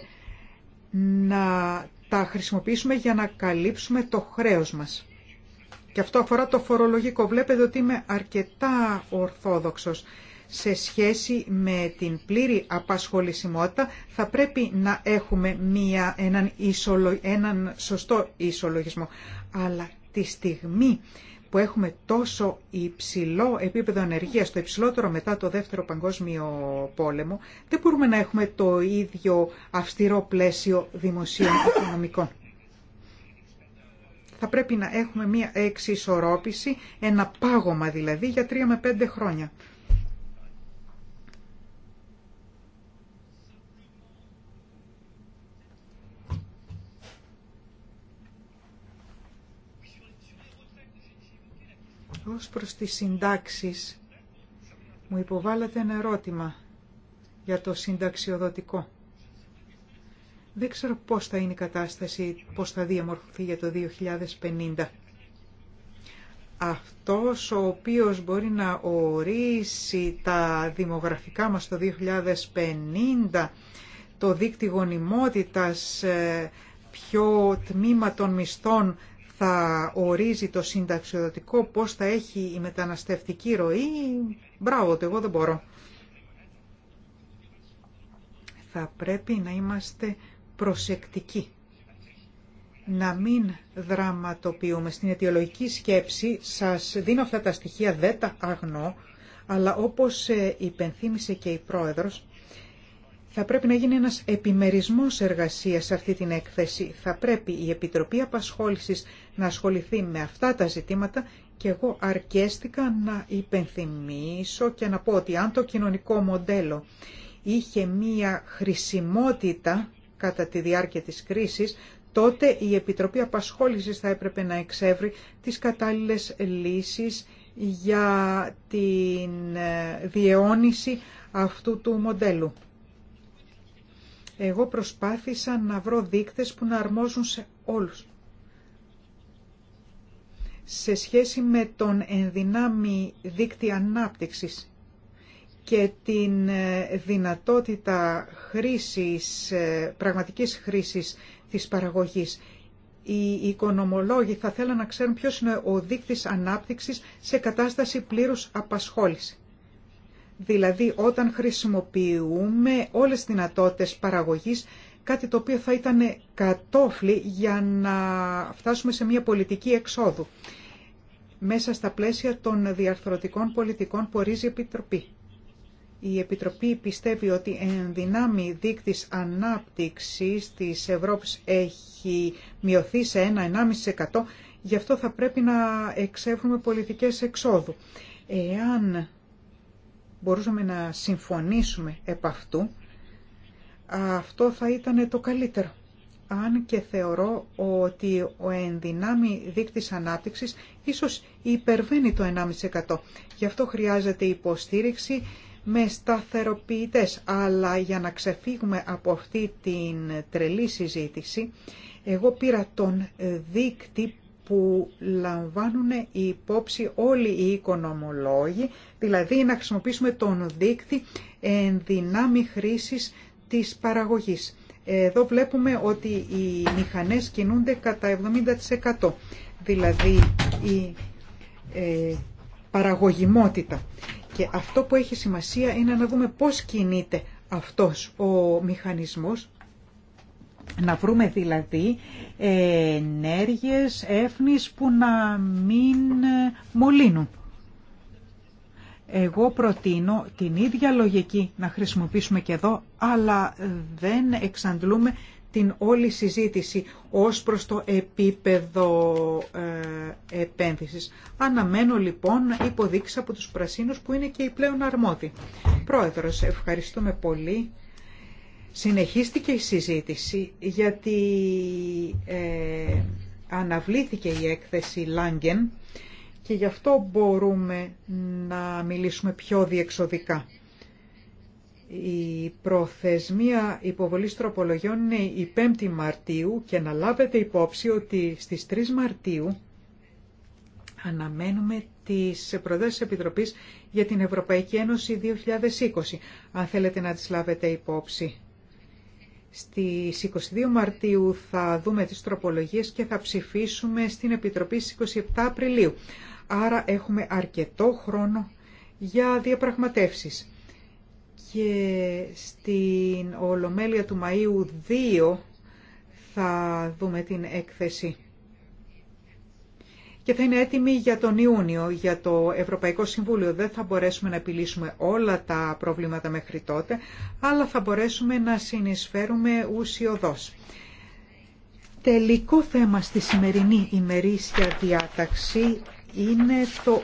να τα χρησιμοποιήσουμε για να καλύψουμε το χρέος μας. Και αυτό αφορά το φορολογικό. Βλέπετε ότι είμαι αρκετά ορθόδοξος. Σε σχέση με την πλήρη απασχολησιμότητα θα πρέπει να έχουμε μία, έναν, ισολο, έναν σωστό ισολογισμό. Αλλά τη στιγμή που έχουμε τόσο υψηλό επίπεδο ανεργίας, το υψηλότερο μετά το Δεύτερο Παγκόσμιο Πόλεμο, δεν μπορούμε να έχουμε το ίδιο αυστηρό πλαίσιο δημοσίων οικονομικών. Θα πρέπει να έχουμε μία εξισορρόπηση, ένα πάγωμα δηλαδή για τρία με πέντε χρόνια. Ως προς τις συντάξεις, μου υποβάλλατε ένα ερώτημα για το συνταξιοδοτικό. Δεν ξέρω πώς θα είναι η κατάσταση, πώς θα διαμορφωθεί για το 2050. Αυτός ο οποίος μπορεί να ορίσει τα δημογραφικά μας το 2050, το δίκτυο γονιμότητας, ε, ποιο τμήμα των μισθών θα ορίζει το συνταξιοδοτικό πώς θα έχει η μεταναστευτική ροή, μπράβο, εγώ δεν μπορώ. Θα πρέπει να είμαστε προσεκτικοί. Να μην δραματοποιούμε. Στην αιτιολογική σκέψη σας δίνω αυτά τα στοιχεία, δεν τα αγνώ, αλλά όπως ε, υπενθύμησε και η Πρόεδρος, θα πρέπει να γίνει ένας επιμερισμός εργασίας σε αυτή την έκθεση. Θα πρέπει η Επιτροπή Απασχόλησης να ασχοληθεί με αυτά τα ζητήματα και εγώ αρκέστηκα να υπενθυμίσω και να πω ότι αν το κοινωνικό μοντέλο είχε μία χρησιμότητα κατά τη διάρκεια της κρίσης, τότε η Επιτροπή Απασχόλησης θα έπρεπε να εξεύρει τις κατάλληλες λύσεις για την ε, διαιώνιση αυτού του μοντέλου. Εγώ προσπάθησα να βρω δείκτες που να αρμόζουν σε όλους. Σε σχέση με τον ενδυνάμει δείκτη ανάπτυξης και την ε, δυνατότητα χρήσης, ε, πραγματικής χρήσης της παραγωγής. Οι οικονομολόγοι θα θέλουν να ξέρουν ποιος είναι ο δείκτης ανάπτυξης σε κατάσταση πλήρους απασχόληση δηλαδή όταν χρησιμοποιούμε όλες τις δυνατότητες παραγωγής, κάτι το οποίο θα ήταν κατόφλι για να φτάσουμε σε μια πολιτική εξόδου μέσα στα πλαίσια των διαρθρωτικών πολιτικών που ορίζει η Επιτροπή. Η Επιτροπή πιστεύει ότι εν δυνάμει δείκτης ανάπτυξης της Ευρώπης έχει μειωθεί σε 1-1,5%, γι' αυτό θα πρέπει να εξεύρουμε πολιτικές εξόδου. Εάν μπορούσαμε να συμφωνήσουμε επ' αυτού, αυτό θα ήταν το καλύτερο. Αν και θεωρώ ότι ο ενδυνάμει δείκτης ανάπτυξης ίσως υπερβαίνει το 1,5%. Γι' αυτό χρειάζεται υποστήριξη με σταθεροποιητές. Αλλά για να ξεφύγουμε από αυτή την τρελή συζήτηση, εγώ πήρα τον δείκτη που λαμβάνουν υπόψη όλοι οι οικονομολόγοι, δηλαδή να χρησιμοποιήσουμε τον δείκτη εν δυνάμει χρήσης της παραγωγής. Εδώ βλέπουμε ότι οι μηχανές κινούνται κατά 70%, δηλαδή η ε, παραγωγιμότητα. Και αυτό που έχει σημασία είναι να δούμε πώς κινείται αυτός ο μηχανισμός να βρούμε δηλαδή ε, ενέργειες έφνης που να μην ε, μολύνουν. Εγώ προτείνω την ίδια λογική να χρησιμοποιήσουμε και εδώ, αλλά δεν εξαντλούμε την όλη συζήτηση ως προς το επίπεδο ε, επένδυσης. Αναμένω λοιπόν υποδείξει από τους πρασίνους που είναι και οι πλέον αρμόδιοι. Πρόεδρος, ευχαριστούμε πολύ. Συνεχίστηκε η συζήτηση γιατί ε, αναβλήθηκε η έκθεση Λάγκεν και γι' αυτό μπορούμε να μιλήσουμε πιο διεξοδικά. Η προθεσμία υποβολής τροπολογιών είναι η 5η Μαρτίου και να λάβετε υπόψη ότι στις 3 Μαρτίου αναμένουμε τις προτάσεις Επιτροπής για την Ευρωπαϊκή Ένωση 2020. Αν θέλετε να τις λάβετε υπόψη στις 22 Μαρτίου θα δούμε τις τροπολογίες και θα ψηφίσουμε στην Επιτροπή στις 27 Απριλίου. Άρα έχουμε αρκετό χρόνο για διαπραγματεύσεις. Και στην Ολομέλεια του Μαΐου 2 θα δούμε την έκθεση και θα είναι έτοιμη για τον Ιούνιο, για το Ευρωπαϊκό Συμβούλιο. Δεν θα μπορέσουμε να επιλύσουμε όλα τα προβλήματα μέχρι τότε, αλλά θα μπορέσουμε να συνεισφέρουμε ουσιοδός. Τελικό θέμα στη σημερινή ημερήσια διάταξη είναι το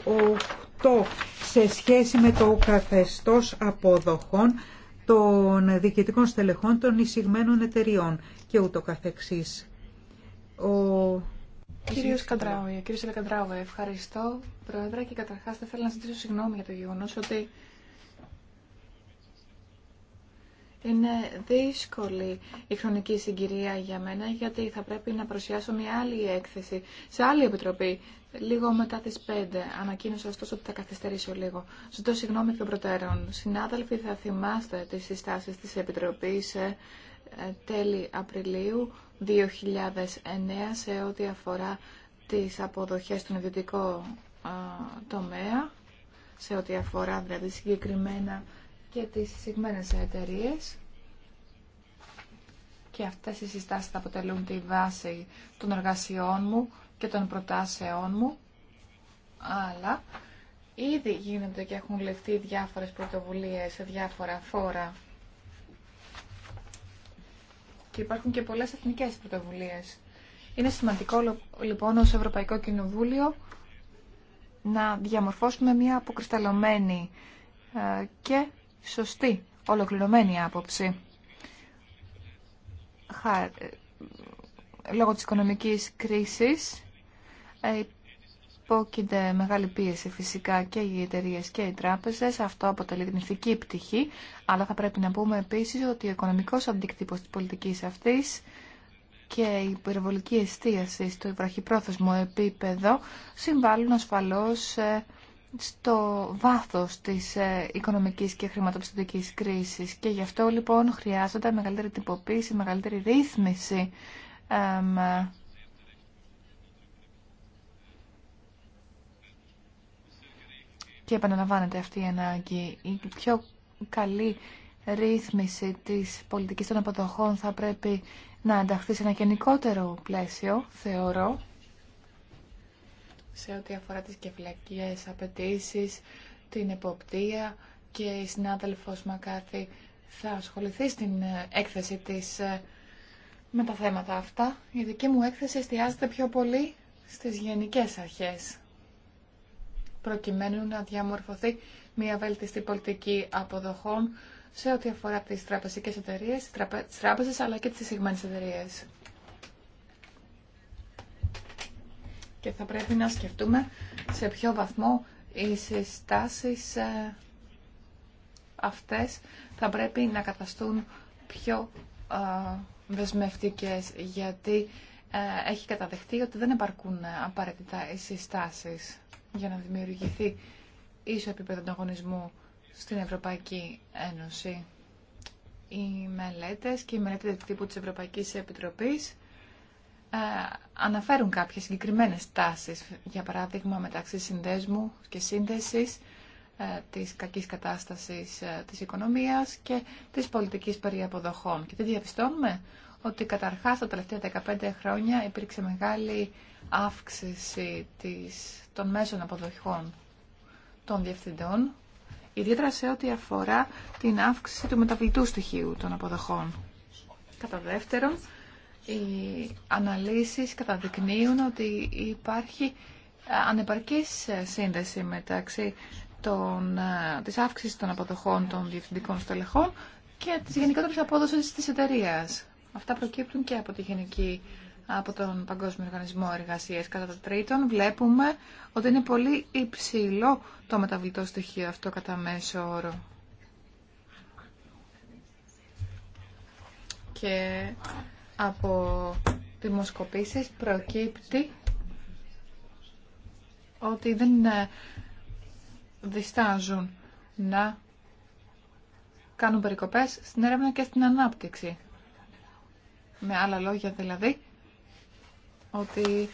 8 σε σχέση με το καθεστώς αποδοχών των διοικητικών στελεχών των εισηγμένων εταιριών και ούτω καθεξής. Κύριος Καντράουε, ευχαριστώ Πρόεδρε και καταρχά, θα ήθελα να ζητήσω συγγνώμη για το γεγονό ότι είναι δύσκολη η χρονική συγκυρία για μένα γιατί θα πρέπει να προσιάσω μια άλλη έκθεση σε άλλη επιτροπή λίγο μετά τι 5. Ανακοίνωσα ωστόσο ότι θα καθυστερήσω λίγο. Ζητώ συγγνώμη εκ των προτέρων. Συνάδελφοι θα θυμάστε τις συστάσεις της Επιτροπής ε, τέλη Απριλίου 2009 σε ό,τι αφορά τις αποδοχές στον ιδιωτικό τομέα, σε ό,τι αφορά δηλαδή συγκεκριμένα και τις συγκεκριμένες εταιρείε. Και αυτές οι συστάσεις θα αποτελούν τη βάση των εργασιών μου και των προτάσεών μου. Αλλά ήδη γίνονται και έχουν λεφτεί διάφορες πρωτοβουλίες σε διάφορα φόρα και υπάρχουν και πολλές εθνικές πρωτοβουλίες. Είναι σημαντικό λοιπόν ως Ευρωπαϊκό Κοινοβούλιο να διαμορφώσουμε μια αποκρισταλωμένη ε, και σωστή, ολοκληρωμένη άποψη. Ε, λόγω της οικονομικής κρίσης ε, Υπόκειται μεγάλη πίεση φυσικά και οι εταιρείε και οι τράπεζε. Αυτό αποτελεί την ηθική πτυχή. Αλλά θα πρέπει να πούμε επίση ότι ο οικονομικό αντίκτυπο τη πολιτική αυτή και η υπερβολική εστίαση στο βραχυπρόθεσμο επίπεδο συμβάλλουν ασφαλώς ε, στο βάθος της ε, οικονομικής και χρηματοπιστωτικής κρίσης και γι' αυτό λοιπόν χρειάζονται μεγαλύτερη τυποποίηση, μεγαλύτερη ρύθμιση και επαναλαμβάνεται αυτή η ανάγκη. Η πιο καλή ρύθμιση της πολιτικής των αποδοχών θα πρέπει να ενταχθεί σε ένα γενικότερο πλαίσιο, θεωρώ, σε ό,τι αφορά τις κεφλακίες απαιτήσει, την εποπτεία και η συνάδελφος Μακάρθη θα ασχοληθεί στην έκθεση της ε, με τα θέματα αυτά. Η δική μου έκθεση εστιάζεται πιο πολύ στις γενικές αρχές προκειμένου να διαμορφωθεί μια βέλτιστη πολιτική αποδοχών σε ό,τι αφορά τις τραπεζικές εταιρείες, τις, τράπεζες αλλά και τις συγμένες εταιρείες. Και θα πρέπει να σκεφτούμε σε ποιο βαθμό οι συστάσεις ε, αυτές θα πρέπει να καταστούν πιο ε, δεσμευτικές, γιατί ε, έχει καταδεχτεί ότι δεν επαρκούν απαραίτητα οι συστάσεις για να δημιουργηθεί ίσο επίπεδο ανταγωνισμού στην Ευρωπαϊκή Ένωση. Οι μελέτες και οι μελέτες του τύπου της Ευρωπαϊκής Επιτροπής ε, αναφέρουν κάποιες συγκεκριμένες τάσεις, για παράδειγμα μεταξύ συνδέσμου και σύνδεσης ε, της κακής κατάστασης ε, της οικονομίας και της πολιτικής αποδοχών. Και τι διαπιστώνουμε, ότι καταρχάς τα τελευταία 15 χρόνια υπήρξε μεγάλη αύξηση της, των μέσων αποδοχών των διευθυντών, ιδιαίτερα σε ό,τι αφορά την αύξηση του μεταβλητού στοιχείου των αποδοχών. Κατά δεύτερον, οι αναλύσεις καταδεικνύουν ότι υπάρχει ε, ανεπαρκής σύνδεση μεταξύ των, ε, της αύξησης των αποδοχών των διευθυντικών στελεχών και της γενικότερης απόδοσης της εταιρεία. Αυτά προκύπτουν και από τη γενική από τον Παγκόσμιο Οργανισμό εργασία Κατά το τρίτον, βλέπουμε ότι είναι πολύ υψηλό το μεταβλητό στοιχείο αυτό κατά μέσο όρο. Και από δημοσκοπήσεις προκύπτει ότι δεν ε, διστάζουν να κάνουν περικοπές στην έρευνα και στην ανάπτυξη. Με άλλα λόγια δηλαδή, ότι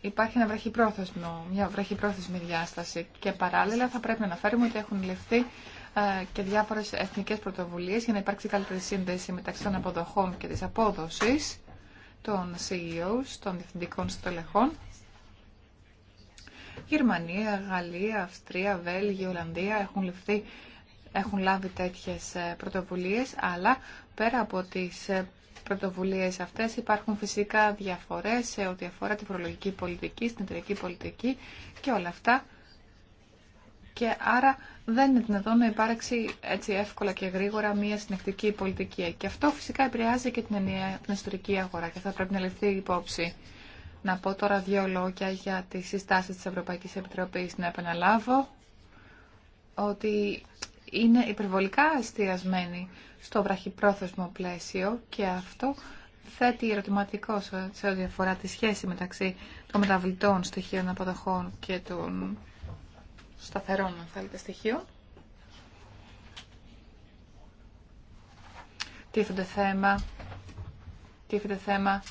υπάρχει ένα βραχυπρόθεσμο, μια βραχυπρόθεσμη διάσταση και παράλληλα θα πρέπει να αναφέρουμε ότι έχουν ληφθεί ε, και διάφορες εθνικές πρωτοβουλίες για να υπάρξει καλύτερη σύνδεση μεταξύ των αποδοχών και της απόδοσης των CEOs, των διευθυντικών στελεχών. Γερμανία, Γαλλία, Αυστρία, Βέλγιο, Ολλανδία έχουν ληφθεί έχουν λάβει τέτοιες ε, πρωτοβουλίες, αλλά πέρα από τις ε, πρωτοβουλίες αυτές. Υπάρχουν φυσικά διαφορές σε ό,τι αφορά τη φορολογική πολιτική, στην εταιρική πολιτική και όλα αυτά. Και άρα δεν είναι δυνατόν να υπάρξει έτσι εύκολα και γρήγορα μια συνεκτική πολιτική. Και αυτό φυσικά επηρεάζει και την, ενιαία, την ιστορική αγορά και θα πρέπει να ληφθεί υπόψη. Να πω τώρα δύο λόγια για τι συστάσεις τη Ευρωπαϊκή Επιτροπή Να επαναλάβω ότι είναι υπερβολικά εστιασμένη στο βραχυπρόθεσμο πλαίσιο και αυτό θέτει ερωτηματικό σε ό,τι αφορά τη σχέση μεταξύ των μεταβλητών στοιχείων αποδοχών και των σταθερών, αν θέλετε, στοιχείων. το θέμα, θέμα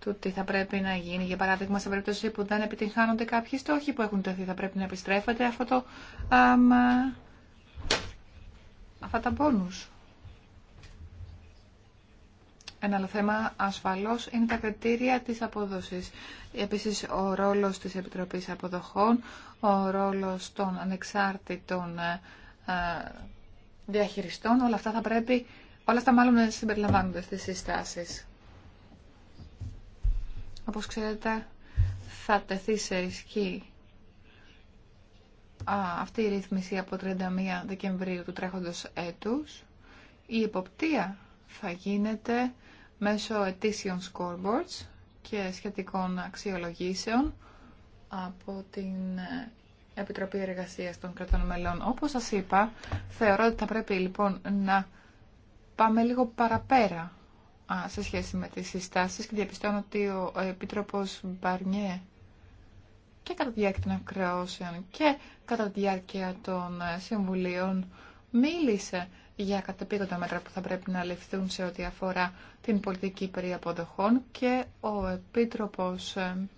του τι θα πρέπει να γίνει. Για παράδειγμα, σε περίπτωση που δεν επιτυγχάνονται κάποιοι στόχοι που έχουν τεθεί, θα πρέπει να επιστρέφεται αυτό το άμα αυτά τα πόνους. Ένα άλλο θέμα ασφαλώς είναι τα κριτήρια της αποδόσης. Επίσης ο ρόλος της Επιτροπής Αποδοχών, ο ρόλος των ανεξάρτητων ε, ε, διαχειριστών, όλα αυτά θα πρέπει, όλα αυτά μάλλον συμπεριλαμβάνονται στις συστάσεις. Όπως ξέρετε θα τεθεί σε ισχύ αυτή η ρύθμιση από 31 Δεκεμβρίου του τρέχοντος έτους. Η υποπτία θα γίνεται μέσω ετήσιων scoreboards και σχετικών αξιολογήσεων από την Επιτροπή Εργασίας των Κρατών Μελών. Όπως σας είπα, θεωρώ ότι θα πρέπει λοιπόν να πάμε λίγο παραπέρα σε σχέση με τις συστάσεις και διαπιστώνω ότι ο Επίτροπος Μπαρνιέ και κατά τη διάρκεια των ακρεώσεων και κατά τη διάρκεια των ε, συμβουλίων μίλησε για κατεπίγοντα μέτρα που θα πρέπει να ληφθούν σε ό,τι αφορά την πολιτική περί αποδοχών και ο Επίτροπος ε,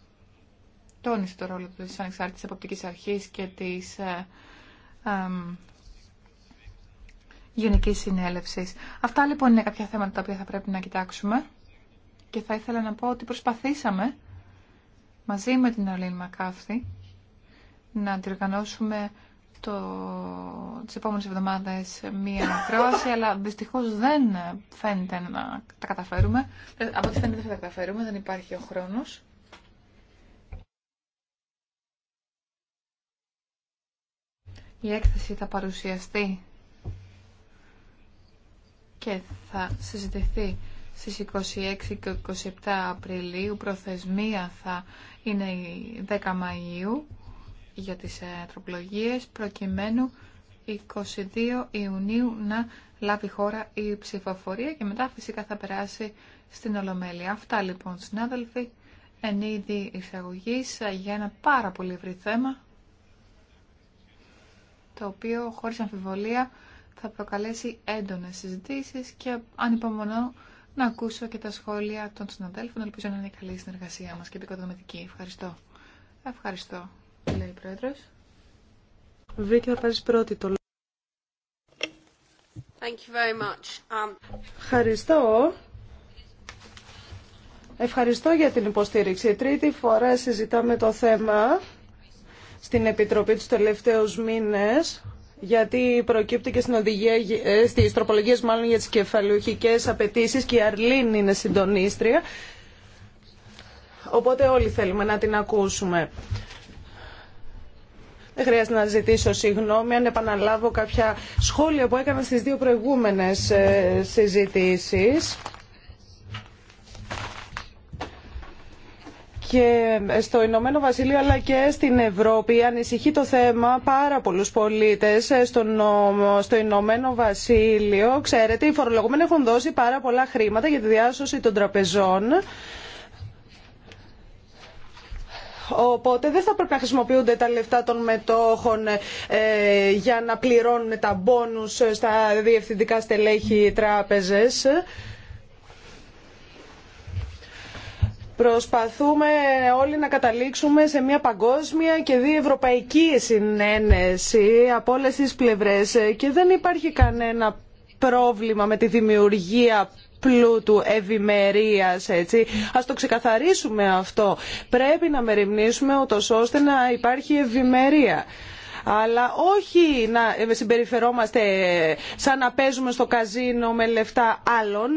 τόνισε το ρόλο της Ανεξάρτητης Εποπτικής Αρχής και της ε, ε, Γενικής Συνέλευσης. Αυτά λοιπόν είναι κάποια θέματα τα οποία θα πρέπει να κοιτάξουμε και θα ήθελα να πω ότι προσπαθήσαμε μαζί με την Αρλίν Μακάφθη να διοργανώσουμε το, τις επόμενες εβδομάδες μία ακρόαση, αλλά δυστυχώς δεν φαίνεται να τα καταφέρουμε. Ε, από ό,τι φαίνεται δεν θα τα καταφέρουμε, δεν υπάρχει ο χρόνος. Η έκθεση θα παρουσιαστεί και θα συζητηθεί στις 26 και 27 Απριλίου. Προθεσμία θα είναι η 10 Μαΐου για τις ε, τροπλογίες προκειμένου 22 Ιουνίου να λάβει χώρα η ψηφοφορία και μετά φυσικά θα περάσει στην Ολομέλεια. Αυτά λοιπόν συνάδελφοι εν είδη εισαγωγής για ένα πάρα πολύ ευρύ θέμα το οποίο χωρίς αμφιβολία θα προκαλέσει έντονες συζητήσεις και ανυπομονώ να ακούσω και τα σχόλια των συναδέλφων. Ελπίζω να είναι καλή η συνεργασία μας και επικοδομητική. Ευχαριστώ. Ευχαριστώ, λέει η Πρόεδρος. Βρήκε να πάρεις πρώτη το λόγο. Um, Ευχαριστώ. Ευχαριστώ για την υποστήριξη. Τρίτη φορά συζητάμε το θέμα στην Επιτροπή τους τελευταίους μήνες γιατί προκύπτει και στην οδηγία, ε, στις τροπολογίες μάλλον για τις κεφαλαιοχικέ απαιτήσει και η Αρλίν είναι συντονίστρια. Οπότε όλοι θέλουμε να την ακούσουμε. Δεν χρειάζεται να ζητήσω συγγνώμη αν επαναλάβω κάποια σχόλια που έκανα στις δύο προηγούμενες ε, συζητήσεις. και στο Ηνωμένο Βασίλειο αλλά και στην Ευρώπη ανησυχεί το θέμα πάρα πολλούς πολίτες ε, στο, στο Ηνωμένο Βασίλειο. Ξέρετε, οι φορολογούμενοι έχουν δώσει πάρα πολλά χρήματα για τη διάσωση των τραπεζών. Οπότε δεν θα πρέπει να χρησιμοποιούνται τα λεφτά των μετόχων ε, για να πληρώνουν τα μπόνους ε, στα διευθυντικά στελέχη τράπεζες. Προσπαθούμε όλοι να καταλήξουμε σε μια παγκόσμια και διευρωπαϊκή συνένεση από όλες τις πλευρές και δεν υπάρχει κανένα πρόβλημα με τη δημιουργία πλούτου ευημερία. Ας το ξεκαθαρίσουμε αυτό. Πρέπει να μεριμνήσουμε ούτω ώστε να υπάρχει ευημερία. Αλλά όχι να συμπεριφερόμαστε σαν να παίζουμε στο καζίνο με λεφτά άλλων.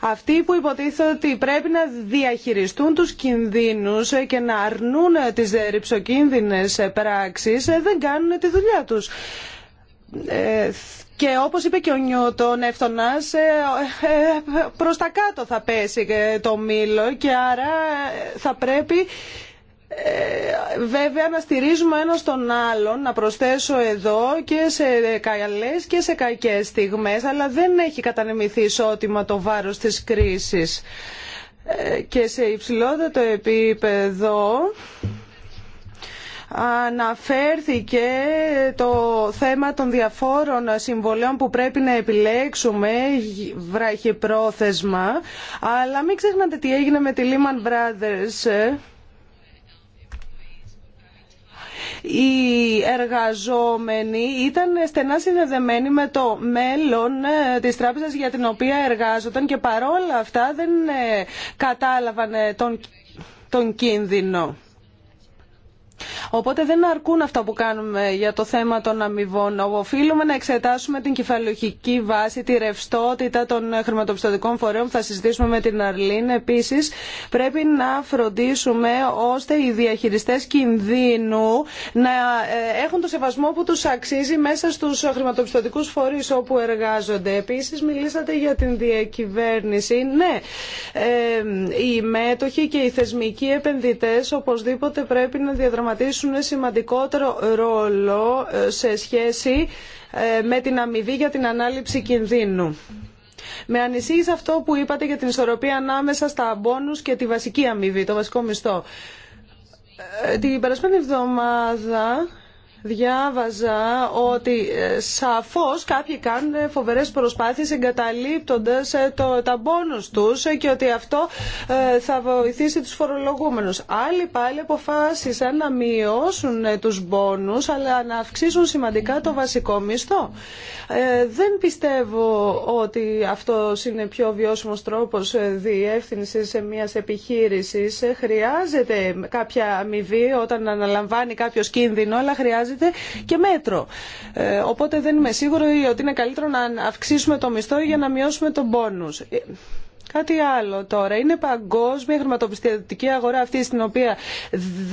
Αυτοί που υποτίθεται ότι πρέπει να διαχειριστούν τους κινδύνους και να αρνούν τις ρηψοκίνδυνες πράξεις ε, δεν κάνουν τη δουλειά τους. Ε, και όπως είπε και ο Νιώτον ε, ε, προς τα κάτω θα πέσει το μήλο και άρα θα πρέπει βέβαια να στηρίζουμε ένα τον άλλον, να προσθέσω εδώ και σε καλές και σε κακές στιγμές, αλλά δεν έχει κατανεμηθεί ισότιμα το βάρος της κρίσης. Ε, και σε υψηλότερο επίπεδο αναφέρθηκε το θέμα των διαφόρων συμβολέων που πρέπει να επιλέξουμε βραχυπρόθεσμα, αλλά μην ξεχνάτε τι έγινε με τη Lehman Brothers οι εργαζόμενοι ήταν στενά συνδεδεμένοι με το μέλλον ε, της τράπεζας για την οποία εργάζονταν και παρόλα αυτά δεν ε, κατάλαβαν ε, τον, τον κίνδυνο. Οπότε δεν αρκούν αυτά που κάνουμε για το θέμα των αμοιβών. Οφείλουμε να εξετάσουμε την κεφαλαιοχική βάση, τη ρευστότητα των χρηματοπιστωτικών φορέων που θα συζητήσουμε με την Αρλίν. Επίση, πρέπει να φροντίσουμε ώστε οι διαχειριστέ κινδύνου να ε, έχουν το σεβασμό που του αξίζει μέσα στου χρηματοπιστωτικού φορεί όπου εργάζονται. Επίση, μιλήσατε για την διακυβέρνηση. Ναι, ε, οι μέτοχοι και οι θεσμικοί επενδυτέ οπωσδήποτε πρέπει να διαδραματίσουν διαδραματίσουν σημαντικότερο ρόλο ε, σε σχέση ε, με την αμοιβή για την ανάληψη κινδύνου. Με ανησύγησε αυτό που είπατε για την ισορροπία ανάμεσα στα μπόνους και τη βασική αμοιβή, το βασικό μισθό. Ε, την περασμένη εβδομάδα διάβαζα ότι ε, σαφώς κάποιοι κάνουν φοβερές προσπάθειες εγκαταλείπτοντας ε, το, τα μπόνους τους και ότι αυτό ε, θα βοηθήσει τους φορολογούμενους. Άλλοι πάλι αποφάσισαν να μειώσουν τους μπόνους αλλά να αυξήσουν σημαντικά το βασικό μισθό. δεν πιστεύω ότι αυτό είναι πιο βιώσιμος τρόπος διεύθυνση μιας επιχείρησης. Χρειάζεται κάποια αμοιβή όταν αναλαμβάνει κάποιος κίνδυνο αλλά χρειάζεται και μέτρο. Ε, οπότε δεν είμαι σίγουρο ότι είναι καλύτερο να αυξήσουμε το μισθό για να μειώσουμε τον πόνους. Ε, κάτι άλλο τώρα. Είναι παγκόσμια χρηματοπιστωτική αγορά αυτή στην οποία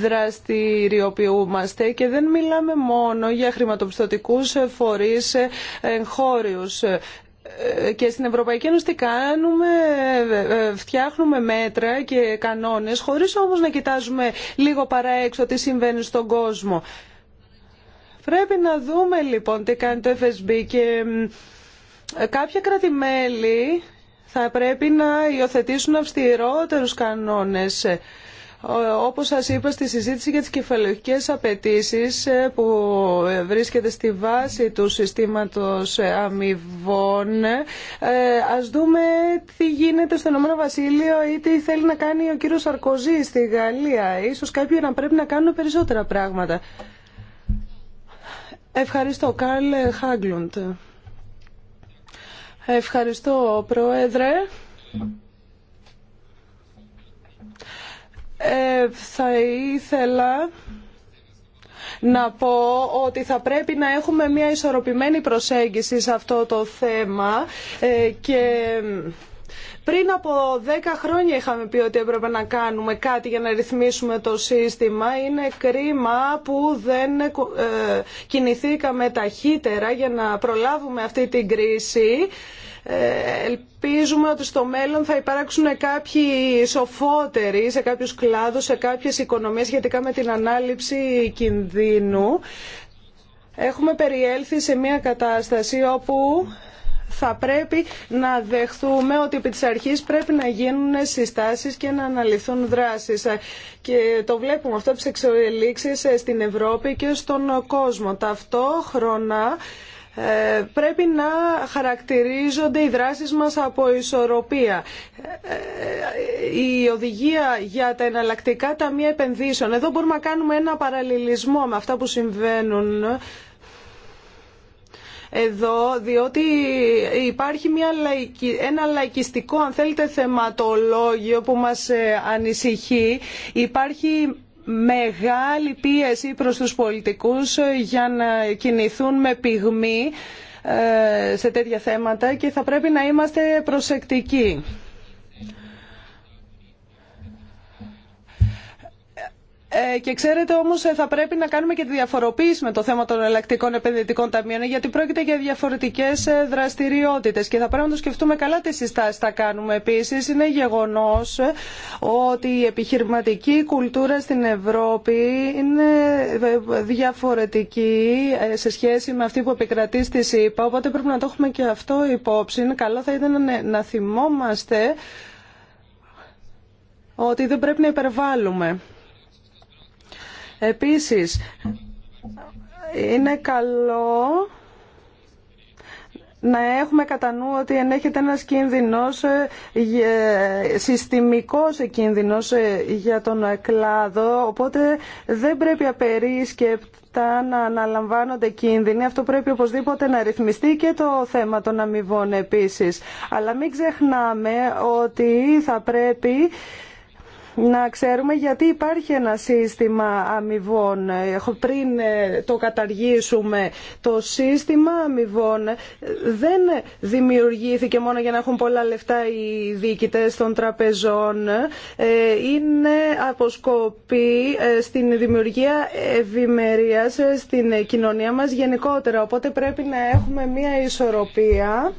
δραστηριοποιούμαστε και δεν μιλάμε μόνο για χρηματοπιστωτικούς φορείς εγχώριους ε, και στην Ευρωπαϊκή Ένωση τι κάνουμε, φτιάχνουμε μέτρα και κανόνες χωρίς όμως να κοιτάζουμε λίγο παρά έξω τι συμβαίνει στον κόσμο. Πρέπει να δούμε λοιπόν τι κάνει το FSB και κάποια κρατημέλη θα πρέπει να υιοθετήσουν αυστηρότερους κανόνες. Όπως σας είπα στη συζήτηση για τις κεφαλαιοχικές απαιτήσει ε, που ε, βρίσκεται στη βάση του συστήματος ε, αμοιβών, ας δούμε τι γίνεται στο Ηνωμένο Βασίλειο ή τι θέλει να κάνει ο κύριος Σαρκοζή στη Γαλλία. Ίσως κάποιοι να πρέπει να κάνουν περισσότερα πράγματα. Ευχαριστώ, Κάρλ Χάγκλουντ. Ευχαριστώ, Πρόεδρε. Ε, θα ήθελα να πω ότι θα πρέπει να έχουμε μια ισορροπημένη προσέγγιση σε αυτό το θέμα ε, και πριν από 10 χρόνια είχαμε πει ότι έπρεπε να κάνουμε κάτι για να ρυθμίσουμε το σύστημα. Είναι κρίμα που δεν ε, κινηθήκαμε ταχύτερα για να προλάβουμε αυτή την κρίση. Ε, ελπίζουμε ότι στο μέλλον θα υπάρξουν κάποιοι σοφότεροι σε κάποιους κλάδους, σε κάποιες οικονομίες σχετικά με την ανάληψη κινδύνου. Έχουμε περιέλθει σε μια κατάσταση όπου θα πρέπει να δεχθούμε ότι επί της αρχής πρέπει να γίνουν συστάσεις και να αναλυθούν δράσεις. Και το βλέπουμε αυτό τις εξελίξεις στην Ευρώπη και στον κόσμο. Ταυτόχρονα ε, πρέπει να χαρακτηρίζονται οι δράσεις μας από ισορροπία. Ε, η οδηγία για τα εναλλακτικά ταμεία επενδύσεων. Εδώ μπορούμε να κάνουμε ένα παραλληλισμό με αυτά που συμβαίνουν εδώ, διότι υπάρχει μια ένα λαϊκιστικό, αν θέλετε, θεματολόγιο που μας ε, ανησυχεί. Υπάρχει μεγάλη πίεση προς τους πολιτικούς ε, για να κινηθούν με πυγμή ε, σε τέτοια θέματα και θα πρέπει να είμαστε προσεκτικοί. Ε, και ξέρετε όμως ε, θα πρέπει να κάνουμε και τη διαφοροποίηση με το θέμα των ελεκτικών επενδυτικών ταμείων ε, γιατί πρόκειται για διαφορετικές δραστηριότητες και θα πρέπει να το σκεφτούμε καλά τι συστάσεις θα κάνουμε. Επίσης είναι γεγονός ότι η επιχειρηματική κουλτούρα στην Ευρώπη είναι διαφορετική σε σχέση με αυτή που επικρατεί στη ΣΥΠΑ οπότε πρέπει να το έχουμε και αυτό υπόψη. Καλό θα ήταν να θυμόμαστε ότι δεν πρέπει να υπερβάλλουμε. Επίσης, είναι καλό να έχουμε κατά νου ότι ενέχεται ένας κίνδυνος, ε, συστημικός κίνδυνος ε, για τον κλάδο, οπότε δεν πρέπει απερίσκεπτα να αναλαμβάνονται κίνδυνοι. Αυτό πρέπει οπωσδήποτε να ρυθμιστεί και το θέμα των αμοιβών επίσης. Αλλά μην ξεχνάμε ότι θα πρέπει να ξέρουμε γιατί υπάρχει ένα σύστημα αμοιβών. Πριν ε, το καταργήσουμε, το σύστημα αμοιβών δεν δημιουργήθηκε μόνο για να έχουν πολλά λεφτά οι διοικητές των τραπεζών. Ε, είναι αποσκοπή ε, στην δημιουργία ευημερίας στην κοινωνία μας γενικότερα. Οπότε πρέπει να έχουμε μια ισορροπία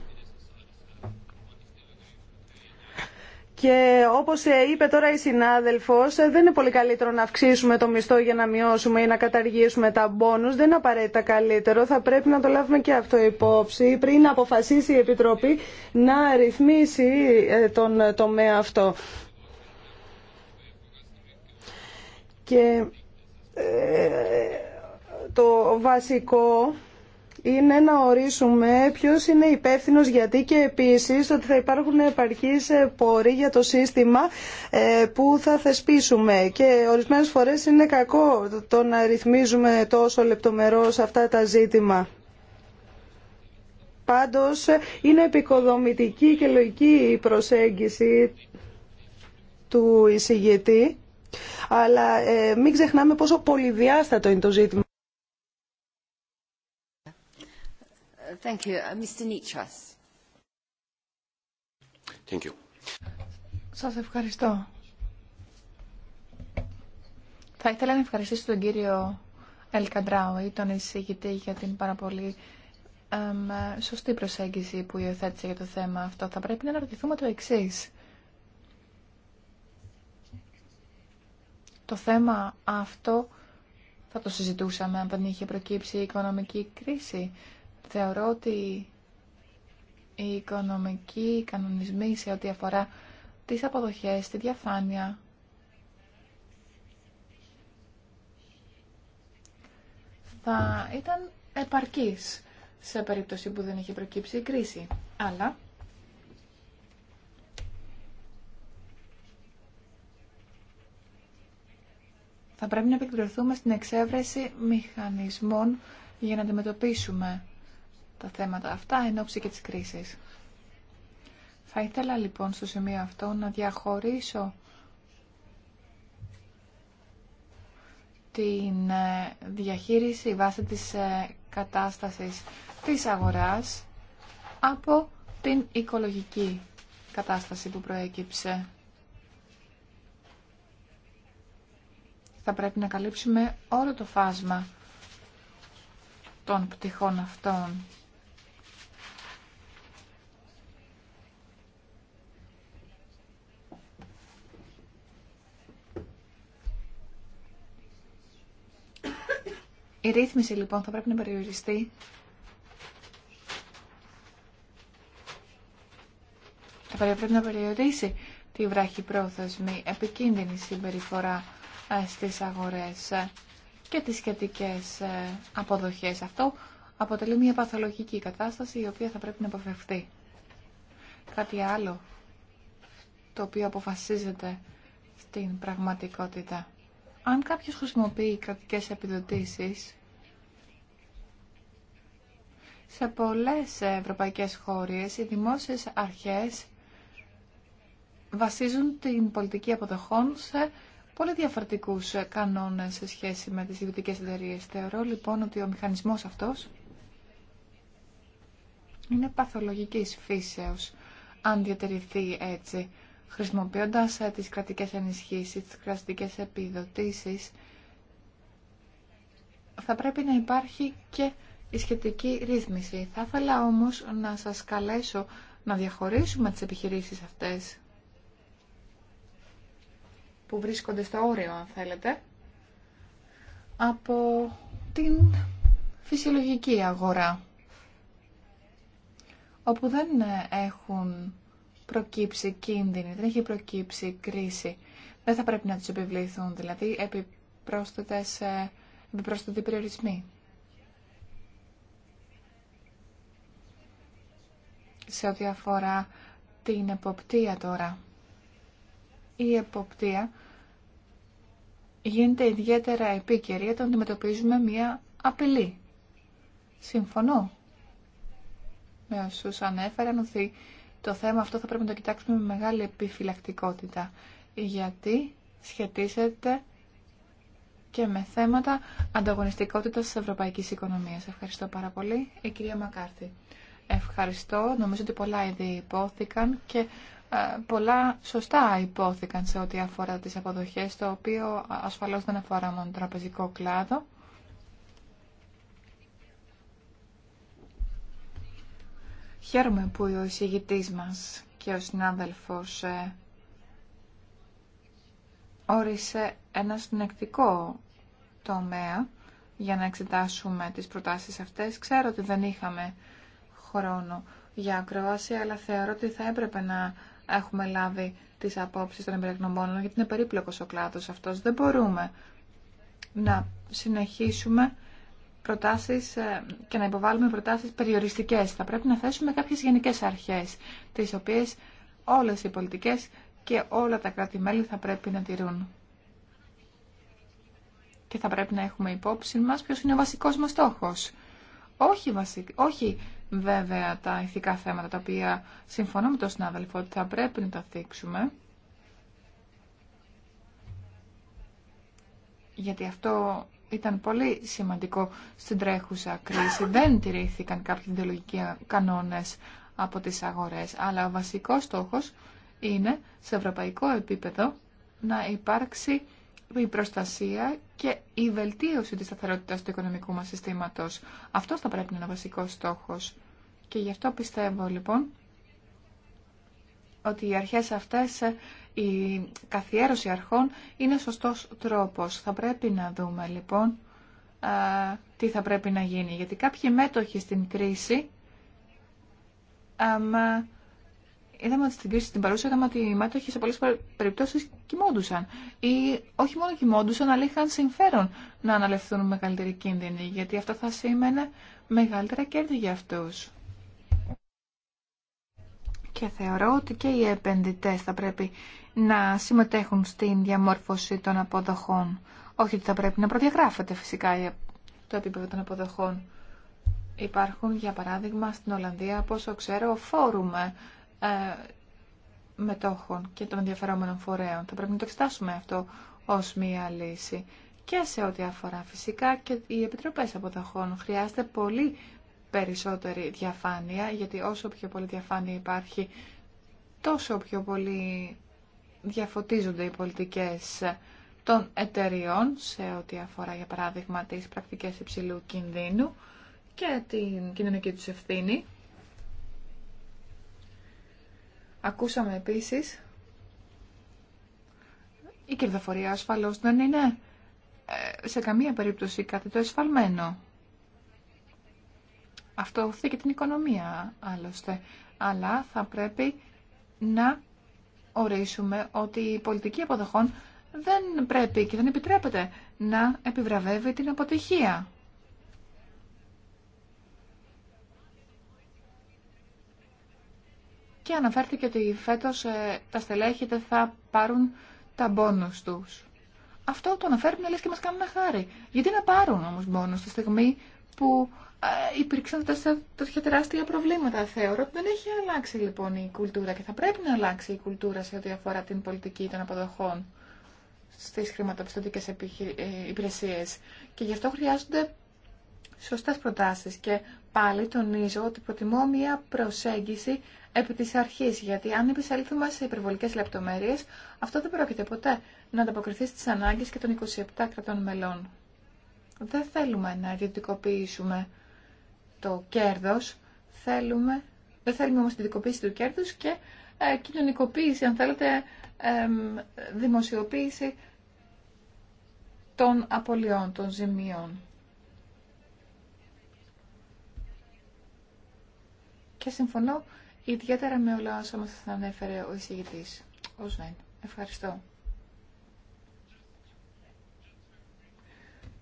Και όπως ε, είπε τώρα η συνάδελφο, ε, δεν είναι πολύ καλύτερο να αυξήσουμε το μισθό για να μειώσουμε ή να καταργήσουμε τα μπόνους. Δεν είναι απαραίτητα καλύτερο. Θα πρέπει να το λάβουμε και αυτό υπόψη πριν να αποφασίσει η Επιτροπή να ρυθμίσει ε, τον τομέα αυτό. Και το βασικό είναι να ορίσουμε ποιο είναι υπεύθυνο γιατί και επίσης ότι θα υπάρχουν επαρκείς πόροι για το σύστημα ε, που θα θεσπίσουμε και ορισμένες φορές είναι κακό το να ρυθμίζουμε τόσο λεπτομερώς αυτά τα ζήτημα. Πάντω είναι επικοδομητική και λογική η προσέγγιση του εισηγητή αλλά ε, μην ξεχνάμε πόσο πολυδιάστατο είναι το ζήτημα. Thank uh, Σας ευχαριστώ. Θα ήθελα να ευχαριστήσω τον κύριο ή τον εισηγητή για την πάρα πολύ σωστή προσέγγιση που υιοθέτησε για το θέμα αυτό. Θα πρέπει να αναρωτηθούμε το εξή. Το θέμα αυτό θα το συζητούσαμε αν δεν είχε προκύψει η οικονομική κρίση. Θεωρώ ότι οι οικονομικοί κανονισμοί σε ό,τι αφορά τις αποδοχές, τη διαφάνεια, θα ήταν επαρκής σε περίπτωση που δεν είχε προκύψει η κρίση. Αλλά θα πρέπει να επικεντρωθούμε στην εξέβρεση μηχανισμών για να αντιμετωπίσουμε τα αυτά εν και της κρίσης. Θα ήθελα λοιπόν στο σημείο αυτό να διαχωρίσω την ε, διαχείριση βάσει της ε, κατάστασης της αγοράς από την οικολογική κατάσταση που προέκυψε. Θα πρέπει να καλύψουμε όλο το φάσμα των πτυχών αυτών Η ρύθμιση λοιπόν θα πρέπει να περιοριστεί θα πρέπει να περιορίσει τη βράχη πρόθεσμη επικίνδυνη συμπεριφορά ε, στις αγορές ε, και τις σχετικές ε, αποδοχές. Αυτό αποτελεί μια παθολογική κατάσταση η οποία θα πρέπει να αποφευθεί. Κάτι άλλο το οποίο αποφασίζεται στην πραγματικότητα. Αν κάποιος χρησιμοποιεί κρατικές επιδοτήσεις, σε πολλές ευρωπαϊκές χώρες οι δημόσιες αρχές βασίζουν την πολιτική αποδοχών σε πολύ διαφορετικούς κανόνες σε σχέση με τις ιδιωτικές εταιρείε. Θεωρώ λοιπόν ότι ο μηχανισμός αυτός είναι παθολογικής φύσεως αν διατηρηθεί έτσι χρησιμοποιώντας ε, τις κρατικές ενισχύσεις, τις κρατικές επιδοτήσεις, θα πρέπει να υπάρχει και η σχετική ρύθμιση. Θα ήθελα όμως να σας καλέσω να διαχωρίσουμε τις επιχειρήσεις αυτές που βρίσκονται στο όριο, αν θέλετε, από την φυσιολογική αγορά, όπου δεν έχουν προκύψει κίνδυνη, δεν έχει προκύψει κρίση. Δεν θα πρέπει να τους επιβληθούν, δηλαδή επιπρόσθετες, ε, επιπρόσθετοι περιορισμοί. Σε ό,τι αφορά την εποπτεία τώρα. Η εποπτεία γίνεται ιδιαίτερα επίκαιρη όταν αντιμετωπίζουμε μία απειλή. Συμφωνώ με όσους ανέφεραν ότι το θέμα αυτό θα πρέπει να το κοιτάξουμε με μεγάλη επιφυλακτικότητα, γιατί σχετίζεται και με θέματα ανταγωνιστικότητας της ευρωπαϊκής οικονομίας. Ευχαριστώ πάρα πολύ. Η κυρία Μακάρτη. Ευχαριστώ. Νομίζω ότι πολλά ήδη υπόθηκαν και ε, πολλά σωστά υπόθηκαν σε ό,τι αφορά τις αποδοχές, το οποίο ασφαλώς δεν αφορά μόνο τον τραπεζικό κλάδο. Χαίρομαι που ο εισηγητής μας και ο συνάδελφος ε, όρισε ένα συνεκτικό τομέα για να εξετάσουμε τις προτάσεις αυτές. Ξέρω ότι δεν είχαμε χρόνο για ακρόαση, αλλά θεωρώ ότι θα έπρεπε να έχουμε λάβει τις απόψεις των εμπειρογνωμόνων, γιατί είναι περίπλοκος ο κλάδος αυτός. Δεν μπορούμε να συνεχίσουμε προτάσεις ε, και να υποβάλουμε προτάσεις περιοριστικές. Θα πρέπει να θέσουμε κάποιες γενικές αρχές, τις οποίες όλες οι πολιτικές και όλα τα κράτη-μέλη θα πρέπει να τηρούν. Και θα πρέπει να έχουμε υπόψη μας ποιος είναι ο βασικός μας στόχος. Όχι, βασικ... όχι βέβαια τα ηθικά θέματα τα οποία συμφωνώ με τον συνάδελφο ότι θα πρέπει να τα θίξουμε. Γιατί αυτό ήταν πολύ σημαντικό στην τρέχουσα κρίση. Δεν τηρήθηκαν κάποιοι ιδεολογικοί κανόνες από τις αγορές, αλλά ο βασικός στόχος είναι σε ευρωπαϊκό επίπεδο να υπάρξει η προστασία και η βελτίωση της σταθερότητας του οικονομικού μας συστήματος. Αυτός θα πρέπει να είναι ο βασικός στόχος. Και γι' αυτό πιστεύω λοιπόν ότι οι αρχές αυτές, η καθιέρωση αρχών είναι σωστός τρόπος. Θα πρέπει να δούμε λοιπόν τι θα πρέπει να γίνει. Γιατί κάποιοι μέτοχοι στην κρίση, αμα, είδαμε ότι στην κρίση την παρούσα είδαμε ότι οι μέτοχοι σε πολλές περιπτώσεις κοιμόντουσαν. Ή όχι μόνο κοιμόντουσαν, αλλά είχαν συμφέρον να αναλευθούν μεγαλύτερη κίνδυνη. Γιατί αυτό θα σήμαινε μεγαλύτερα κέρδη για αυτούς. Και θεωρώ ότι και οι επενδυτές θα πρέπει να συμμετέχουν στην διαμόρφωση των αποδοχών. Όχι ότι θα πρέπει να προδιαγράφεται φυσικά το επίπεδο των αποδοχών. Υπάρχουν, για παράδειγμα, στην Ολλανδία, πόσο ξέρω, φόρουμ ε, μετόχων και των ενδιαφερόμενων φορέων. Θα πρέπει να το εξετάσουμε αυτό ως μία λύση. Και σε ό,τι αφορά φυσικά και οι επιτροπές αποδοχών. Χρειάζεται πολύ περισσότερη διαφάνεια, γιατί όσο πιο πολύ διαφάνεια υπάρχει, τόσο πιο πολύ διαφωτίζονται οι πολιτικές των εταιριών σε ό,τι αφορά, για παράδειγμα, τις πρακτικές υψηλού κινδύνου και την κοινωνική τους ευθύνη. Ακούσαμε επίσης η κερδοφορία ασφαλώς δεν είναι ε, σε καμία περίπτωση κάτι το εσφαλμένο. Αυτό οθεί και την οικονομία άλλωστε. Αλλά θα πρέπει να ορίσουμε ότι η πολιτική αποδοχών δεν πρέπει και δεν επιτρέπεται να επιβραβεύει την αποτυχία. Και αναφέρθηκε ότι φέτος ε, τα στελέχη δεν θα πάρουν τα μπόνους τους. Αυτό το αναφέρουν λες και μας κάνουν χάρη. Γιατί να πάρουν όμως μπόνους στη στιγμή που ε, υπήρξαν τέτοια τεράστια προβλήματα. Θεωρώ ότι δεν έχει αλλάξει λοιπόν η κουλτούρα και θα πρέπει να αλλάξει η κουλτούρα σε ό,τι αφορά την πολιτική των αποδοχών στις χρηματοπιστωτικέ ε, υπηρεσίε. Και γι' αυτό χρειάζονται σωστέ προτάσει. Και πάλι τονίζω ότι προτιμώ μια προσέγγιση επί της αρχής, γιατί αν επισέλθουμε σε υπερβολικές λεπτομέρειες, αυτό δεν πρόκειται ποτέ να ανταποκριθεί στις ανάγκες και των 27 κρατών μελών. Δεν θέλουμε να ιδιωτικοποιήσουμε το κέρδος, θέλουμε, δεν θέλουμε όμως την δικοποίηση του κέρδους και ε, κοινωνικοποίηση, αν θέλετε, δημοσιοποίηση των απολειών, των ζημιών. Και συμφωνώ ιδιαίτερα με όλα όσα μας θα ανέφερε ο εισηγητής. Ο Σβέν. Ευχαριστώ.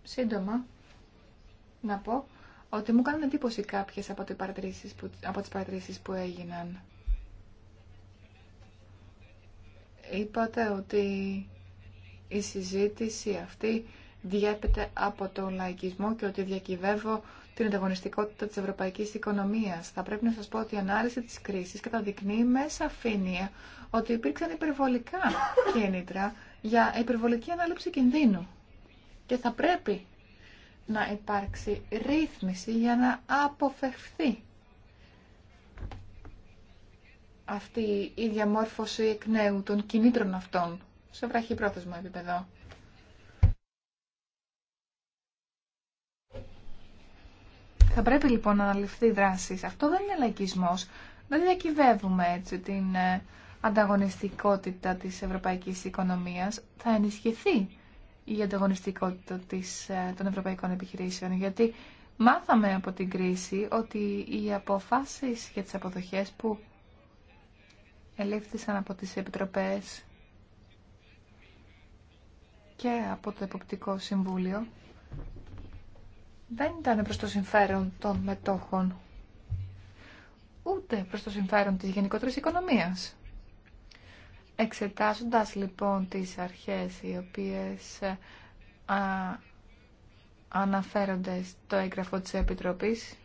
Σύντομα, να πω ότι μου κάνουν εντύπωση κάποιες από τις παρατηρήσεις που, από τις που έγιναν. Είπατε ότι η συζήτηση αυτή διέπεται από τον λαϊκισμό και ότι διακυβεύω την ανταγωνιστικότητα της ευρωπαϊκής οικονομίας. Θα πρέπει να σας πω ότι η ανάλυση της κρίσης καταδεικνύει με σαφήνεια ότι υπήρξαν υπερβολικά κίνητρα για υπερβολική ανάληψη κινδύνου. Και θα πρέπει να υπάρξει ρύθμιση για να αποφευθεί αυτή η διαμόρφωση εκ νέου των κινήτρων αυτών σε βραχυπρόθεσμο επίπεδο. Θα πρέπει λοιπόν να αναλυφθεί δράση. Αυτό δεν είναι λαϊκισμός. Δεν διακυβεύουμε έτσι την ε, ανταγωνιστικότητα της ευρωπαϊκής οικονομίας. Θα ενισχυθεί η ανταγωνιστικότητα της, ε, των ευρωπαϊκών επιχειρήσεων. Γιατί μάθαμε από την κρίση ότι οι αποφάσεις για τις αποδοχές που ελήφθησαν από τις επιτροπές και από το Εποπτικό Συμβούλιο δεν ήταν προς το συμφέρον των μετόχων ούτε προς το συμφέρον της γενικότερης οικονομίας. Εξετάζοντας λοιπόν τις αρχές οι οποίες ε, α, αναφέρονται στο έγγραφο της Επιτροπής,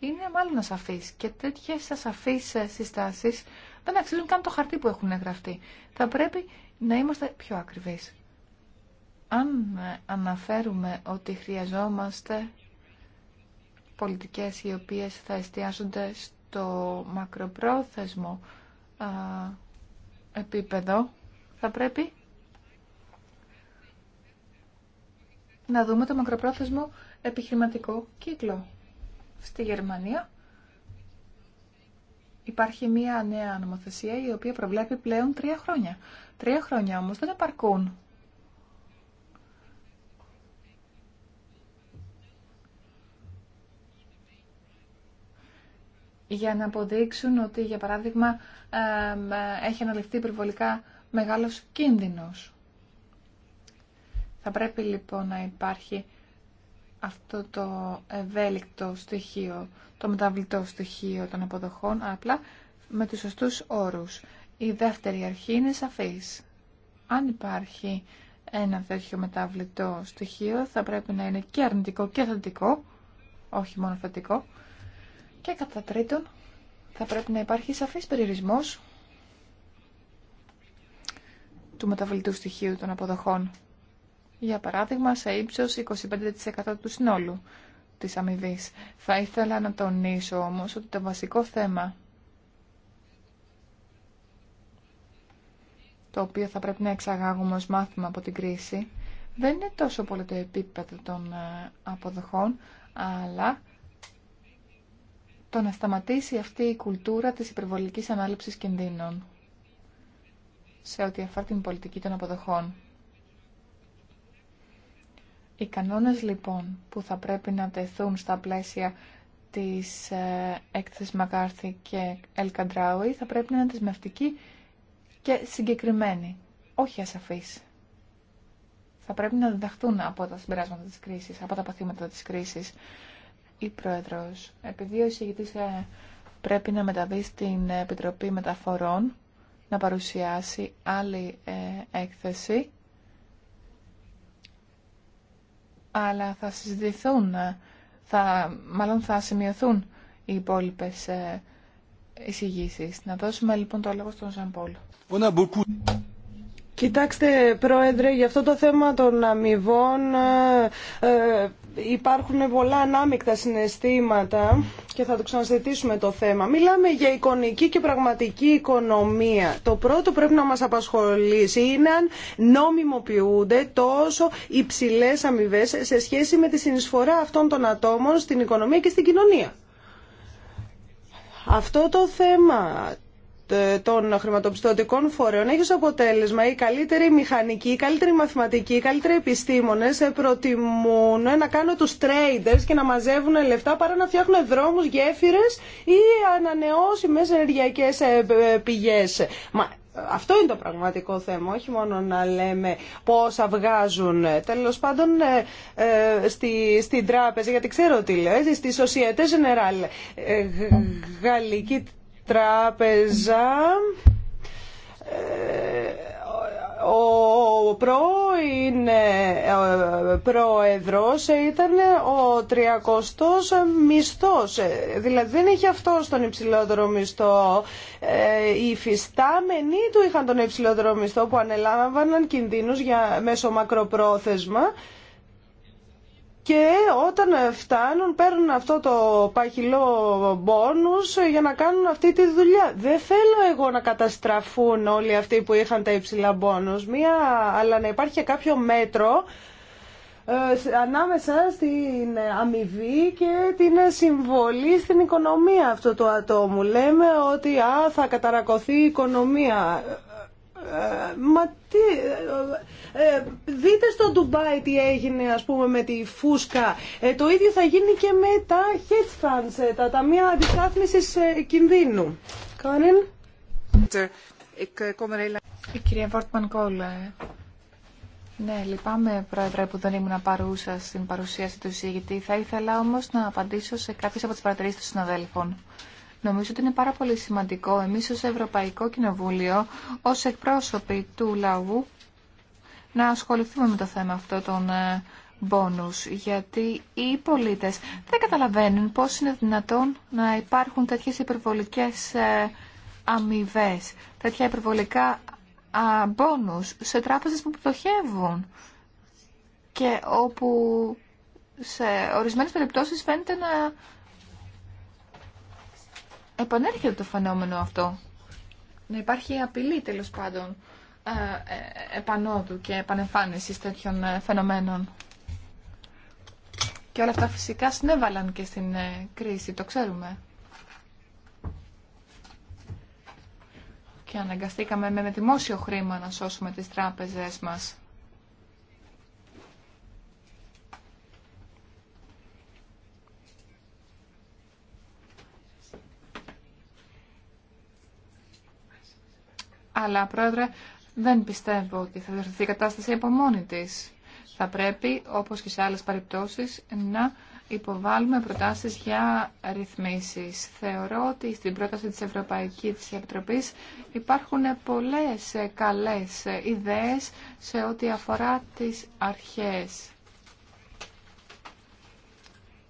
είναι μάλλον ασαφείς και τέτοιες ασαφείς ε, συστάσεις δεν αξίζουν καν το χαρτί που έχουν γραφτεί. Θα πρέπει να είμαστε πιο ακριβείς. Αν ε, αναφέρουμε ότι χρειαζόμαστε πολιτικές οι οποίες θα εστιάζονται το μακροπρόθεσμο α, επίπεδο θα πρέπει να δούμε το μακροπρόθεσμο επιχειρηματικό κύκλο. Στη Γερμανία υπάρχει μία νέα νομοθεσία η οποία προβλέπει πλέον τρία χρόνια. Τρία χρόνια όμως δεν επαρκούν για να αποδείξουν ότι, για παράδειγμα, έχει αναλυφθεί υπερβολικά μεγάλος κίνδυνος. Θα πρέπει λοιπόν να υπάρχει αυτό το ευέλικτο στοιχείο, το μεταβλητό στοιχείο των αποδοχών, απλά με τους σωστούς όρους. Η δεύτερη αρχή είναι σαφής. Αν υπάρχει ένα τέτοιο μεταβλητό στοιχείο, θα πρέπει να είναι και αρνητικό και θετικό, όχι μόνο θετικό, και κατά τρίτον, θα πρέπει να υπάρχει σαφής περιορισμός του μεταβλητού στοιχείου των αποδοχών. Για παράδειγμα, σε ύψος 25% του συνόλου της αμοιβή. Θα ήθελα να τονίσω όμως ότι το βασικό θέμα το οποίο θα πρέπει να εξαγάγουμε ως μάθημα από την κρίση δεν είναι τόσο πολύ το επίπεδο των ε, αποδοχών αλλά το να σταματήσει αυτή η κουλτούρα της υπερβολικής ανάληψης κινδύνων σε ό,τι αφορά την πολιτική των αποδοχών. Οι κανόνες λοιπόν που θα πρέπει να τεθούν στα πλαίσια της ε, έκθεσης Μακάρθη και Ελκαντράουι θα πρέπει να είναι δεσμευτικοί και συγκεκριμένοι, όχι ασαφείς. Θα πρέπει να διδαχθούν από τα συμπεράσματα της κρίσης, από τα παθήματα της κρίσης η Πρόεδρος. Επειδή ο εισηγητής ε, πρέπει να μεταβεί στην Επιτροπή Μεταφορών να παρουσιάσει άλλη ε, έκθεση, αλλά θα συζητηθούν, ε, θα, μάλλον θα σημειωθούν οι υπόλοιπε εισηγήσει. Να δώσουμε λοιπόν το λόγο στον Ζαν Κοιτάξτε, Πρόεδρε, για αυτό το θέμα των αμοιβών ε, ε, υπάρχουν πολλά ανάμεικτα συναισθήματα και θα το ξαναζητήσουμε το θέμα. Μιλάμε για εικονική και πραγματική οικονομία. Το πρώτο πρέπει να μας απασχολήσει είναι αν νομιμοποιούνται τόσο υψηλέ αμοιβέ σε σχέση με τη συνεισφορά αυτών των ατόμων στην οικονομία και στην κοινωνία. Αυτό το θέμα ε, των χρηματοπιστωτικών φορέων έχει ως αποτέλεσμα οι καλύτεροι μηχανικοί, οι καλύτεροι μαθηματικοί, οι καλύτεροι επιστήμονες ε, προτιμούν να κάνουν τους traders και να μαζεύουν λεφτά παρά να φτιάχνουν δρόμους, γέφυρες ή ανανεώσιμες ενεργειακές ε, πηγές. Μα αυτό είναι το πραγματικό θέμα, όχι μόνο να λέμε πόσα βγάζουν. Τέλος πάντων, ε, στη, στην τράπεζα, γιατί ξέρω τι λέω, στη Société Générale, ε, γαλλική τράπεζα ε, ο πρώην ε, ε, πρόεδρος ήταν ο 30ος μισθός. Δηλαδή δεν είχε αυτό τον υψηλότερο μισθό. Οι φυστάμενοι του είχαν τον υψηλότερο μισθό που ανελάμβαναν κινδύνους για μέσω μακροπρόθεσμα και όταν φτάνουν παίρνουν αυτό το παχυλό μπόνους για να κάνουν αυτή τη δουλειά. Δεν θέλω εγώ να καταστραφούν όλοι αυτοί που είχαν τα υψηλά μπόνους, Μία, αλλά να υπάρχει κάποιο μέτρο ε, ανάμεσα στην αμοιβή και την συμβολή στην οικονομία αυτού του ατόμου. Λέμε ότι α, θα καταρακωθεί η οικονομία. Ε, μα τι, ε, ε, δείτε στο Ντουμπάι τι έγινε ας πούμε με τη φούσκα. το ίδιο θα γίνει και με τα hedge funds, τα ταμεία αντιστάθμισης κινδύνου. Κάνιν. Η κυρία Βόρτμαν Κόλλε. Ναι, λυπάμαι, Πρόεδρε, που δεν ήμουν παρούσα στην παρουσίαση του εισηγητή. Θα ήθελα όμως να απαντήσω σε κάποιες από τις παρατηρήσεις των συναδέλφων. Νομίζω ότι είναι πάρα πολύ σημαντικό εμείς ως Ευρωπαϊκό Κοινοβούλιο, ως εκπρόσωποι του λαού, να ασχοληθούμε με το θέμα αυτό των μπόνους, ε, γιατί οι πολίτες δεν καταλαβαίνουν πώς είναι δυνατόν να υπάρχουν τέτοιες υπερβολικές ε, αμοιβέ, τέτοια υπερβολικά μπόνους σε τράπεζες που πτωχεύουν και όπου σε ορισμένες περιπτώσεις φαίνεται να επανέρχεται το φαινόμενο αυτό. Να υπάρχει απειλή τέλο πάντων ε, ε, επανόδου και επανεμφάνισης τέτοιων ε, φαινομένων. Και όλα αυτά φυσικά συνέβαλαν και στην κρίση, το ξέρουμε. Και αναγκαστήκαμε με δημόσιο χρήμα να σώσουμε τις τράπεζες μας. αλλά πρόεδρε δεν πιστεύω ότι θα διορθωθεί η κατάσταση από μόνη Θα πρέπει, όπως και σε άλλες περιπτώσει να υποβάλουμε προτάσεις για ρυθμίσεις. Θεωρώ ότι στην πρόταση της Ευρωπαϊκής Επιτροπής υπάρχουν πολλές καλές ιδέες σε ό,τι αφορά τις αρχές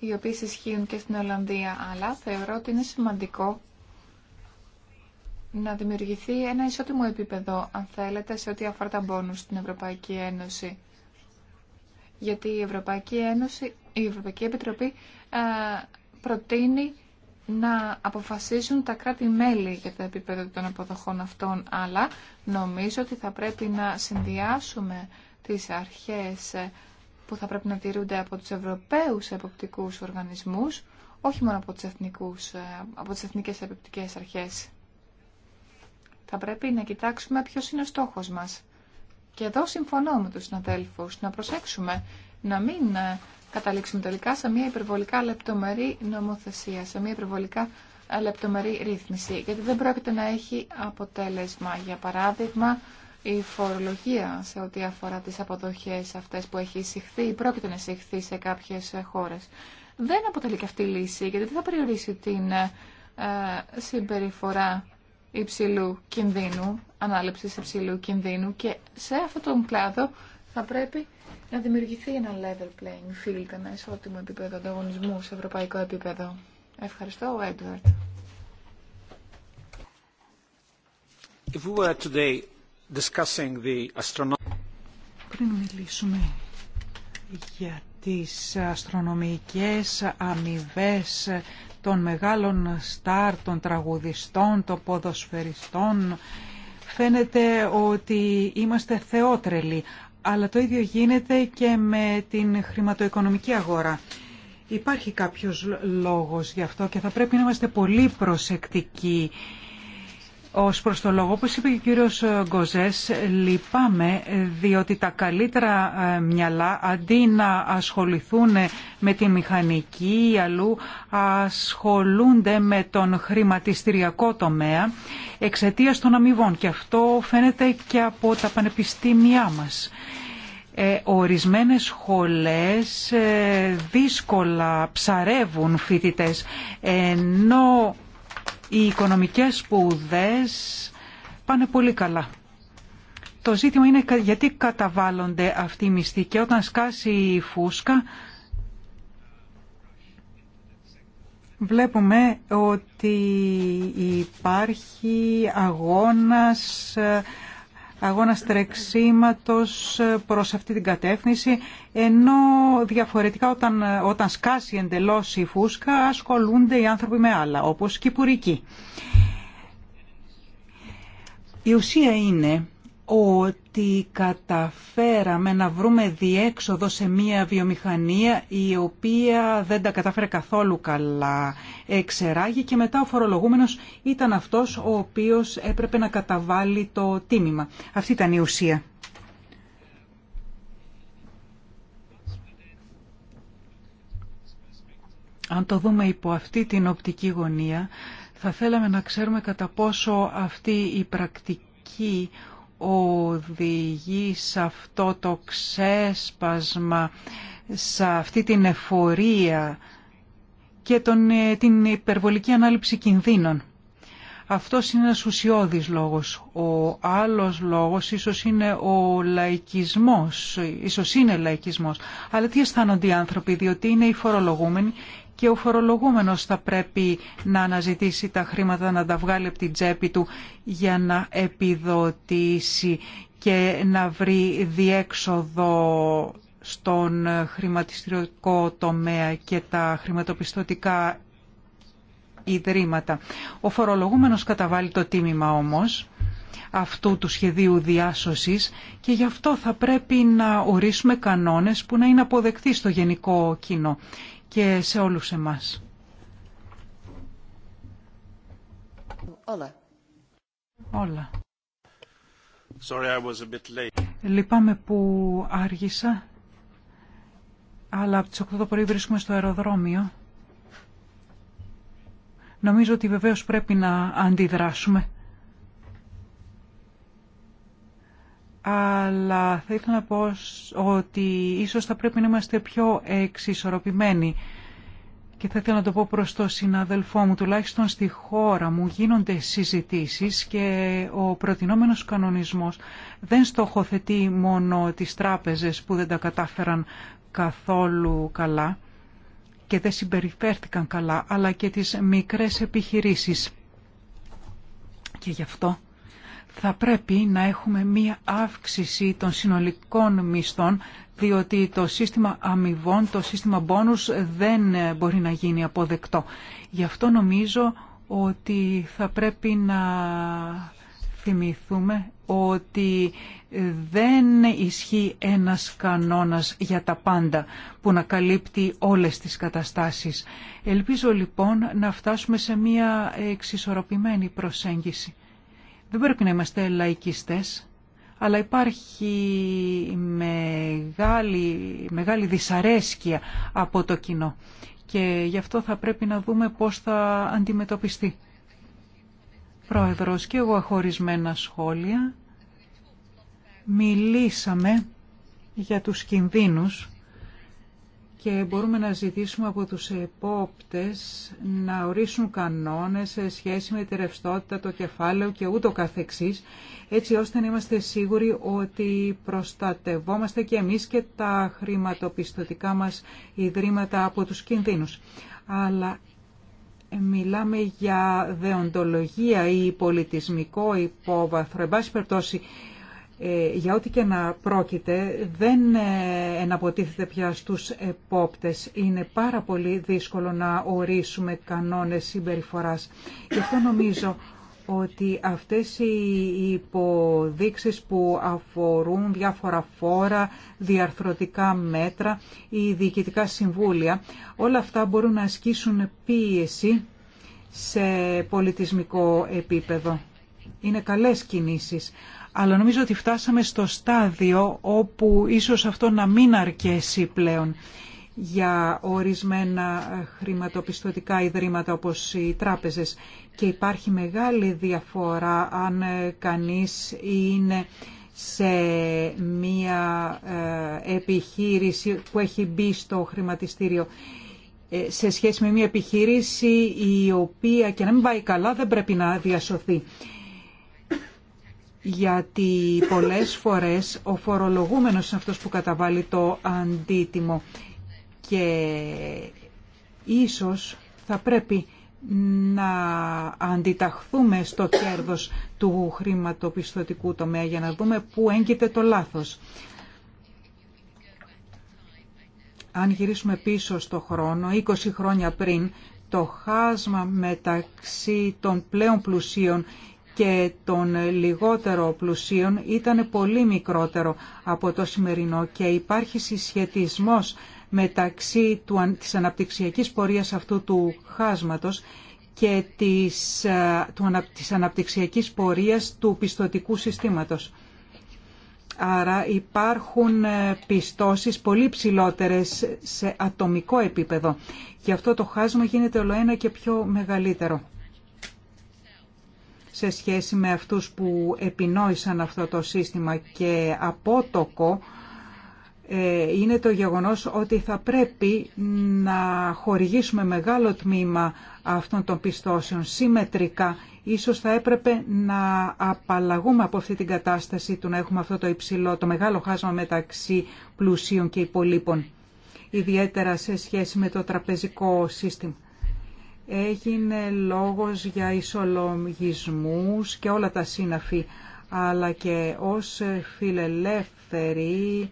οι οποίες ισχύουν και στην Ολλανδία, αλλά θεωρώ ότι είναι σημαντικό να δημιουργηθεί ένα ισότιμο επίπεδο, αν θέλετε, σε ό,τι αφορά τα μπόνους στην Ευρωπαϊκή Ένωση. Γιατί η Ευρωπαϊκή, Ένωση, η Ευρωπαϊκή Επιτροπή προτείνει να αποφασίσουν τα κράτη-μέλη για το επίπεδο των αποδοχών αυτών, αλλά νομίζω ότι θα πρέπει να συνδυάσουμε τις αρχές που θα πρέπει να τηρούνται από τους Ευρωπαίους εποπτικούς οργανισμούς, όχι μόνο από τις, εθνικούς, από τις εθνικές εποπτικές αρχές. Θα πρέπει να κοιτάξουμε ποιος είναι ο στόχος μας. Και εδώ συμφωνώ με τους συναδέλφους να προσέξουμε να μην ε, καταλήξουμε τελικά σε μια υπερβολικά λεπτομερή νομοθεσία, σε μια υπερβολικά ε, λεπτομερή ρύθμιση, γιατί δεν πρόκειται να έχει αποτέλεσμα. Για παράδειγμα, η φορολογία σε ό,τι αφορά τις αποδοχές αυτές που έχει εισηχθεί ή πρόκειται να εισηχθεί σε κάποιες ε, χώρες. Δεν αποτελεί και αυτή η λύση, γιατί δεν θα περιορίσει την συμπεριφορά υψηλού κινδύνου, ανάληψης υψηλού κινδύνου και σε αυτόν τον κλάδο θα πρέπει να δημιουργηθεί ένα level playing field, ένα ισότιμο επίπεδο ανταγωνισμού σε ευρωπαϊκό επίπεδο. Ευχαριστώ, ο Έντουαρτ. Πριν μιλήσουμε για τις αστρονομικές αμοιβέ των μεγάλων στάρ, των τραγουδιστών, των ποδοσφαιριστών. Φαίνεται ότι είμαστε θεότρελοι, αλλά το ίδιο γίνεται και με την χρηματοοικονομική αγορά. Υπάρχει κάποιος λόγος γι' αυτό και θα πρέπει να είμαστε πολύ προσεκτικοί ως προς το λόγο, όπως είπε και ο κύριος Γκοζές, λυπάμαι διότι τα καλύτερα ε, μυαλά αντί να ασχοληθούν με τη μηχανική ή αλλού ασχολούνται με τον χρηματιστηριακό τομέα εξαιτίας των αμοιβών και αυτό φαίνεται και από τα πανεπιστήμια μας. Ε, ορισμένες σχολές ε, δύσκολα ψαρεύουν φοιτητές ενώ οι οικονομικές σπουδές πάνε πολύ καλά. Το ζήτημα είναι γιατί καταβάλλονται αυτοί οι μισθοί και όταν σκάσει η φούσκα βλέπουμε ότι υπάρχει αγώνας ε, αγώνας τρεξίματος προς αυτή την κατεύθυνση, ενώ διαφορετικά όταν, όταν σκάσει εντελώς η φούσκα ασχολούνται οι άνθρωποι με άλλα, όπως κυπουρικοί. Η ουσία είναι ότι καταφέραμε να βρούμε διέξοδο σε μια βιομηχανία η οποία δεν τα κατάφερε καθόλου καλά εξεράγει και μετά ο φορολογούμενος ήταν αυτός ο οποίος έπρεπε να καταβάλει το τίμημα. Αυτή ήταν η ουσία. Αν το δούμε υπό αυτή την οπτική γωνία, θα θέλαμε να ξέρουμε κατά πόσο αυτή η πρακτική οδηγεί σε αυτό το ξέσπασμα, σε αυτή την εφορία και τον, ε, την υπερβολική ανάληψη κινδύνων. Αυτό είναι ένας ουσιώδης λόγος. Ο άλλος λόγος ίσως είναι ο λαϊκισμός, ίσως είναι λαϊκισμός. Αλλά τι αισθάνονται οι άνθρωποι, διότι είναι οι φορολογούμενοι και ο φορολογούμενος θα πρέπει να αναζητήσει τα χρήματα, να τα βγάλει από την τσέπη του για να επιδοτήσει και να βρει διέξοδο στον χρηματιστηριακό τομέα και τα χρηματοπιστωτικά ιδρύματα. Ο φορολογούμενος καταβάλει το τίμημα όμως αυτού του σχεδίου διάσωσης και γι' αυτό θα πρέπει να ορίσουμε κανόνες που να είναι αποδεκτοί στο γενικό κοινό και σε όλους εμάς. Όλα. Όλα. Sorry, I was a bit late. Λυπάμαι που άργησα, αλλά από τις 8 το πρωί βρίσκουμε στο αεροδρόμιο. Νομίζω ότι βεβαίως πρέπει να αντιδράσουμε. αλλά θα ήθελα να πω ότι ίσως θα πρέπει να είμαστε πιο εξισορροπημένοι και θα ήθελα να το πω προς το συναδελφό μου, τουλάχιστον στη χώρα μου γίνονται συζητήσεις και ο προτινόμενος κανονισμός δεν στοχοθετεί μόνο τις τράπεζες που δεν τα κατάφεραν καθόλου καλά και δεν συμπεριφέρθηκαν καλά, αλλά και τις μικρές επιχειρήσεις. Και γι' αυτό θα πρέπει να έχουμε μία αύξηση των συνολικών μισθών, διότι το σύστημα αμοιβών, το σύστημα μπόνους δεν μπορεί να γίνει αποδεκτό. Γι' αυτό νομίζω ότι θα πρέπει να θυμηθούμε ότι δεν ισχύει ένας κανόνας για τα πάντα που να καλύπτει όλες τις καταστάσεις. Ελπίζω λοιπόν να φτάσουμε σε μια εξισορροπημένη προσέγγιση. Δεν πρέπει να είμαστε λαϊκιστές, αλλά υπάρχει μεγάλη, μεγάλη δυσαρέσκεια από το κοινό. Και γι' αυτό θα πρέπει να δούμε πώς θα αντιμετωπιστεί. Πρόεδρος, και εγώ χωρισμένα σχόλια. Μιλήσαμε για τους κινδύνους και μπορούμε να ζητήσουμε από τους επόπτες να ορίσουν κανόνες σε σχέση με τη ρευστότητα, το κεφάλαιο και ούτω καθεξής, έτσι ώστε να είμαστε σίγουροι ότι προστατευόμαστε και εμείς και τα χρηματοπιστωτικά μας ιδρύματα από τους κινδύνους. Αλλά μιλάμε για δεοντολογία ή πολιτισμικό υπόβαθρο. Εν πάση ε, για ό,τι και να πρόκειται, δεν ε, εναποτίθεται πια στους επόπτες. Είναι πάρα πολύ δύσκολο να ορίσουμε κανόνες συμπεριφοράς. Γι' αυτό νομίζω ότι αυτές οι υποδείξεις που αφορούν διάφορα φόρα, διαρθρωτικά μέτρα ή διοικητικά συμβούλια, όλα αυτά μπορούν να ασκήσουν πίεση σε πολιτισμικό επίπεδο. Είναι καλές κινήσεις, αλλά νομίζω ότι φτάσαμε στο στάδιο όπου ίσως αυτό να μην αρκέσει πλέον για ορισμένα ε, χρηματοπιστωτικά ιδρύματα όπως οι τράπεζες και υπάρχει μεγάλη διαφορά αν ε, κανείς είναι σε μία ε, επιχείρηση που έχει μπει στο χρηματιστήριο σε σχέση με μία επιχείρηση η οποία και να μην πάει καλά δεν πρέπει να διασωθεί γιατί πολλές φορές ο φορολογούμενος είναι αυτός που καταβάλει το αντίτιμο και ίσως θα πρέπει να αντιταχθούμε στο κέρδος του χρηματοπιστωτικού τομέα για να δούμε πού έγκυται το λάθος. Αν γυρίσουμε πίσω στο χρόνο, 20 χρόνια πριν, το χάσμα μεταξύ των πλέον πλουσίων και των λιγότερο πλουσίων ήταν πολύ μικρότερο από το σημερινό και υπάρχει συσχετισμός μεταξύ του, της αναπτυξιακής πορείας αυτού του χάσματος και της, ε, του, της αναπτυξιακής πορείας του πιστοτικού συστήματος. Άρα υπάρχουν ε, πιστώσεις πολύ ψηλότερες σε ατομικό επίπεδο. Γι' αυτό το χάσμα γίνεται όλο ένα και πιο μεγαλύτερο σε σχέση με αυτούς που επινόησαν αυτό το σύστημα και απότοκο ε, είναι το γεγονός ότι θα πρέπει να χορηγήσουμε μεγάλο τμήμα αυτών των πιστώσεων συμμετρικά. Ίσως θα έπρεπε να απαλλαγούμε από αυτή την κατάσταση του να έχουμε αυτό το υψηλό, το μεγάλο χάσμα μεταξύ πλουσίων και υπολείπων, ιδιαίτερα σε σχέση με το τραπεζικό σύστημα έγινε λόγος για ισολογισμούς και όλα τα σύναφη, αλλά και ως φιλελεύθερη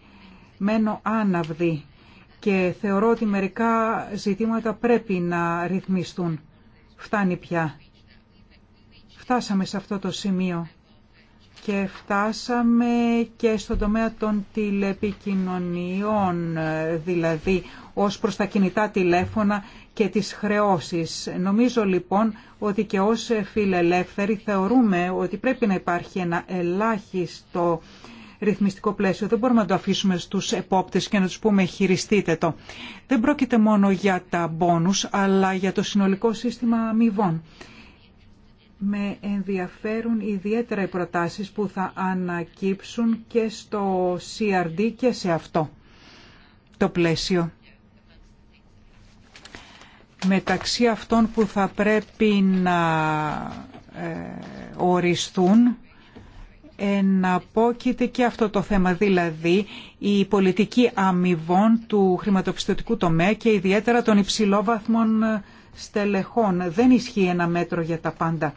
μένω άναυδη και θεωρώ ότι μερικά ζητήματα πρέπει να ρυθμιστούν. Φτάνει πια. Φτάσαμε σε αυτό το σημείο και φτάσαμε και στον τομέα των τηλεπικοινωνιών, δηλαδή ως προς τα κινητά τηλέφωνα και τις χρεώσεις. Νομίζω λοιπόν ότι και ως φιλελεύθεροι θεωρούμε ότι πρέπει να υπάρχει ένα ελάχιστο ρυθμιστικό πλαίσιο. Δεν μπορούμε να το αφήσουμε στους επόπτες και να τους πούμε χειριστείτε το. Δεν πρόκειται μόνο για τα μπόνους, αλλά για το συνολικό σύστημα αμοιβών. Με ενδιαφέρουν ιδιαίτερα οι προτάσεις που θα ανακύψουν και στο CRD και σε αυτό το πλαίσιο μεταξύ αυτών που θα πρέπει να ε, οριστούν εναπόκειται και αυτό το θέμα, δηλαδή η πολιτική αμοιβών του χρηματοπιστωτικού τομέα και ιδιαίτερα των υψηλόβαθμων στελεχών. Δεν ισχύει ένα μέτρο για τα πάντα.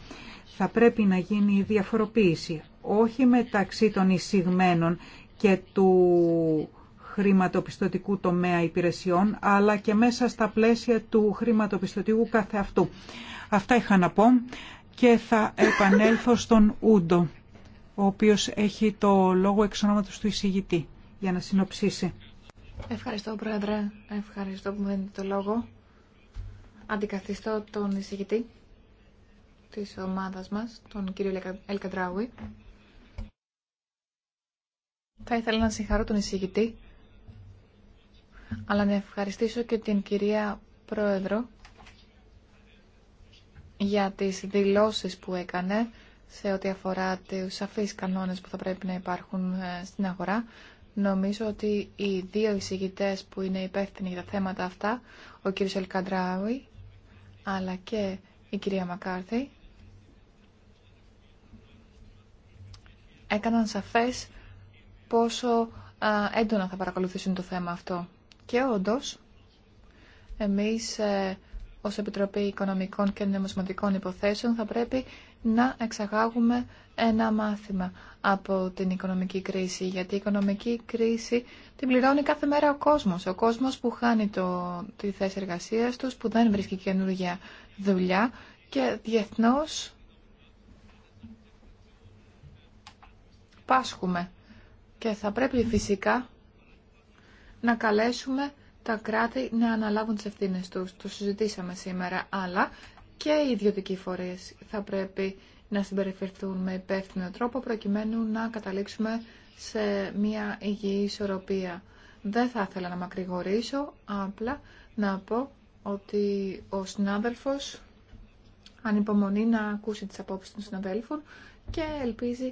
Θα πρέπει να γίνει διαφοροποίηση, όχι μεταξύ των εισηγμένων και του χρηματοπιστωτικού τομέα υπηρεσιών, αλλά και μέσα στα πλαίσια του χρηματοπιστωτικού καθεαυτού. Αυτά είχα να πω και θα επανέλθω στον Ούντο, ο οποίος έχει το λόγο εξ του εισηγητή, για να συνοψίσει. Ευχαριστώ, Πρόεδρε. Ευχαριστώ που μου δίνετε το λόγο. Αντικαθιστώ τον εισηγητή της ομάδας μας, τον κύριο Ελκαντράουι. Θα ήθελα να συγχαρώ τον εισηγητή αλλά να ευχαριστήσω και την κυρία Πρόεδρο για τις δηλώσεις που έκανε σε ό,τι αφορά τους σαφείς κανόνες που θα πρέπει να υπάρχουν ε, στην αγορά. Νομίζω ότι οι δύο εισηγητές που είναι υπεύθυνοι για τα θέματα αυτά, ο κύριος Ελκαντράουι, αλλά και η κυρία Μακάρθη, έκαναν σαφές πόσο ε, έντονα θα παρακολουθήσουν το θέμα αυτό. Και όντως, εμείς ε, ως Επιτροπή Οικονομικών και Νομισματικών Υποθέσεων θα πρέπει να εξαγάγουμε ένα μάθημα από την οικονομική κρίση. Γιατί η οικονομική κρίση την πληρώνει κάθε μέρα ο κόσμος. Ο κόσμος που χάνει το, τη θέση εργασία του, που δεν βρίσκει καινούργια δουλειά και διεθνώ πάσχουμε. Και θα πρέπει φυσικά να καλέσουμε τα κράτη να αναλάβουν τις ευθύνες τους. Το συζητήσαμε σήμερα, αλλά και οι ιδιωτικοί φορείς θα πρέπει να συμπεριφερθούν με υπεύθυνο τρόπο προκειμένου να καταλήξουμε σε μια υγιή ισορροπία. Δεν θα ήθελα να μακρηγορήσω, απλά να πω ότι ο συνάδελφος ανυπομονεί να ακούσει τις απόψεις των συναδέλφων και ελπίζει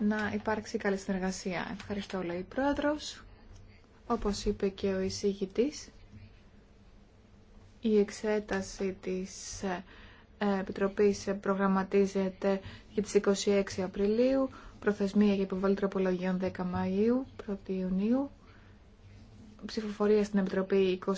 να υπάρξει καλή συνεργασία. Ευχαριστώ, λέει η Πρόεδρος. Όπως είπε και ο εισηγητής, η εξέταση της ε, Επιτροπής προγραμματίζεται για τις 26 Απριλίου, προθεσμία για υποβολή τροπολογιών 10 Μαΐου, 1 Ιουνίου, ψηφοφορία στην Επιτροπή 22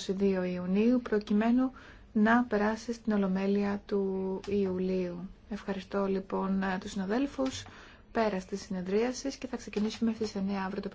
Ιουνίου, προκειμένου να περάσει στην Ολομέλεια του Ιουλίου. Ευχαριστώ λοιπόν ε, τους συναδέλφους πέρα στη συνεδρίασης και θα ξεκινήσουμε στις 9 αύριο το